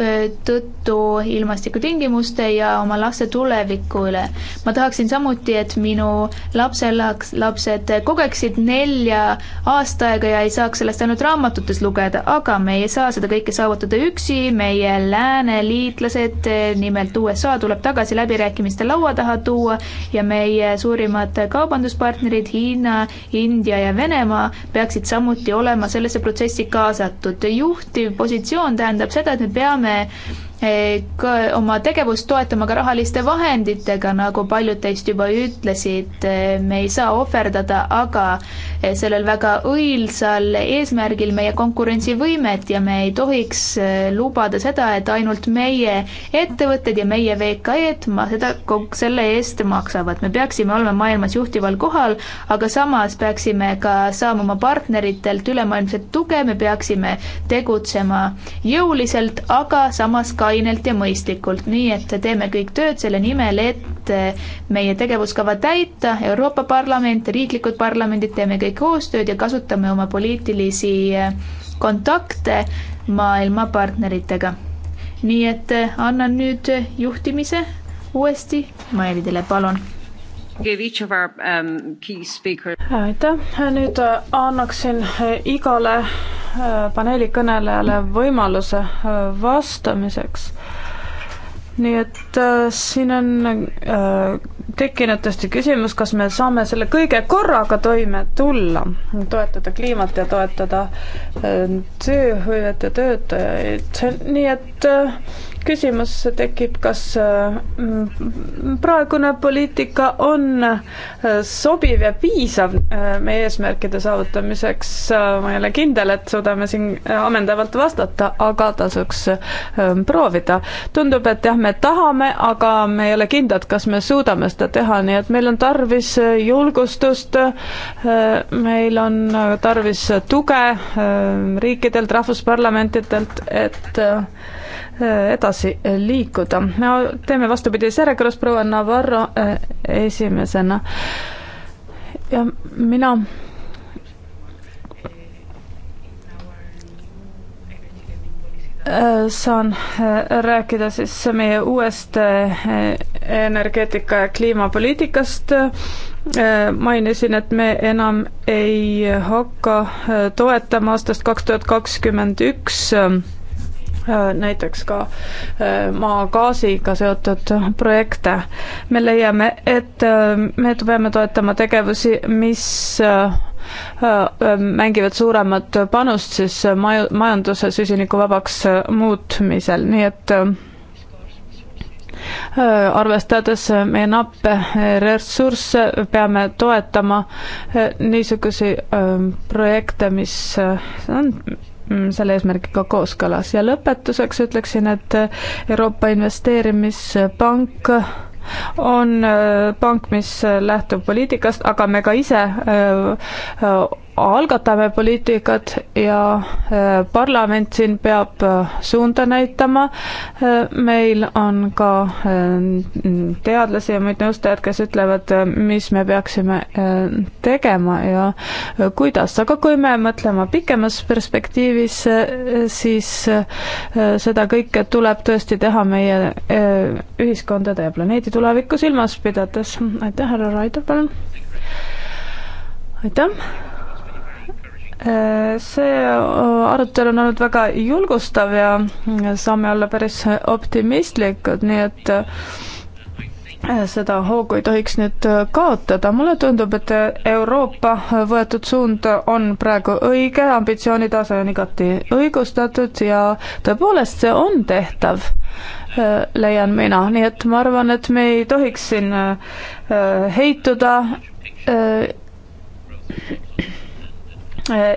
eh, tõttu ilmastikutingimuste ja oma laste tuleviku üle. ma tahaksin samuti, et minu lapselaks, lapsed kogeksid nelja aastaega ja ei saaks sellest ainult raamatutes lugeda, aga me ei saa seda kõike saavutada üksi, meie lääneliitlased, eh, nimelt USA tuleb tagasi läbirääkimiste laua taha tuua ja meie suurimad kaubanduspartnerid Hiina, India ja Venemaa rühma peaksid samuti olema sellesse protsessi kaasatud. juhtiv positsioon tähendab seda, et me peame Eh, oma tegevust toetama ka rahaliste vahenditega, nagu paljud teist juba ütlesid, eh, me ei saa ohverdada aga eh, sellel väga õilsal eesmärgil meie konkurentsivõimet ja me ei tohiks lubada seda, et ainult meie ettevõtted ja meie VKE-d ma seda, selle eest maksavad. me peaksime olema maailmas juhtival kohal, aga samas peaksime ka saama oma partneritelt ülemaailmset tuge, me peaksime tegutsema jõuliselt, aga samas ka kainelt ja mõistlikult, nii et teeme kõik tööd selle nimel, et eh, meie tegevuskava täita, Euroopa Parlament, riiklikud parlamendid, teeme kõik koostööd ja kasutame oma poliitilisi eh, kontakte maailma partneritega. nii et eh, annan nüüd juhtimise uuesti Mailidele, palun Um, aitäh, nüüd äh, annaksin äh, igale äh, paneeli kõnelejale võimaluse vastamiseks. nii et siin on tekkinud tõesti küsimus, kas me saame selle kõige korraga toime tulla, toetada kliimat ja toetada tööhõivet ja töötajaid, nii et küsimus tekib, kas äh, praegune poliitika on äh, sobiv ja piisav äh, meie eesmärkide saavutamiseks. ma ei ole kindel, et suudame siin ammendavalt vastata, aga tasuks proovida. tundub, et jah, me tahame, aga me ei ole kindlad, kas me suudame seda teha, nii et meil on tarvis julgustust, meil on tarvis tuge riikidelt, rahvusparlamentidelt, et Äh, edasi äh, liikuda. me teeme vastupidise järjekorras, proua Navarro äh, esimesena. ja mina saan rääkida siis meie uuest energeetika ja kliimapoliitikast. mainisin, et me enam ei hakka toetama aastast kaks tuhat kakskümmend üks Äh, näiteks ka äh, maagaasiga seotud projekte. me leiame, et äh, me peame toetama tegevusi, mis mängivad suuremat panust siis maju-, majanduse süsinikuvabaks muutmisel, nii et arvestades meie nappe ressursse, peame toetama niisuguseid projekte, mis on Mm, selle eesmärgiga kooskõlas ja lõpetuseks ütleksin, et Euroopa Investeerimispank on äh, pank, mis äh, lähtub poliitikast, aga me ka ise äh, algatame poliitikat ja äh, parlament siin peab äh, suunda näitama. Äh, meil on ka teadlasi ja muid nõustajad, kes ütlevad, mis me peaksime tegema ja kuidas, aga kui me mõtleme pikemas perspektiivis, siis seda kõike tuleb tõesti teha meie ühiskondade ja planeedi tulevikku silmas pidades. aitäh, härra Raido, palun! aitäh! Äh, see äh, arutelu on olnud väga julgustav ja mm, saame olla päris optimistlikud, nii et äh, seda hoogu ei tohiks nüüd kaotada. mulle tundub, et Euroopa võetud suund on praegu õige, ambitsiooni tase on igati õigustatud ja tõepoolest, see on tehtav, leian mina, nii et ma arvan, et me ei tohiks siin heituda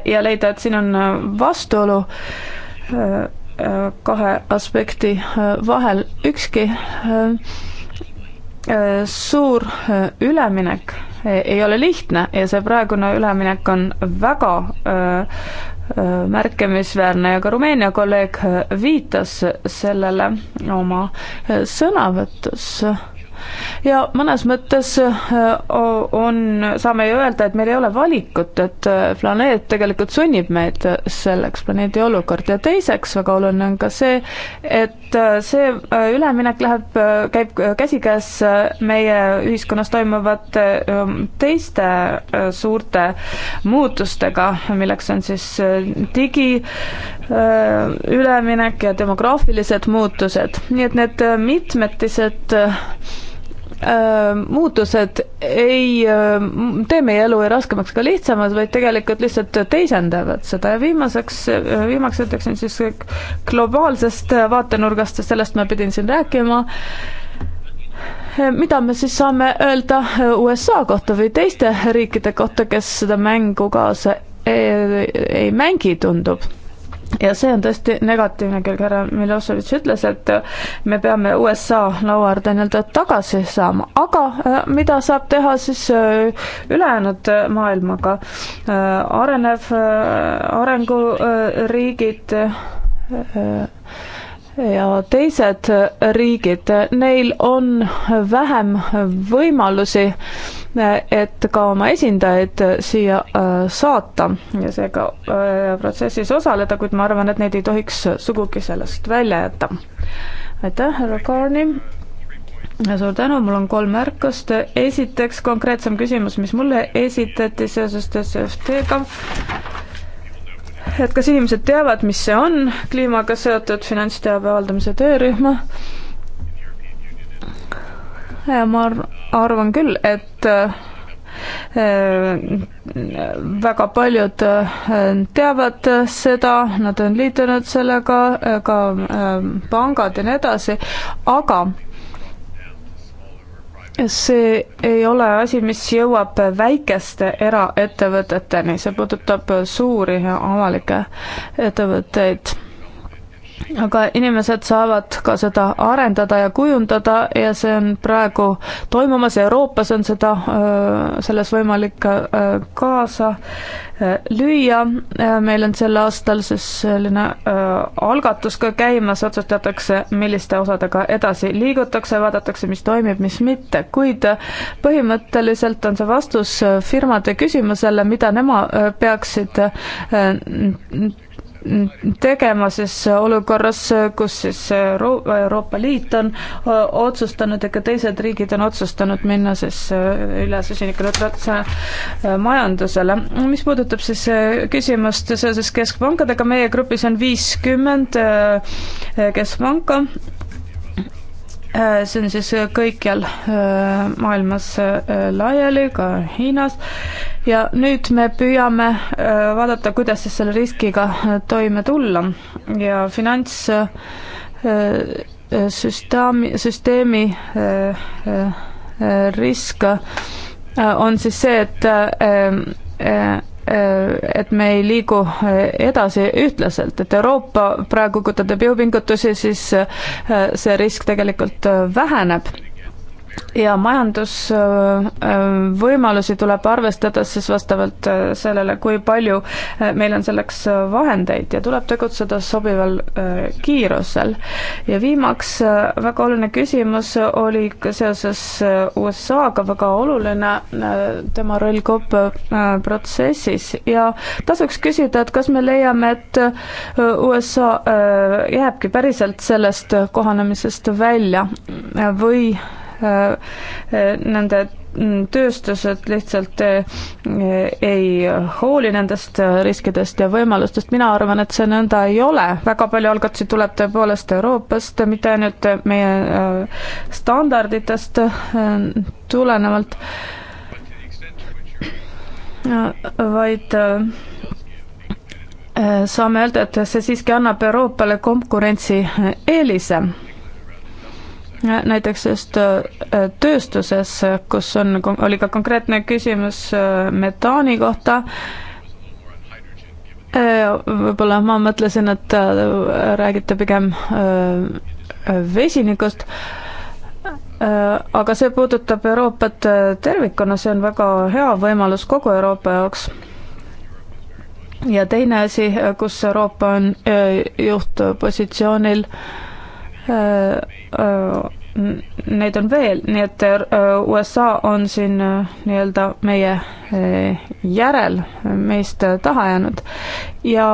ja leida, et siin on äh, vastuolu äh, kahe aspekti äh, vahel. ükski suur üleminek ei ole lihtne ja see praegune üleminek on väga märkimisväärne ja ka Rumeenia kolleeg viitas sellele oma sõnavõtus ja mõnes mõttes äh, on, saame ju öelda, et meil ei ole valikut, et äh, planeet tegelikult sunnib meid äh, selleks, planeedi olukord, ja teiseks väga oluline on ka see, et see üleminek läheb, käib käsikäes meie ühiskonnas toimuvate um, teiste suurte muutustega, milleks on siis digi üleminek ja demograafilised muutused, nii et need mitmetised Äh, muutused ei äh, tee meie elu ei raskemaks ega lihtsamaks, vaid tegelikult lihtsalt teisendavad seda ja viimaseks, äh, viimaks ütleksin siis globaalsest vaatenurgast, sest sellest ma pidin siin rääkima, mida me siis saame öelda USA kohta või teiste riikide kohta, kes seda mängu kaasa ei, ei mängi, tundub ja see on tõesti negatiivne külg, härra Miloševitš ütles, et äh, me peame USA laua äärde nii-öelda tagasi saama, aga äh, mida saab teha siis äh, ülejäänud maailmaga, arenev, arenguriigid ja teised riigid, neil on vähem võimalusi äh, et ka oma esindajaid äh, siia äh, saata ja seega äh, protsessis osaleda, kuid ma arvan, et neid ei tohiks sugugi sellest välja jätta. aitäh, härra Kaarni! ja suur tänu, mul on kolm märkust. esiteks konkreetsem küsimus, mis mulle esitati seoses DCFT-ga et kas inimesed teavad, mis see on, kliimaga seotud finantsteabe avaldamise töörühma ma arvan küll, et äh, väga paljud äh, teavad seda, nad on liitunud sellega, äh, ka pangad ja nii edasi, aga see ei ole asi, mis jõuab väikeste eraettevõteteni, see puudutab suuri avalikke ettevõtteid aga inimesed saavad ka seda arendada ja kujundada ja see on praegu toimumas Euroopas on seda, äh, selles võimalik äh, kaasa äh, lüüa. meil on sel aastal siis selline algatus ka käimas, otsustatakse, milliste osadega edasi liigutakse, vaadatakse, mis toimib, mis mitte, kuid põhimõtteliselt on see vastus firmade küsimusele, mida nemad peaksid tegema siis olukorras, kus siis Euro Euroopa Liit on otsustanud ja ka teised riigid on otsustanud minna siis üle süsinikuneutraalse majandusele. mis puudutab siis küsimust seoses keskpankadega, meie grupis on viiskümmend keskpanka Äh, see on siis äh, kõikjal äh, maailmas laiali, ka Hiinas, ja nüüd me püüame vaadata, kuidas siis selle riskiga toime tulla ja finants süsteemi, süsteemi risk on siis see, et Äh, et me ei liigu äh, edasi ühtlaselt, et Euroopa praegu, kui ta teeb jõupingutusi, siis äh, see risk tegelikult väheneb ja majandusvõimalusi tuleb arvestada siis vastavalt äh, sellele, kui palju äh, meil on selleks äh, vahendeid ja tuleb tegutseda sobival kiirusel. ja viimaks väga oluline küsimus oli ka seoses USA-ga väga oluline tema roll COP protsessis ja tasuks küsida, et kas me leiame, et USA jääbki päriselt sellest kohanemisest välja või nende tööstused lihtsalt eh, ei hooli nendest riskidest ja võimalustest, mina arvan, et see nõnda ei ole, väga palju algatusi tuleb tõepoolest Euroopast, mitte ainult meie eh, standarditest eh, tulenevalt, vaid saame öelda, et see siiski annab Euroopale konkurentsieelise näiteks just äh, tööstuses, kus on, oli ka konkreetne küsimus äh, metaani kohta, äh, võib-olla ma mõtlesin, et räägite pigem vesinikust, aga see puudutab Euroopat tervikuna, see on väga hea võimalus kogu Euroopa jaoks. ja teine asi, kus Euroopa on juhtpositsioonil, Äh, äh, neid on veel, nii et äh, USA on siin nii-öelda meie järel meist taha jäänud ja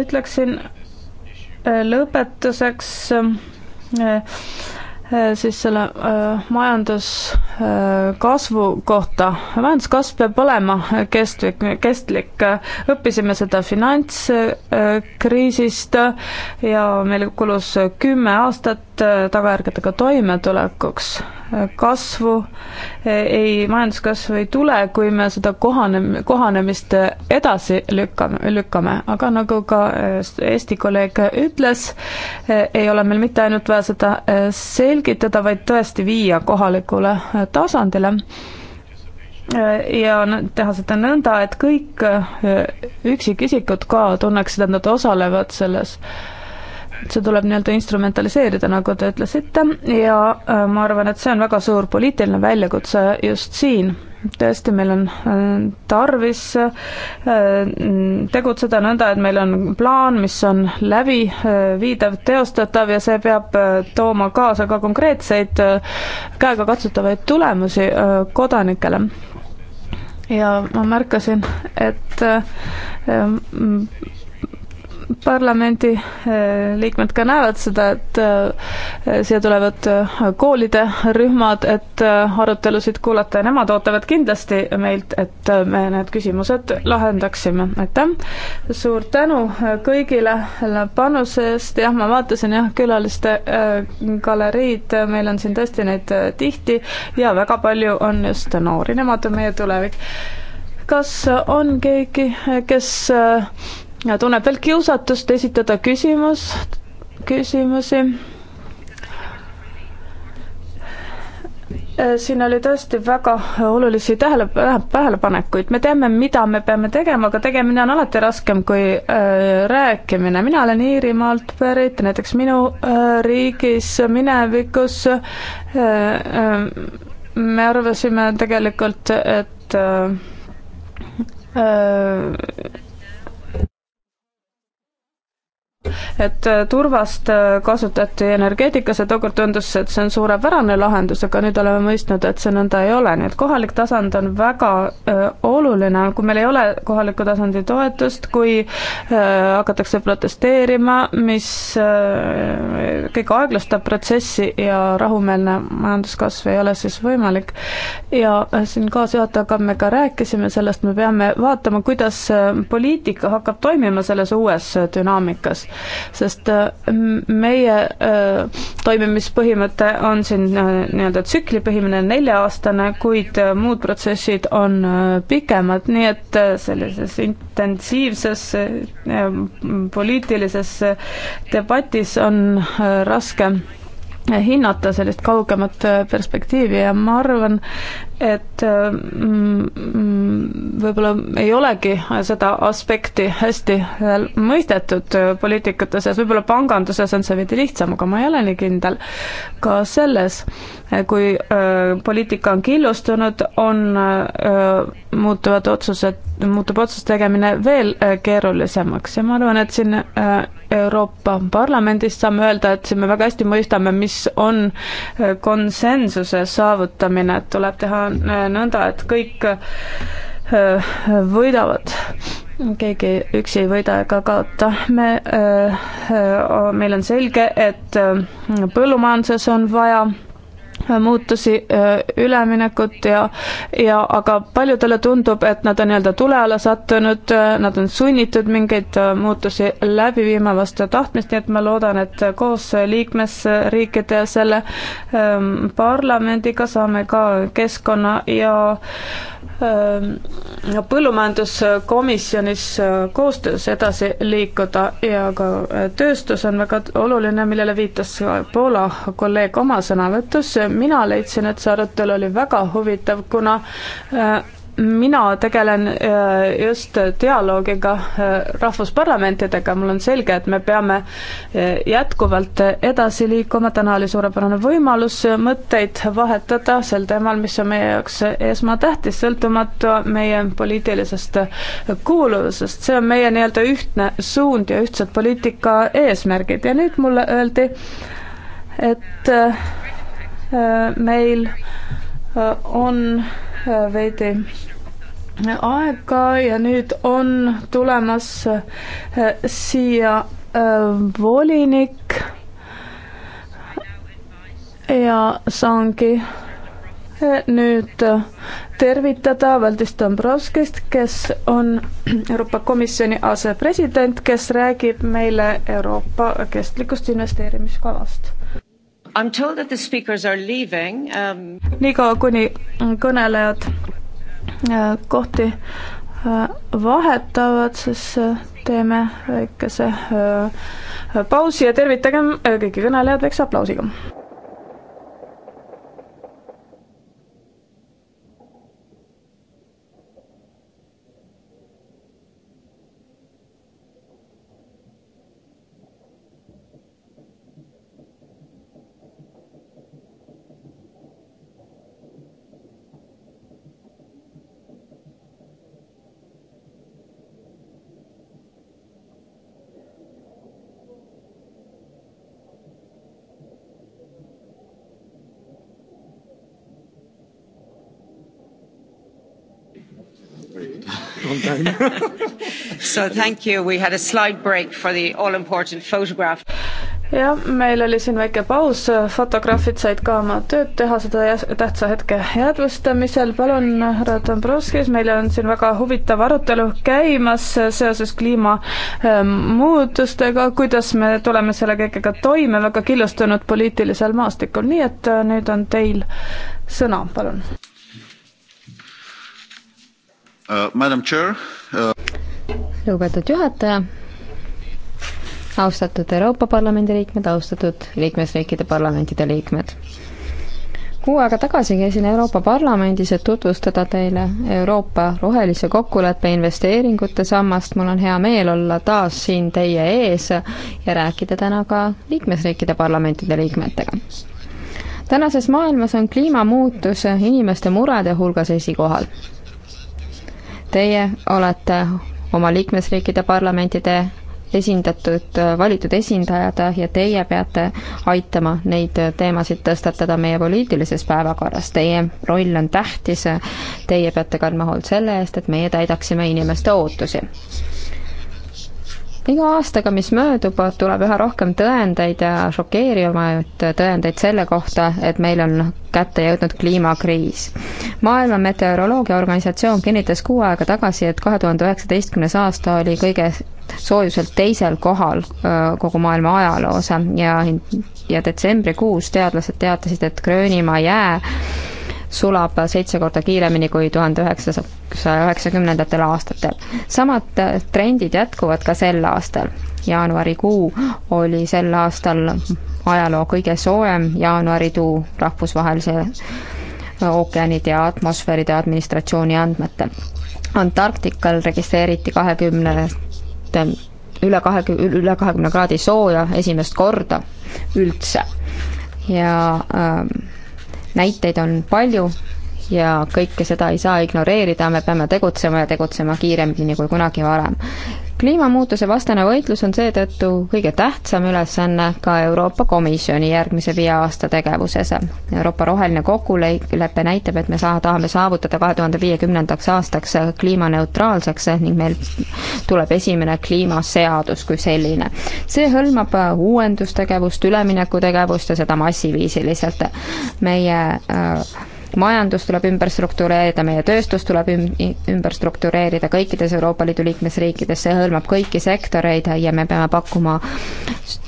ütleksin lõpetuseks Äh, siis selle äh, majanduskasvu äh, kohta. majanduskasv peab olema kestlik, kestlik. õppisime seda finantskriisist ja meil kulus kümme aastat Äh, tagajärgedega toimetulekuks. Äh, kasvu äh, ei, majanduskasvu ei tule, kui me seda kohane, kohanemist edasi lükkame, lükkame, aga nagu ka Eesti kolleeg ütles, ei ole meil mitte ainult vaja seda selgitada, vaid tõesti viia kohalikule tasandile ja teha seda nõnda, et kõik üksikisikud ka tunneksid, et nad osalevad selles äh, see tuleb nii-öelda instrumentaliseerida, nagu te ütlesite, ja äh, ma arvan, et see on väga suur poliitiline väljakutse just siin tõesti, meil on äh, tarvis äh, tegutseda nõnda, et meil on plaan, mis on läbiviidav, teostatav ja see peab tooma kaasa ka konkreetseid käegakatsutavaid tulemusi kodanikele. ja ma märkasin, et parlamendi eh, liikmed ka näevad seda, et eh, siia tulevad eh, koolide rühmad, et arutelusid kuulata ja nemad ootavad kindlasti meilt, et me need küsimused lahendaksime, aitäh. suur tänu kõigile panuse eest, jah, ma vaatasin jah, külaliste galeriid, meil on siin tõesti neid tihti ja väga palju on just noori, nemad on meie tulevik kas on keegi, kes ja tunneb veel kiusatust esitada küsimus, küsimusi. Äh, siin oli tõesti väga olulisi tähele, tähelepanekuid, me teame, mida me peame tegema, aga tegemine on alati raskem kui äh, rääkimine, mina olen Iirimaalt pärit, näiteks minu äh, riigis minevikus äh, äh, me arvasime tegelikult, et äh, äh, et äh, turvast äh, kasutati energeetikas ja tookord tundus, et see on suurepärane lahendus, aga nüüd oleme mõistnud, et see nõnda ei ole, nii et kohalik tasand on väga öö, äh, oluline, kui meil ei ole kohaliku tasandi toetust, kui öö, hakatakse protesteerima, mis öö, kõik aeglustab protsessi ja rahumeelne majanduskasv ei ole siis võimalik. ja siin kaasjuhatajaga me ka rääkisime sellest, me peame vaatama, kuidas poliitika hakkab toimima selles uues dünaamikas sest äh, meie äh, toimimispõhimõte on siin äh, nii-öelda tsüklipõhimine, nelja-aastane, kuid muud protsessid on pikemad, nii et sellises intensiivses poliitilises debatis on raske hinnata sellist kaugemat perspektiivi ja ma arvan, et äh, mm, võib-olla ei olegi seda aspekti hästi mõistetud äh, poliitikute seas, võib-olla panganduses on see veidi lihtsam, aga ma ei ole nii kindel ka selles, äh, kui poliitika on killustunud, on, muutuvad otsused, muutub otsuste tegemine veel keerulisemaks ja ma arvan, et siin Euroopa Parlamendis saame öelda, et siin me väga hästi mõistame, mis on konsensuse saavutamine, et tuleb teha nõnda, et kõik äh, võidavad keegi üksi ei võida ega kaota. me, äh, äh, meil on selge, et põllumajanduses on vaja muutusi, üleminekut ja, ja aga paljudele tundub, et nad on nii-öelda tule alla sattunud, nad on sunnitud mingeid muutusi läbi viima vastu tahtmist, nii et ma loodan, et koos liikmesriikide ja selle ähm, parlamendiga saame ka keskkonna ja äh, Ehm, põllumajanduskomisjonis äh, koostöös edasi liikuda ja ka äh, tööstus on väga oluline, millele viitas ka Poola kolleeg oma sõnavõtus. mina leidsin, et see arutelu oli väga huvitav, kuna äh, mina tegelen äh, just dialoogiga äh, rahvusparlamentidega, mul on selge, et me peame äh, jätkuvalt edasi liikuma, täna oli suurepärane võimalus mõtteid vahetada sel teemal, mis on meie jaoks esmatähtis, sõltumata meie poliitilisest kuuluvusest, see on meie nii-öelda ühtne suund ja ühtsed poliitika eesmärgid ja nüüd mulle öeldi, et meil on veidi aega ja nüüd on tulemas eh, siia eh, volinik ja saangi eh, nüüd tervitada Valdis Dombrovskist, kes on Euroopa Komisjoni asepresident, kes räägib meile Euroopa kestlikust investeerimiskavast. I'm told that the speakers are leaving um.... niikaua, kuni kõnelejad äh, kohti äh, vahetavad, siis äh, teeme väikese pausi ja tervitagem kõiki kõnelejad väikse aplausiga. long time. *laughs* so thank you, we had a slide break for the all important photograph. jah, meil oli siin väike paus, fotograafid said ka oma tööd teha seda tähtsa hetke jäädvustamisel. palun, härra Dombrovskis, meil on siin väga huvitav arutelu käimas seoses kliimamuutustega, ähm, kuidas me tuleme selle kõigega toime väga killustunud poliitilisel maastikul, nii et äh, nüüd on teil sõna, palun Uh, uh, lugupeetud juhataja, austatud Euroopa Parlamendi liikmed, austatud liikmesriikide parlamentide liikmed. Kuu aega tagasi käisin Euroopa Parlamendis, et tutvustada teile Euroopa rohelise kokkuleppe investeeringute sammast. mul on hea meel olla taas siin teie ees ja rääkida täna ka liikmesriikide parlamentide liikmetega tänases maailmas on kliimamuutus inimeste murede hulgas esikohal teie olete oma liikmesriikide parlamentide esindatud, valitud esindajad ja teie peate aitama neid teemasid tõstatada meie poliitilises päevakorras. Teie roll on tähtis, teie peate kandma hoolt selle eest, et meie täidaksime inimeste ootusi iga aastaga, mis möödub, tuleb üha rohkem tõendeid ja šokeerivamaid tõendeid selle kohta, et meil on kätte jõudnud kliimakriis. maailma Meteoroloogiaorganisatsioon kinnitas kuu aega tagasi, et kahe tuhande üheksateistkümnes aasta oli kõige soojuselt teisel kohal kogu maailma ajaloos ja, ja detsembrikuus teadlased teatasid, et Gröönimaa jää sulab seitse korda kiiremini kui tuhande üheksasaja üheksakümnendatel aastatel. samad trendid jätkuvad ka sel aastal. jaanuarikuu oli sel aastal ajaloo kõige soojem jaanuarituu rahvusvahelise ookeanide ja atmosfääride administratsiooni andmetel. Antarktikal registreeriti kahekümne, üle kahekümne, üle kahekümne kraadi sooja esimest korda üldse ja ähm, näiteid on palju ja kõike seda ei saa ignoreerida, me peame tegutsema ja tegutsema kiiremini kui kunagi varem kliimamuutuse vastane võitlus on seetõttu kõige tähtsam ülesanne ka Euroopa Komisjoni järgmise viie aasta tegevuses. Euroopa roheline kokkulepe näitab, et me saa-, tahame saavutada kahe tuhande viiekümnendaks aastaks kliimaneutraalseks ning meil tuleb esimene kliimaseadus kui selline. see hõlmab uuendustegevust, üleminekutegevust ja seda massiviisiliselt. meie äh, majandus tuleb ümber struktureerida, meie tööstus tuleb üm-, ümber struktureerida kõikides Euroopa Liidu liikmesriikides, see hõlmab kõiki sektoreid ja me peame pakkuma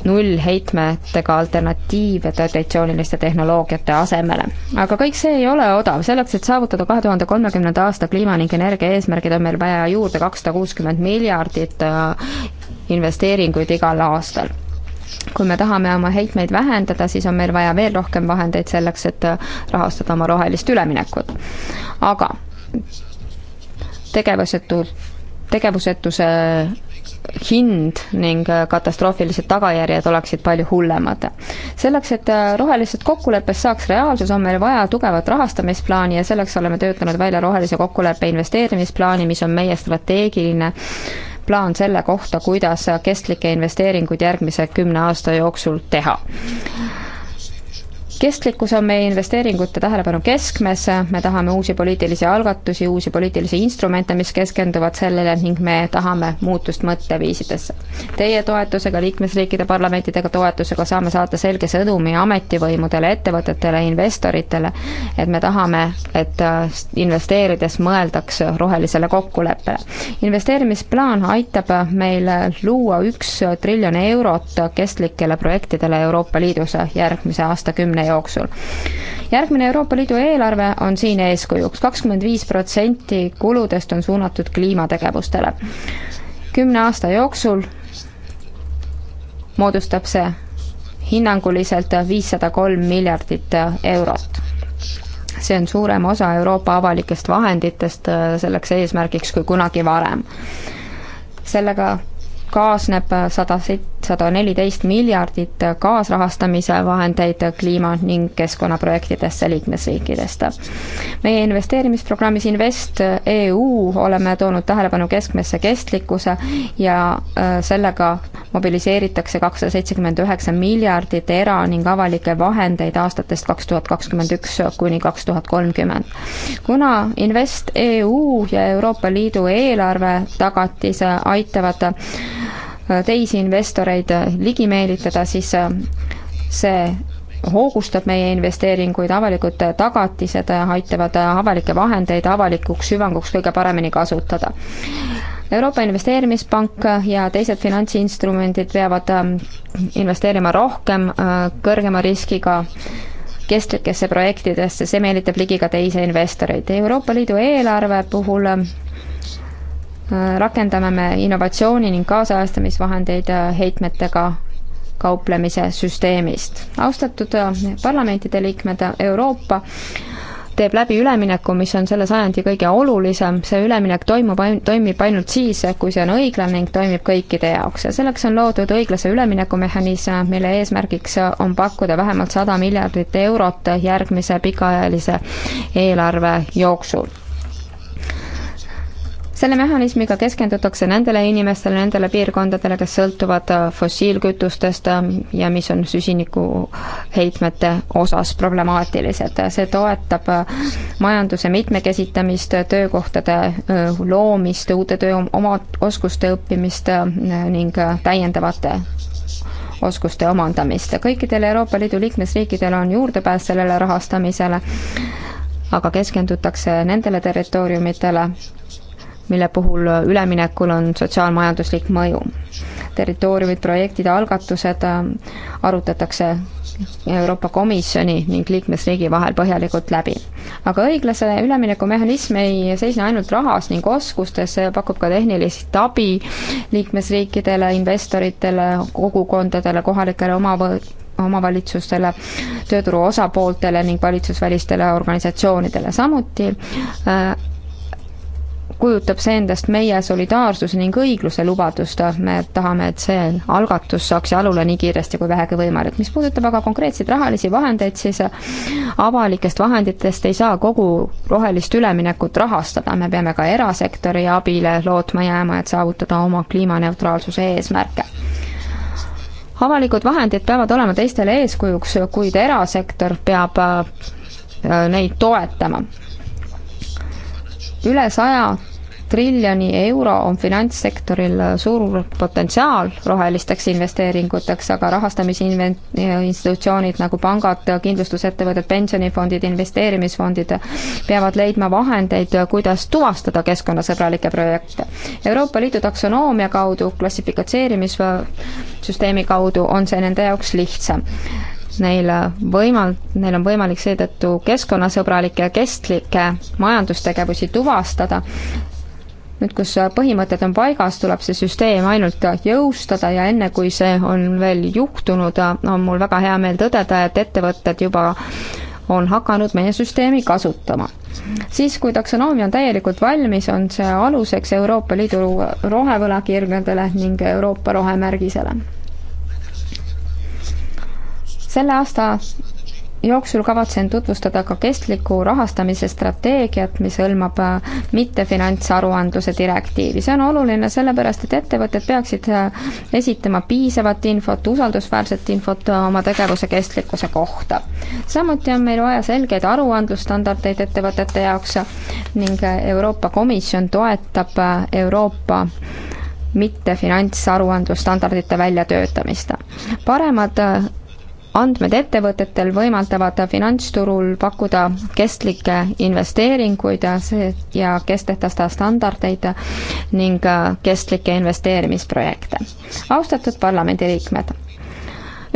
nullheitmetega alternatiive traditsiooniliste tehnoloogiate asemele. aga kõik see ei ole odav, selleks, et saavutada kahe tuhande kolmekümnenda aasta kliima ning energia eesmärgid, on meil vaja juurde kakssada kuuskümmend miljardit äh, investeeringuid igal aastal kui me tahame oma heitmeid vähendada, siis on meil vaja veel rohkem vahendeid selleks, et äh, rahastada oma rohelist üleminekut. aga tegevusetu, tegevusetuse hind ning äh, katastroofilised tagajärjed oleksid palju hullemad. selleks, et äh, rohelisest kokkuleppest saaks reaalsus, on meil vaja tugevat rahastamisplaani ja selleks oleme töötanud välja rohelise kokkuleppe investeerimisplaani, mis on meie strateegiline plaan selle kohta, kuidas kestlikke investeeringuid järgmise kümne aasta jooksul teha kestlikkus on meie investeeringute tähelepanu keskmes, me tahame uusi poliitilisi algatusi, uusi poliitilisi instrumente, mis keskenduvad sellele ning me tahame muutust mõtteviisidesse. Teie toetusega, liikmesriikide parlamentidega toetusega saame saata selge sõnumi ametivõimudele, ettevõtetele, investoritele, et me tahame, et äh, investeerides mõeldaks rohelisele kokkuleppele. investeerimisplaan aitab meil luua üks triljon eurot kestlikele projektidele Euroopa Liidus järgmise aastakümne jooksul. järgmine Euroopa Liidu eelarve on siin eeskujuks, kakskümmend viis protsenti kuludest on suunatud kliimategevustele. kümne aasta jooksul moodustab see hinnanguliselt viissada kolm miljardit eurot see on suurem osa Euroopa avalikest vahenditest selleks eesmärgiks kui kunagi varem. sellega kaasneb sada sada neliteist miljardit kaasrahastamise vahendeid kliima- ning keskkonnaprojektidesse liikmesriikidest. meie investeerimisprogrammis Invest EU oleme toonud tähelepanu keskmesse kestlikkuse ja äh, sellega mobiliseeritakse kakssada seitsekümmend üheksa miljardit era- ning avalikke vahendeid aastatest kaks tuhat kakskümmend üks kuni kaks tuhat kolmkümmend. kuna Invest EU ja Euroopa Liidu eelarve tagatise aitavad Äh, teisi investoreid äh, ligi meelitada, siis äh, see hoogustab meie investeeringuid, avalikud tagatised aitavad avalikke vahendeid avalikuks hüvanguks kõige paremini kasutada. Euroopa Investeerimispank ja teised finantsinstrumendid peavad ähm, investeerima rohkem kõrgema riskiga kestlikesse projektidesse, see meelitab ligi ka teisi investoreid. Euroopa Liidu eelarve puhul ähm, Äh, rakendame me innovatsiooni ning kaasajastamisvahendeid äh, heitmetega kauplemise süsteemist. austatud äh, parlamentide liikmed, Euroopa teeb läbi ülemineku, mis on selle sajandi kõige olulisem, see üleminek toimub, toimib ainult siis, kui see on õiglane ning toimib kõikide jaoks ja selleks on loodud õiglase üleminekumehhanism, mille eesmärgiks on pakkuda vähemalt sada miljardit eurot järgmise pikaajalise eelarve jooksul selle mehhanismiga keskendutakse nendele inimestele, nendele piirkondadele, kes sõltuvad äh, fossiilkütustest ähm, ja mis on süsinikuheitmete osas problemaatilised. see toetab äh, majanduse mitmekesitamist, töökohtade äh, loomist, uute töö, oma oskuste õppimist ning täiendavate oskuste omandamist. kõikidel Euroopa Liidu liikmesriikidel on juurdepääs sellele rahastamisele, aga keskendutakse nendele territooriumitele, mille puhul üleminekul on sotsiaalmajanduslik mõju. territooriumid, projektid, algatused äh, arutatakse Euroopa Komisjoni ning liikmesriigi vahel põhjalikult läbi. aga õiglase ülemineku mehhanism ei seisne ainult rahas ning oskustes, see pakub ka tehnilist abi liikmesriikidele, investoritele, kogukondadele, kohalikele omavõ-, omavalitsustele, tööturu osapooltele ning valitsusvälistele organisatsioonidele, samuti äh, kujutab see endast meie solidaarsuse ning õigluse lubadust, me tahame, et see algatus saaks jalule nii kiiresti kui vähegi võimalik. mis puudutab aga konkreetseid rahalisi vahendeid, siis avalikest vahenditest ei saa kogu rohelist üleminekut rahastada, me peame ka erasektori abile lootma jääma, et saavutada oma kliimaneutraalsuse eesmärke avalikud vahendid peavad olema teistele eeskujuks, kuid erasektor peab äh, neid toetama üle saja triljoni euro on finantssektoril suur potentsiaal rohelisteks investeeringuteks, aga rahastamisinstitutsioonid nagu pangad, kindlustusettevõtted, pensionifondid, investeerimisfondid peavad leidma vahendeid, kuidas tuvastada keskkonnasõbralikke projekte. Euroopa Liidu taksonoomia kaudu, klassifikatseerimissüsteemi kaudu on see nende jaoks lihtsam neil võimal-, neil on võimalik seetõttu keskkonnasõbralikke ja kestlikke majandustegevusi tuvastada. nüüd, kus põhimõtted on paigas, tuleb see süsteem ainult jõustada ja enne, kui see on veel juhtunud, on mul väga hea meel tõdeda, et ettevõtted juba on hakanud meie süsteemi kasutama. siis, kui taksonoomia on täielikult valmis, on see aluseks Euroopa Liidu rohevõlakirjadele ning Euroopa rohemärgisele selle aasta jooksul kavatsen tutvustada ka kestliku rahastamise strateegiat, mis hõlmab äh, mittefinantsaruandluse direktiivi. see on oluline sellepärast, et ettevõtted peaksid äh, esitama piisavat infot, usaldusväärset infot äh, oma tegevuse kestlikkuse kohta. samuti on meil vaja selgeid aruandlusstandardeid ettevõtete jaoks ning Euroopa Komisjon toetab Euroopa mittefinantsaruandlusstandardite väljatöötamist. paremad andmed ettevõtetel võimaldavad finantsturul pakkuda kestlikke investeeringuid ja kestetasta standardeid ning äh, kestlikke investeerimisprojekte. austatud parlamendiliikmed,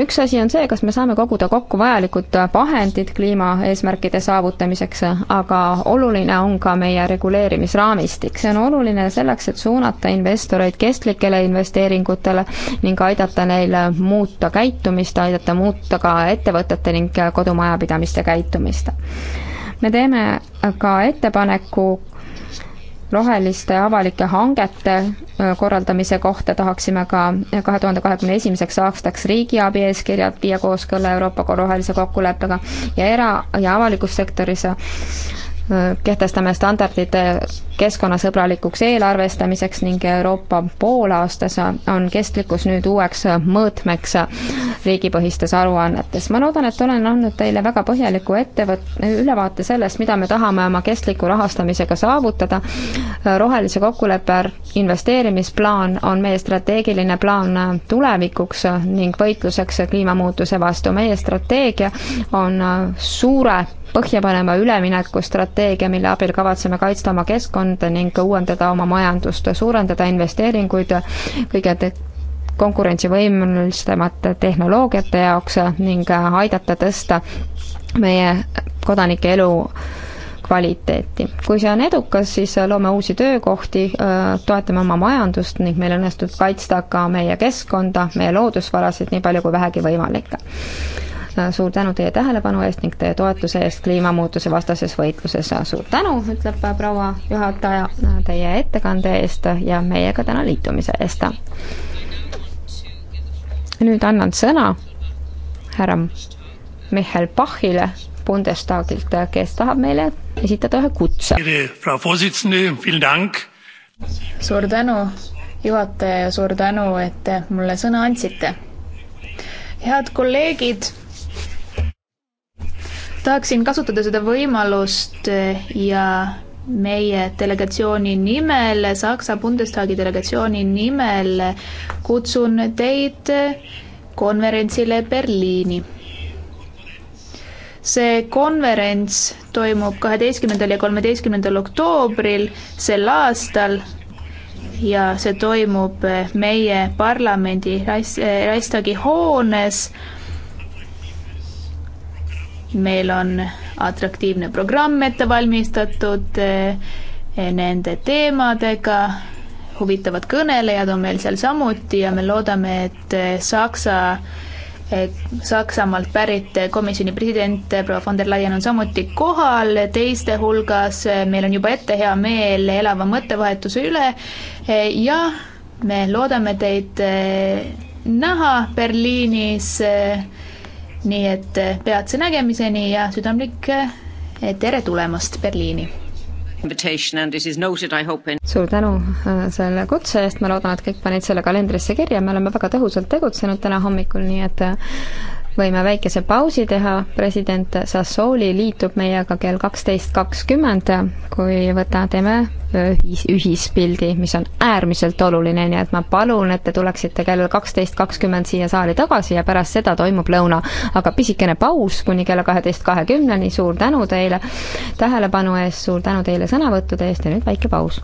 üks asi on see, kas me saame koguda kokku vajalikud vahendid kliimaeesmärkide saavutamiseks, aga oluline on ka meie reguleerimisraamistik. see on oluline selleks, et suunata investoreid kestlikele investeeringutele ning aidata neil muuta käitumist, aidata muuta ka ettevõtete ning kodumajapidamiste käitumist me teeme ka ettepaneku roheliste avalike hangete korraldamise kohta tahaksime ka kahe tuhande kahekümne esimeseks aastaks riigiabi eeskirjad viia kooskõlla Euroopa rohelise kokkuleppega ja era- ja avalikus sektoris kehtestame standardid keskkonnasõbralikuks eelarvestamiseks ning Euroopa poolaastas on kestlikkus nüüd uueks mõõtmeks riigipõhistes aruannetes. ma loodan, et olen andnud teile väga põhjaliku ettevõt-, ülevaate sellest, mida me tahame oma kestliku rahastamisega saavutada. rohelise kokkuleppe investeerimisplaan on meie strateegiline plaan tulevikuks ning võitluseks kliimamuutuse vastu. meie strateegia on suure põhja panema üleminekustrateegia, mille abil kavatseme kaitsta oma keskkonda ning uuendada oma majandust, suurendada investeeringuid kõige konkurentsivõimelisemate tehnoloogiate jaoks ning aidata tõsta meie kodanike elu kvaliteeti. kui see on edukas, siis loome uusi töökohti, toetame oma majandust ning meil õnnestub kaitsta ka meie keskkonda, meie loodusvarasid nii palju kui vähegi võimalik suur tänu teie tähelepanu eest ning teie toetuse eest kliimamuutuse vastases võitluses. suur tänu, ütleb proua juhataja, teie ettekande eest ja meiega täna liitumise eest. nüüd annan sõna härra Michal Bachile Bundestagilt, kes tahab meile esitada ühe kutse. suur tänu, juhataja, suur tänu, et mulle sõna andsite head kolleegid, tahaksin kasutada seda võimalust ja meie delegatsiooni nimel, Saksa Bundestagi delegatsiooni nimel kutsun teid konverentsile Berliini. see konverents toimub kaheteistkümnendal ja kolmeteistkümnendal oktoobril sel aastal ja see toimub meie parlamendi Reichstagi hoones meil on atraktiivne programm ette valmistatud eh, nende teemadega, huvitavad kõnelejad on meil seal samuti ja me loodame, et eh, Saksa Saksamaalt pärit komisjoni president proua von der Leyen on samuti kohal, teiste hulgas eh, meil on juba ette hea meel elava mõttevahetuse üle ja me loodame teid näha Berliinis nii et eh, peatse nägemiseni ja südamlik eh, tere tulemast Berliini! suur tänu eh, selle kutse eest, ma loodan, et kõik panid selle kalendrisse kirja, me oleme väga tõhusalt tegutsenud täna hommikul, nii et võime väikese pausi teha, president Sassooli liitub meiega kell kaksteist kakskümmend, kui võta, teeme ühis, ühispildi, mis on äärmiselt oluline, nii et ma palun, et te tuleksite kell kaksteist kakskümmend siia saali tagasi ja pärast seda toimub lõuna. aga pisikene paus kuni kella kaheteist kahekümneni, suur tänu teile tähelepanu eest, suur tänu teile sõnavõttude eest ja nüüd väike paus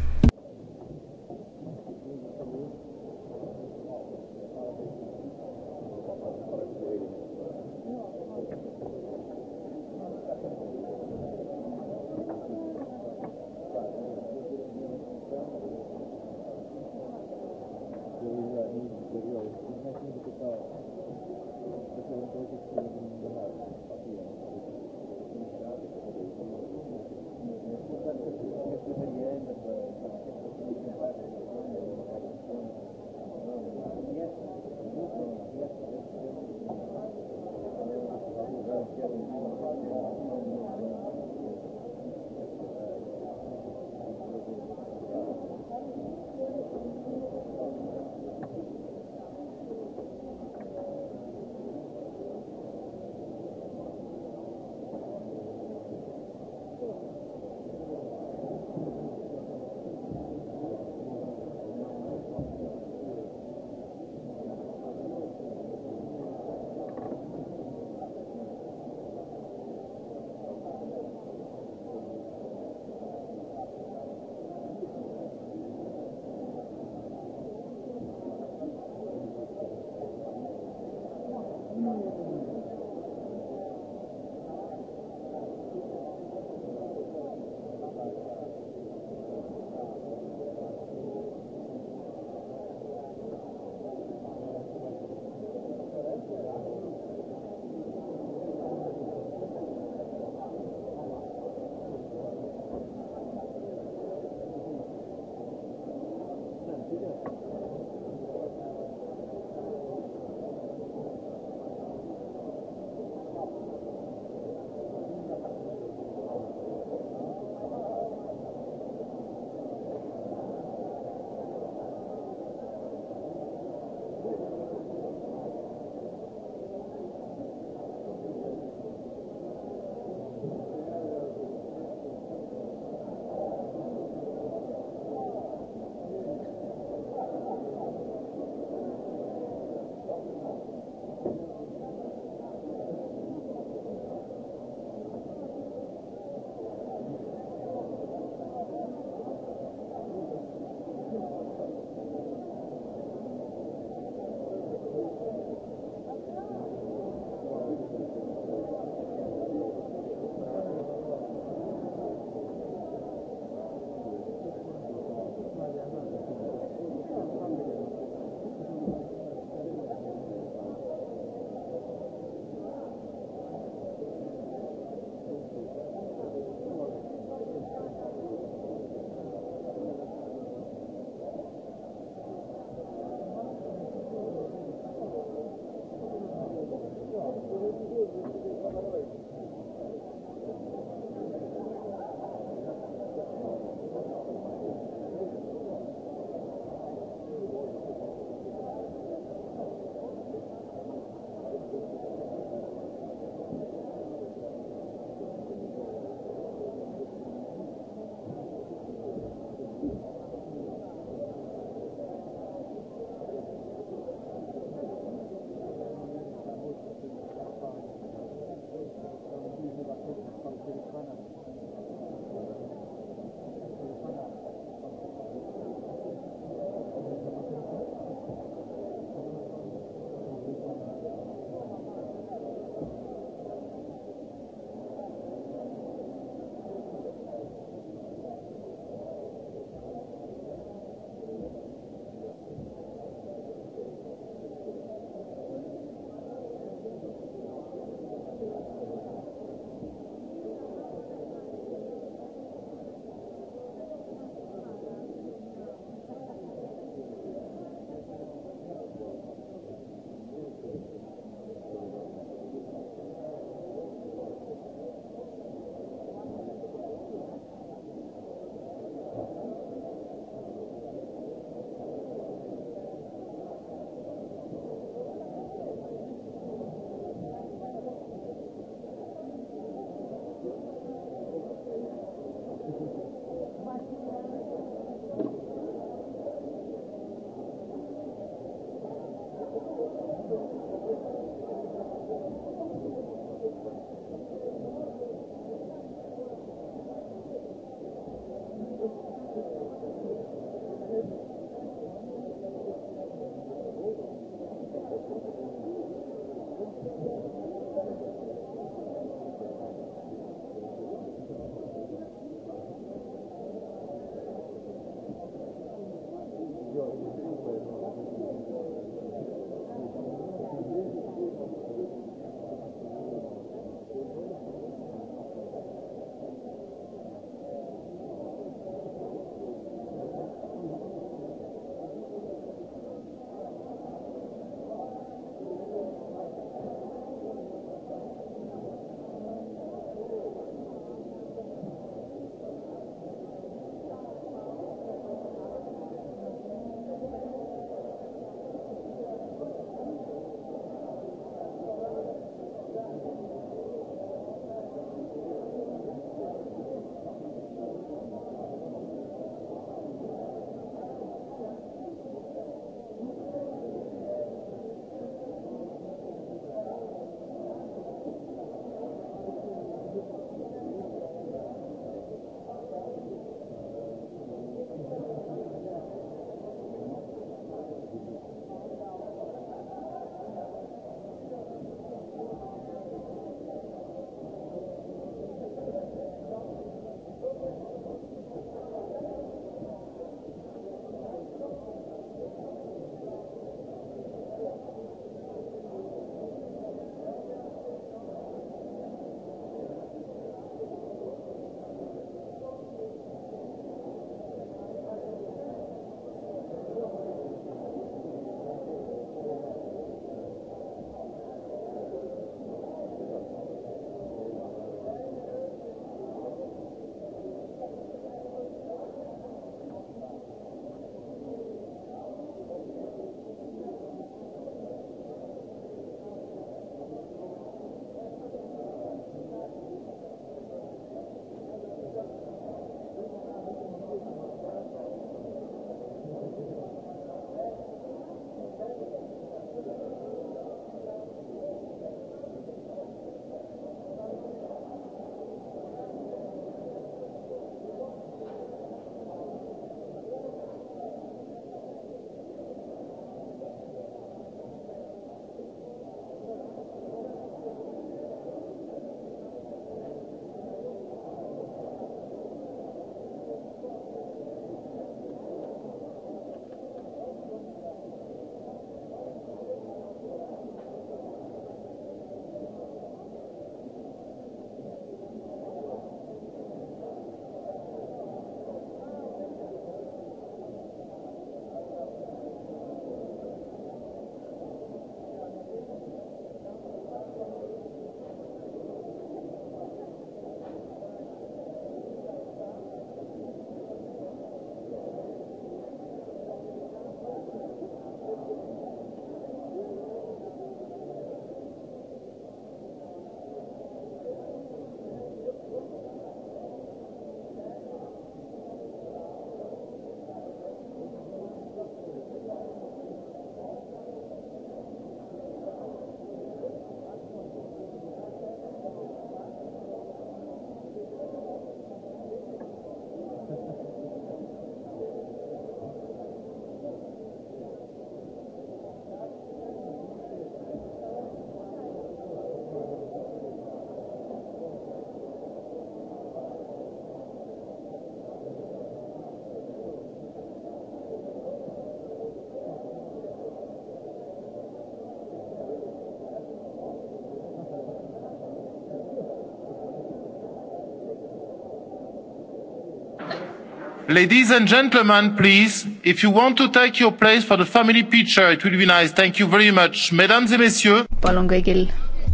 ladies and gentlemen please if you want to take your place for the family picture it will be nice thank you very much mesdames et messieurs palun kõigil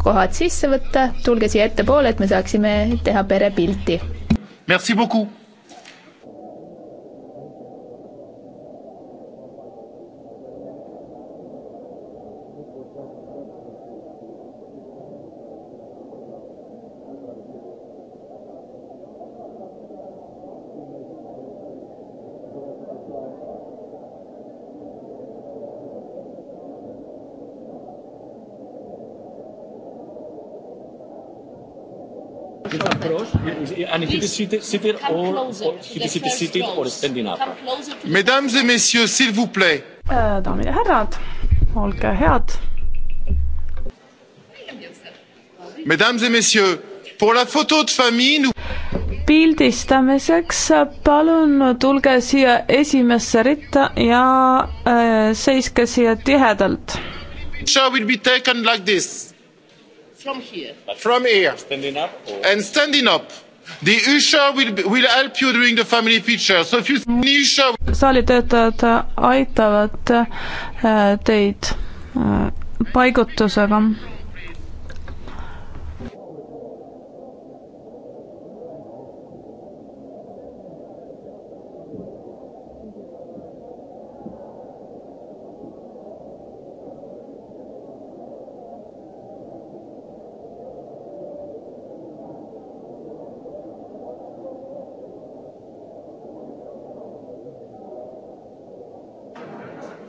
kohad sisse võtta tulge siia ettepoole et me saaksime teha perepilti merci beaucoup And if you could sit, sit it or, or if you could sit, sit it or standing up. Mesdames et messieurs, s'il vous plaît. Äh, daamid ja härrad, olge head. Mesdames et messieurs, pour la photo de famille nous pildistamiseks äh, palun tulge siia esimesse ritta ja äh, seiske siia tihedalt. Picture will be taken like this. From here. From here. Standing up. Or... And standing up The usher will, will help you during the family picture, so if you see usher... saalitöötajad aitavad eh, teid eh, paigutusega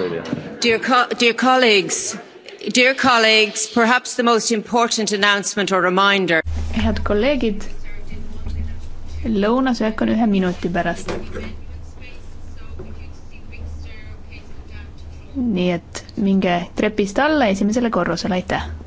Australia. Dear, co- dear colleagues, dear colleagues, perhaps the most important announcement or reminder. head kolleegid, lõunasöök on ühe minuti pärast. nii et minge trepist alla esimesele korrusele, aitäh